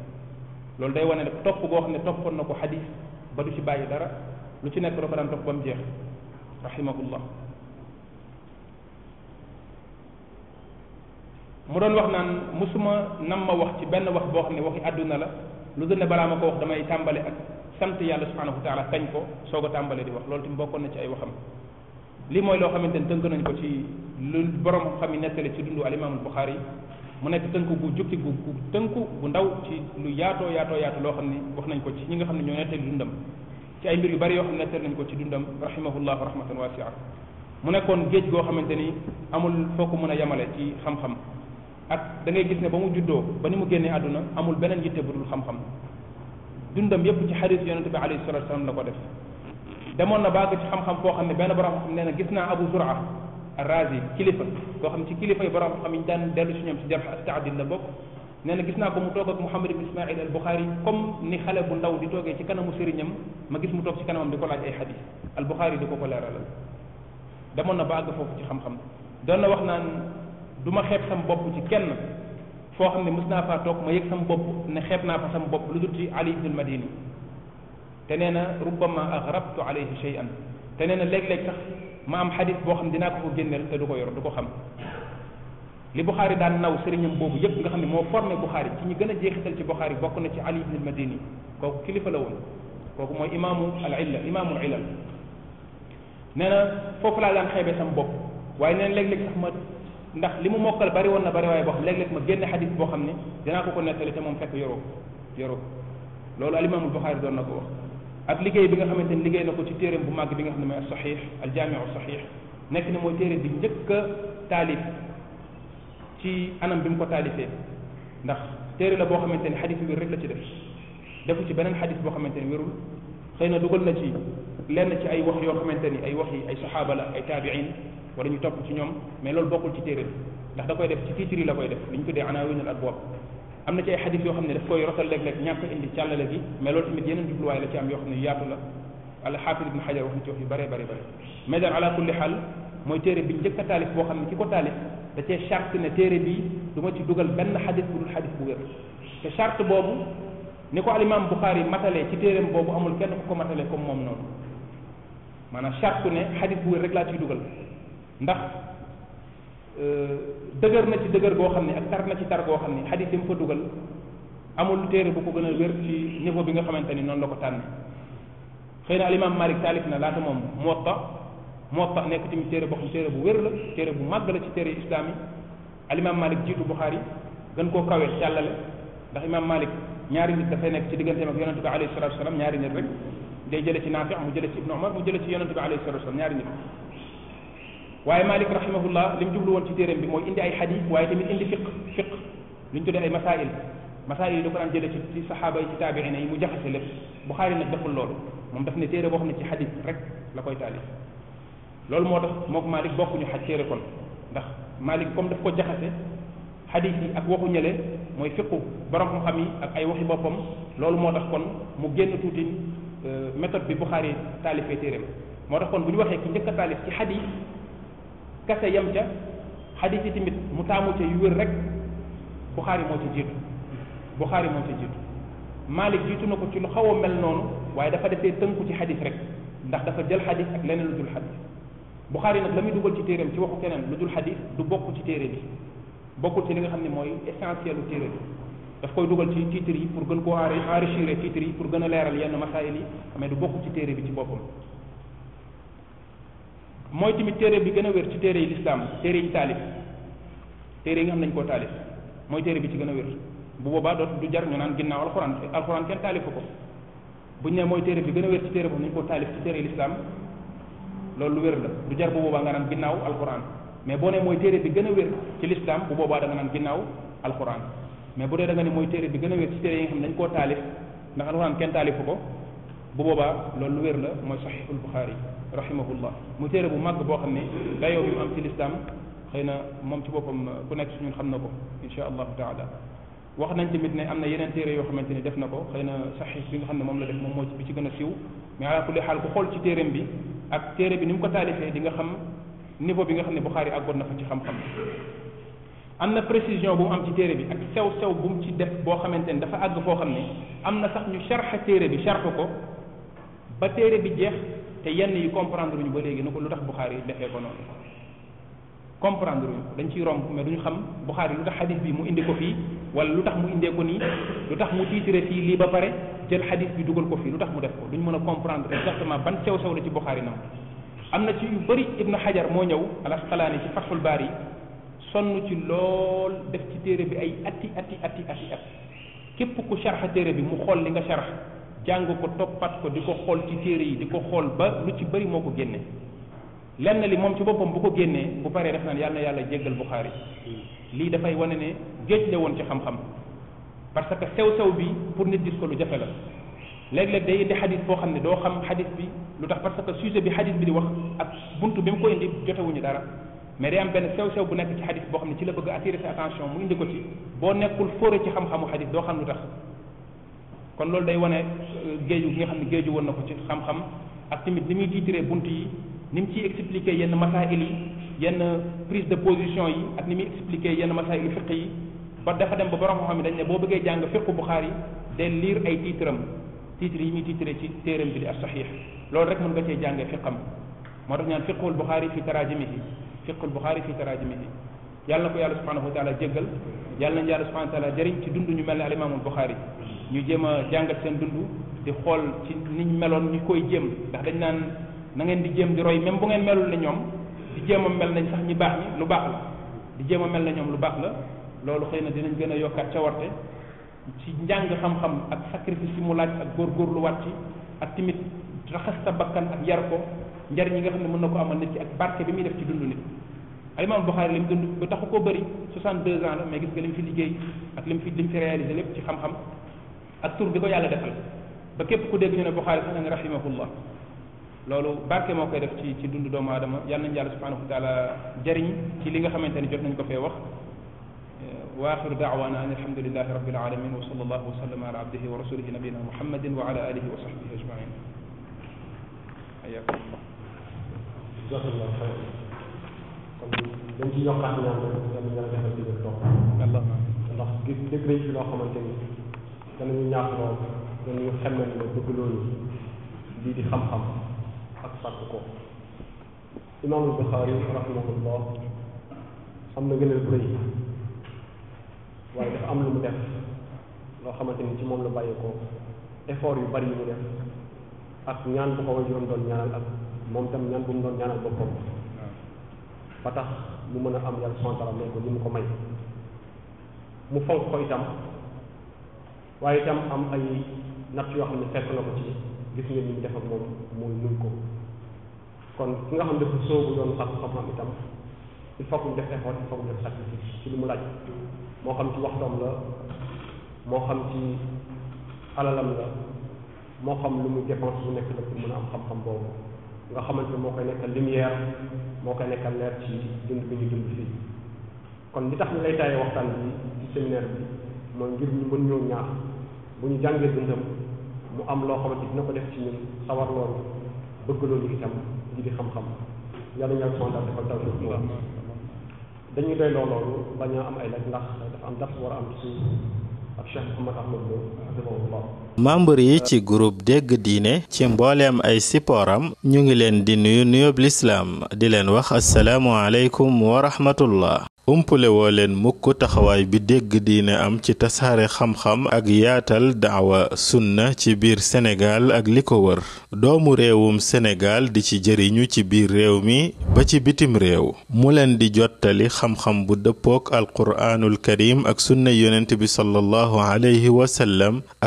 loolu day wane ne topp goo xam ne toppoon na ko xadis ba du ci bàyyi dara lu ci nekk da ko daan dox ba mu jeex rahimahullah mu doon wax naan musuma nam ma wax ci benn wax boo xam ne waxi àdduna la lu gën ne balaa ma ko wax damay tàmbale ak sant yàlla subhanahu wa taala kañ ko soog a tàmbale di wax loolu tamit bokkoon na ci ay waxam lii mooy loo xamante ne tënk nañ ko ci lu borom xam yi nettali ci dundu al imaamul Buxaari mu nekk tënk bu jukki gu tënku bu ndaw ci lu yaatoo yaatoo yaatu loo xam ne wax nañ ko ci ñi nga xam ne ñoo nettali dundam ci ay mbir yu bari yoo xam ne nettali nañ ko ci dundam rahimahullahu rahmatan wasia mu nekkoon géej goo xamante ni amul foo ko mën a yemale ci xam-xam ak da ngay gis ne ba mu juddoo ba ni mu génnee àdduna amul beneen yitte bu dul xam-xam dundam yépp ci xaris yonente bi alayhi salatu wasalam la ko def demoon na baag ci xam-xam foo xam ne benn borom xam nee na gis naa abu zura razi kilifa koo xam ci kilifa yi borom xam yi daan dellu si ñoom si jarx astaadil la bokk nee na gis naa ko mu toog ak Mouhamad ibn Ismail al Bukhari comme ni xale bu ndaw di toogee ci kanamu sëriñam ma gis mu toog ci kanamam di ko laaj ay xadis al Bukhari di ko ko leeralal demoon na ba àgg foofu ci xam-xam doon na wax naan du ma xeeb sam bopp ci kenn foo xam ne mës naa faa toog ma yëg sam bopp ne xeeb naa fa sam bopp lu dut ci Ali ibn Madini te nee na rubbama aghrabtu alayhi shay'an te nee na léeg-léeg sax ma am xadis boo xam dinaa ko ko génneel te du ko yor du ko xam li bukhari daan naw sëriñam boobu yëpp nga xam ne moo formé bukhari ci ñu gën a jeexital ci bukhari bokk na ci ali ibn al-madini kooku kilifa la woon kooku mooy imaamu al illa imaamu ilal nee na foofu laa daan xeebee sama bopp waaye nee na léeg-léeg sax ma ndax li mu mokkal bari woon na bari waaye boo xam léeg-léeg ma génn xadis boo xam ne dinaa ko ko nettali te moom fekk yoroo yoroo loolu alimaamul buxaari doon na ko wax ak liggéey bi nga xamante ne liggéey na ko ci téeréem bu màgg bi nga xam ne mooy sahih al jaamiu sahih nekk na mooy téere bi njëkk a taalif ci anam bi mu ko taalifee ndax téere la boo xamante ni xadis wér rek la ci def defu ci beneen xadis boo xamante ni wérul xëy na dugal na ci lenn ci ay wax yoo xamante ni ay wax yi ay saxaaba la ay taabiin wala ñu topp ci ñoom mais loolu bokkul ci téere bi ndax da koy def ci titre yi la koy def li ñu tuddee anawin al abwab am na ci ay xadis yoo xam ne daf koy rotal léeg-léeg ñàkk indi càllale gi mais loolu tamit yeneen jubluwaay la ci am yoo xam ne yaatu la al xaafid ibn xajar wax na ci wax yu bare bare bare mais daal ala kulli xaal mooy téere bi njëkk a taalif boo xam ne da cee charte ne téere bii du ci dugal benn xadis bu dul xadis bu wér te charte boobu ni ko alimam buxaari matalee ci téereem boobu amul kenn ku ko matalee comme moom noonu maanaam charte ne xadis bu wér rek laa ciy dugal ndax dëgër na ci dëgër goo xam ak tar na ci tar goo xam ne xadis fa dugal amul téere bu ko gën wér ci niveau bi nga xamante ni la ko tànne xëy na alimam malik taalif na laata moom muwatta Muwatta nekk tamit téere boo xam téere bu wér la téere bu màgg la ci téere yu islam yi alimaam Malik jiitu Buxaari gën koo kawe càllale ndax imaam Malik ñaari nit dafay nekk ci digganteem ak yonente bi alayhi salatu wasalam ñaari nit rek day jële ci Naafi mu jële ci Ibnu Omar mu jële ci yonente bi alayhi salatu wasalam ñaari nit waaye Malik rahimahullah li mu jublu woon ci téeréem bi mooy indi ay xadis waaye tamit indi fiq fiq lu ñu tuddee ay masail masail yi da ko daan jële ci ci saxaaba yi ci taabiina yi mu jaxase lépp Buxaari nag deful loolu moom daf ne téere boo xam ne ci xadis rek la koy taalif loolu moo tax mook malik bokkuñu xaj téere kon ndax malik comme daf ko jaxase hadith yi ak waxu ñële mooy fiqu borom xam-xam yi ak ay waxi boppam loolu moo tax kon mu génn tuuti méthode bi buxaari taalifee téeréem moo tax kon bu ñu waxee ki njëkk a taalif ci hadith kase yam ca hadith yi tamit mu taamu ca yu wér rek buxaari moo ci jiitu buxaari moo ci jiitu malik jiitu na ko ci lu xaw a mel noonu waaye dafa defee tënku ci hadith rek ndax dafa jël hadith ak leneen lu dul hadith Buxaari nag la muy dugal ci téeréem ci waxu keneen lu dul du bokk ci téere bi bokkul ci li nga xam ne mooy essentiel u téere bi daf koy dugal ci titres yi pour gën koo enrichir titres yi pour gën a leeral yenn masaayil yi du bokk ci téere bi ci boppam mooy bi gën a wér ci téere yi lislaam téere yi taalif téere yi nga xam nañ koo taalif mooy téere bi ci gën a wér bu boobaa doot du jar ñu naan ginnaaw alxuraan alxuraan kenn taalifu ko buñ ne mooy téere bi gën a wér ci téere boobu nañ koo taalif ci téere yi lislaam loolu lu wér la du jar boobaa nga naan ginnaaw alquran mais boo ne mooy téere bi gën a wér ci l'islam bu boobaa da nga naan ginnaaw alquran mais bu dee da nga ne mooy téere bi gën a wér ci téere yi nga xam dañ koo taalif ndax alquran kenn taalifu ko bu boobaa loolu lu wér la mooy rahimahullah mu téere bu màgg boo xam ne dayoo bi mu am ci l'islam xëy na moom ci boppam ku nekk suñun xam na ko insha allahu taala wax nañ tamit ne am na yeneen téere yoo xamante ni def na ko xëy na bi nga xam ne moom la def moom moo ci bi ci gën a siiw mais kulli xaal ku xool ci bi ak téere bi ni mu ko taalifee di nga xam niveau bi nga xam ne Bukhari àggoon na fa ci xam-xam am na précision bu mu am ci téere bi ak sew sew bu mu ci def boo xamante ne dafa àgg foo xam ne am na sax ñu charxe téere bi charxe ko ba téere bi jeex te yenn yi comprendre ñu ba léegi na ko lu tax Bukhari defee ko noonu comprendre ñu dañ ci romb mais duñ xam bukhari lu tax xadis bi mu indi ko fii wala lu tax mu indee ko nii lu tax mu tiitire fii lii ba pare jël hadith bi dugal ko fii lu tax mu def ko duñ mën a comprendre exactement ban sew sew la ci bukhari nam am na ci yu bëri Ibn Hajar moo ñëw ala Asqalaani ci Fathul Baari sonn ci lool def ci téere bi ay atti atti atti atti at képp ku sharxa téere bi mu xool li nga sharx jàng ko toppat ko di ko xool ci téere yi di ko xool ba lu ci bëri moo ko génne lenn li moom ci boppam bu ko génnee bu paree def naan yàlla na yàlla jéggal buxaari lii dafay wane ne géej la woon ci xam-xam parce que sew-sew bi pour nit gis ko lu jafe la léeg-léeg day indi xadis boo xam ne doo xam xadis bi lu tax parce que sujet bi xadis bi di wax ak buntu bi mu ko indi jotewuñu dara mais day am benn sew-sew bu nekk ci xadis boo xam ne ci la bëgg attirer sa attention mu indi ko ci boo nekkul fóore ci xam-xamu xadis doo xam lu tax kon loolu day wane géeju gi nga xam ne géeju woon na ko ci xam-xam ak tamit ni muy tiitiree bunt yi nim ci expliquer yenn masail yi yenn prise de position yi ak ni muy expliqué yenn masail yi fiq yi ba dafa dem ba borom xam ne dañ ne boo bëggee jàng fiqu Bukhari day lire ay titres titre yi muy titré ci téeram bi di as sahih loolu rek mën nga cee jàngee fiqam moo tax ñaan fiqul Bukhari fi tarajimihi fiqul Bukhari fi tarajimihi yàlla na ko yàlla subhanahu wa taala jéggal yàlla nañ yàlla subhanahu wa taala jëriñ ci dund ñu mel ne al imaamul Bukhari ñu jéem a jàngat seen dund di xool ci niñ meloon ñu koy jëm ndax dañ naan na ngeen di jéem di roy même bu ngeen melul ne ñoom di jéem a mel nañ sax ñi baax ñi lu baax la di jéem a mel na ñoom lu baax la loolu xëy na dinañ gën a yokkaat ca warte ci njàng xam-xam ak sacrifice yi mu laaj ak góorgóorlu waat ci ak timit raxas sa bakkan ak yar ko njariñ yi nga xam ne mën na ko amal nit ci ak barke bi muy def ci dundu nit alimam Buxaari li mu dund ba taxu koo bëri 62 ans la mais gis nga li fi liggéey ak li mu fi li mu fi réalisé lépp ci ko yàlla defal ba képp ku dégg ñu ne Buxaari sax nga rahimahullah loolu barke moo koy def ci ci dund doomu aadama yàlla nañu yàlla subhanahu wa taala jëriñ ci li nga xamante ni jot nañ ko fee wax wa axiru daawana an alhamdulilahi rabbil alamin wa sal allahu wa sallam ala abdihi wa rasulihi nabiyina muhammadin wa ala alihi wa sahbihi ajmain ayakum jazakallah xayr kon dañ ci yokkaat ñaan rek yàlla yàlla defal ci def toog allahuma ndax gis dëgg nañ ci loo xamante ni danañu ñaax lool danañu xemmel la bëgg loolu lii di xam-xam ak sàkk ko imaamul Buxaari rahimahullah am na gënal bu rëy waaye dafa am lu mu def loo xamante ni ci moom la bàyyi ko effort yu bari yu mu def ak ñaan bu ko wajuram doon ñaanal ak moom tam ñaan bu mu doon ñaanal boppam ba tax mu mën a am yàlla subhanahu wa taala ko li mu ko may mu fonk ko itam waaye itam am ay natt yoo xam ne fekk na ko ci gis ngeen ni mu def ak moom mooy nuñ ko kon ki nga xam dafa soobu yoonu xam xam-xam itam il faut que mu def effort il faut que def sacrifice ci li mu laaj moo xam ci waxtoom la moo xam ci alalam la moo xam lu muy dépense bu nekk la pour mën a am xam-xam boobu nga xamante ne moo koy nekkal lumière moo koy nekka leer ci dund bi ñu dund fii kon li tax ñu lay taayee waxtaan bi ci séminaire bi mooy ngir ñu ñoo ñaax bu ñu jàngee dundam mu am loo xamante dina ko def ci ñun sawar loolu bëgg loolu itam ji yi ci groupe dégg diine ci mbooleem ay sippooram ñu ngi leen di nuyu nuyoob lislaam di leen wax asalaamualeykum wa rahmatullah umpule woo leen mukk taxawaay bi dégg diine am ci tasaare xam-xam ak yaatal daawa sunna ci biir senegaal ak li ko wër doomu réewum Sénégal di ci jëriñu ci biir réew mi ba ci bitim réew mu leen di jottali xam-xam bu dëppook alquraanul karim ak sunna yonent bi sallallahu alayhi wa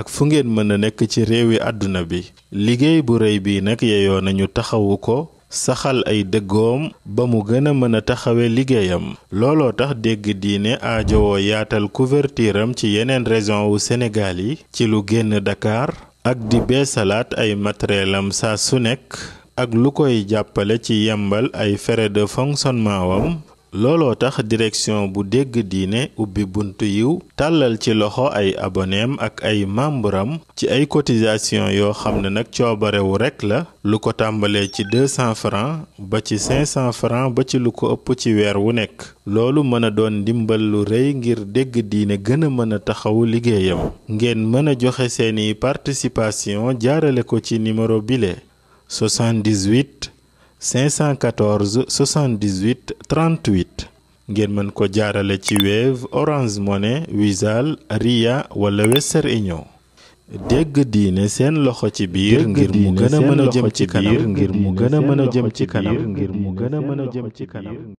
ak fu ngeen mën a nekk ci réewi àdduna bi liggéey bu rëy bii nag yeyoo nañu taxawu ko saxal ay dëggoom ba mu gën a mën a taxawe liggéeyam looloo tax dégg diine aajowoo yaatal couverture ci yeneen région wu Sénégal yi ci lu génn Dakar ak di beesalaat ay matériel am saa su nekk ak lu koy jàppale ci yembal ay frais de fonctionnement wam looloo tax direction bu dégg diine ubbi buntu yiw tàllal ci loxo ay aboneem ak ay membram ci ay cotisation yoo xam ne nag coobarewu rekk la lu ko tàmbalee ci 200 francs ba ci 500 francs ba ci lu ko ëpp ci weer wu nekk loolu mën a doon ndimbal lu rëy ngir dégg diine gën a mën a taxawu liggéeyam ngeen mën a joxe seeni participation jaarale ko ci numéro bile 78 514 78 38 ngeen mën ko jaarale ci Wave Orange Money Wizall Ria wala Western dégg diine seen loxo ci biir ngir mu gën a mën a jëm ci kanam ngir mu gën a mën a jëm ci kanam ngir mu gën a mën a jëm ci kanam.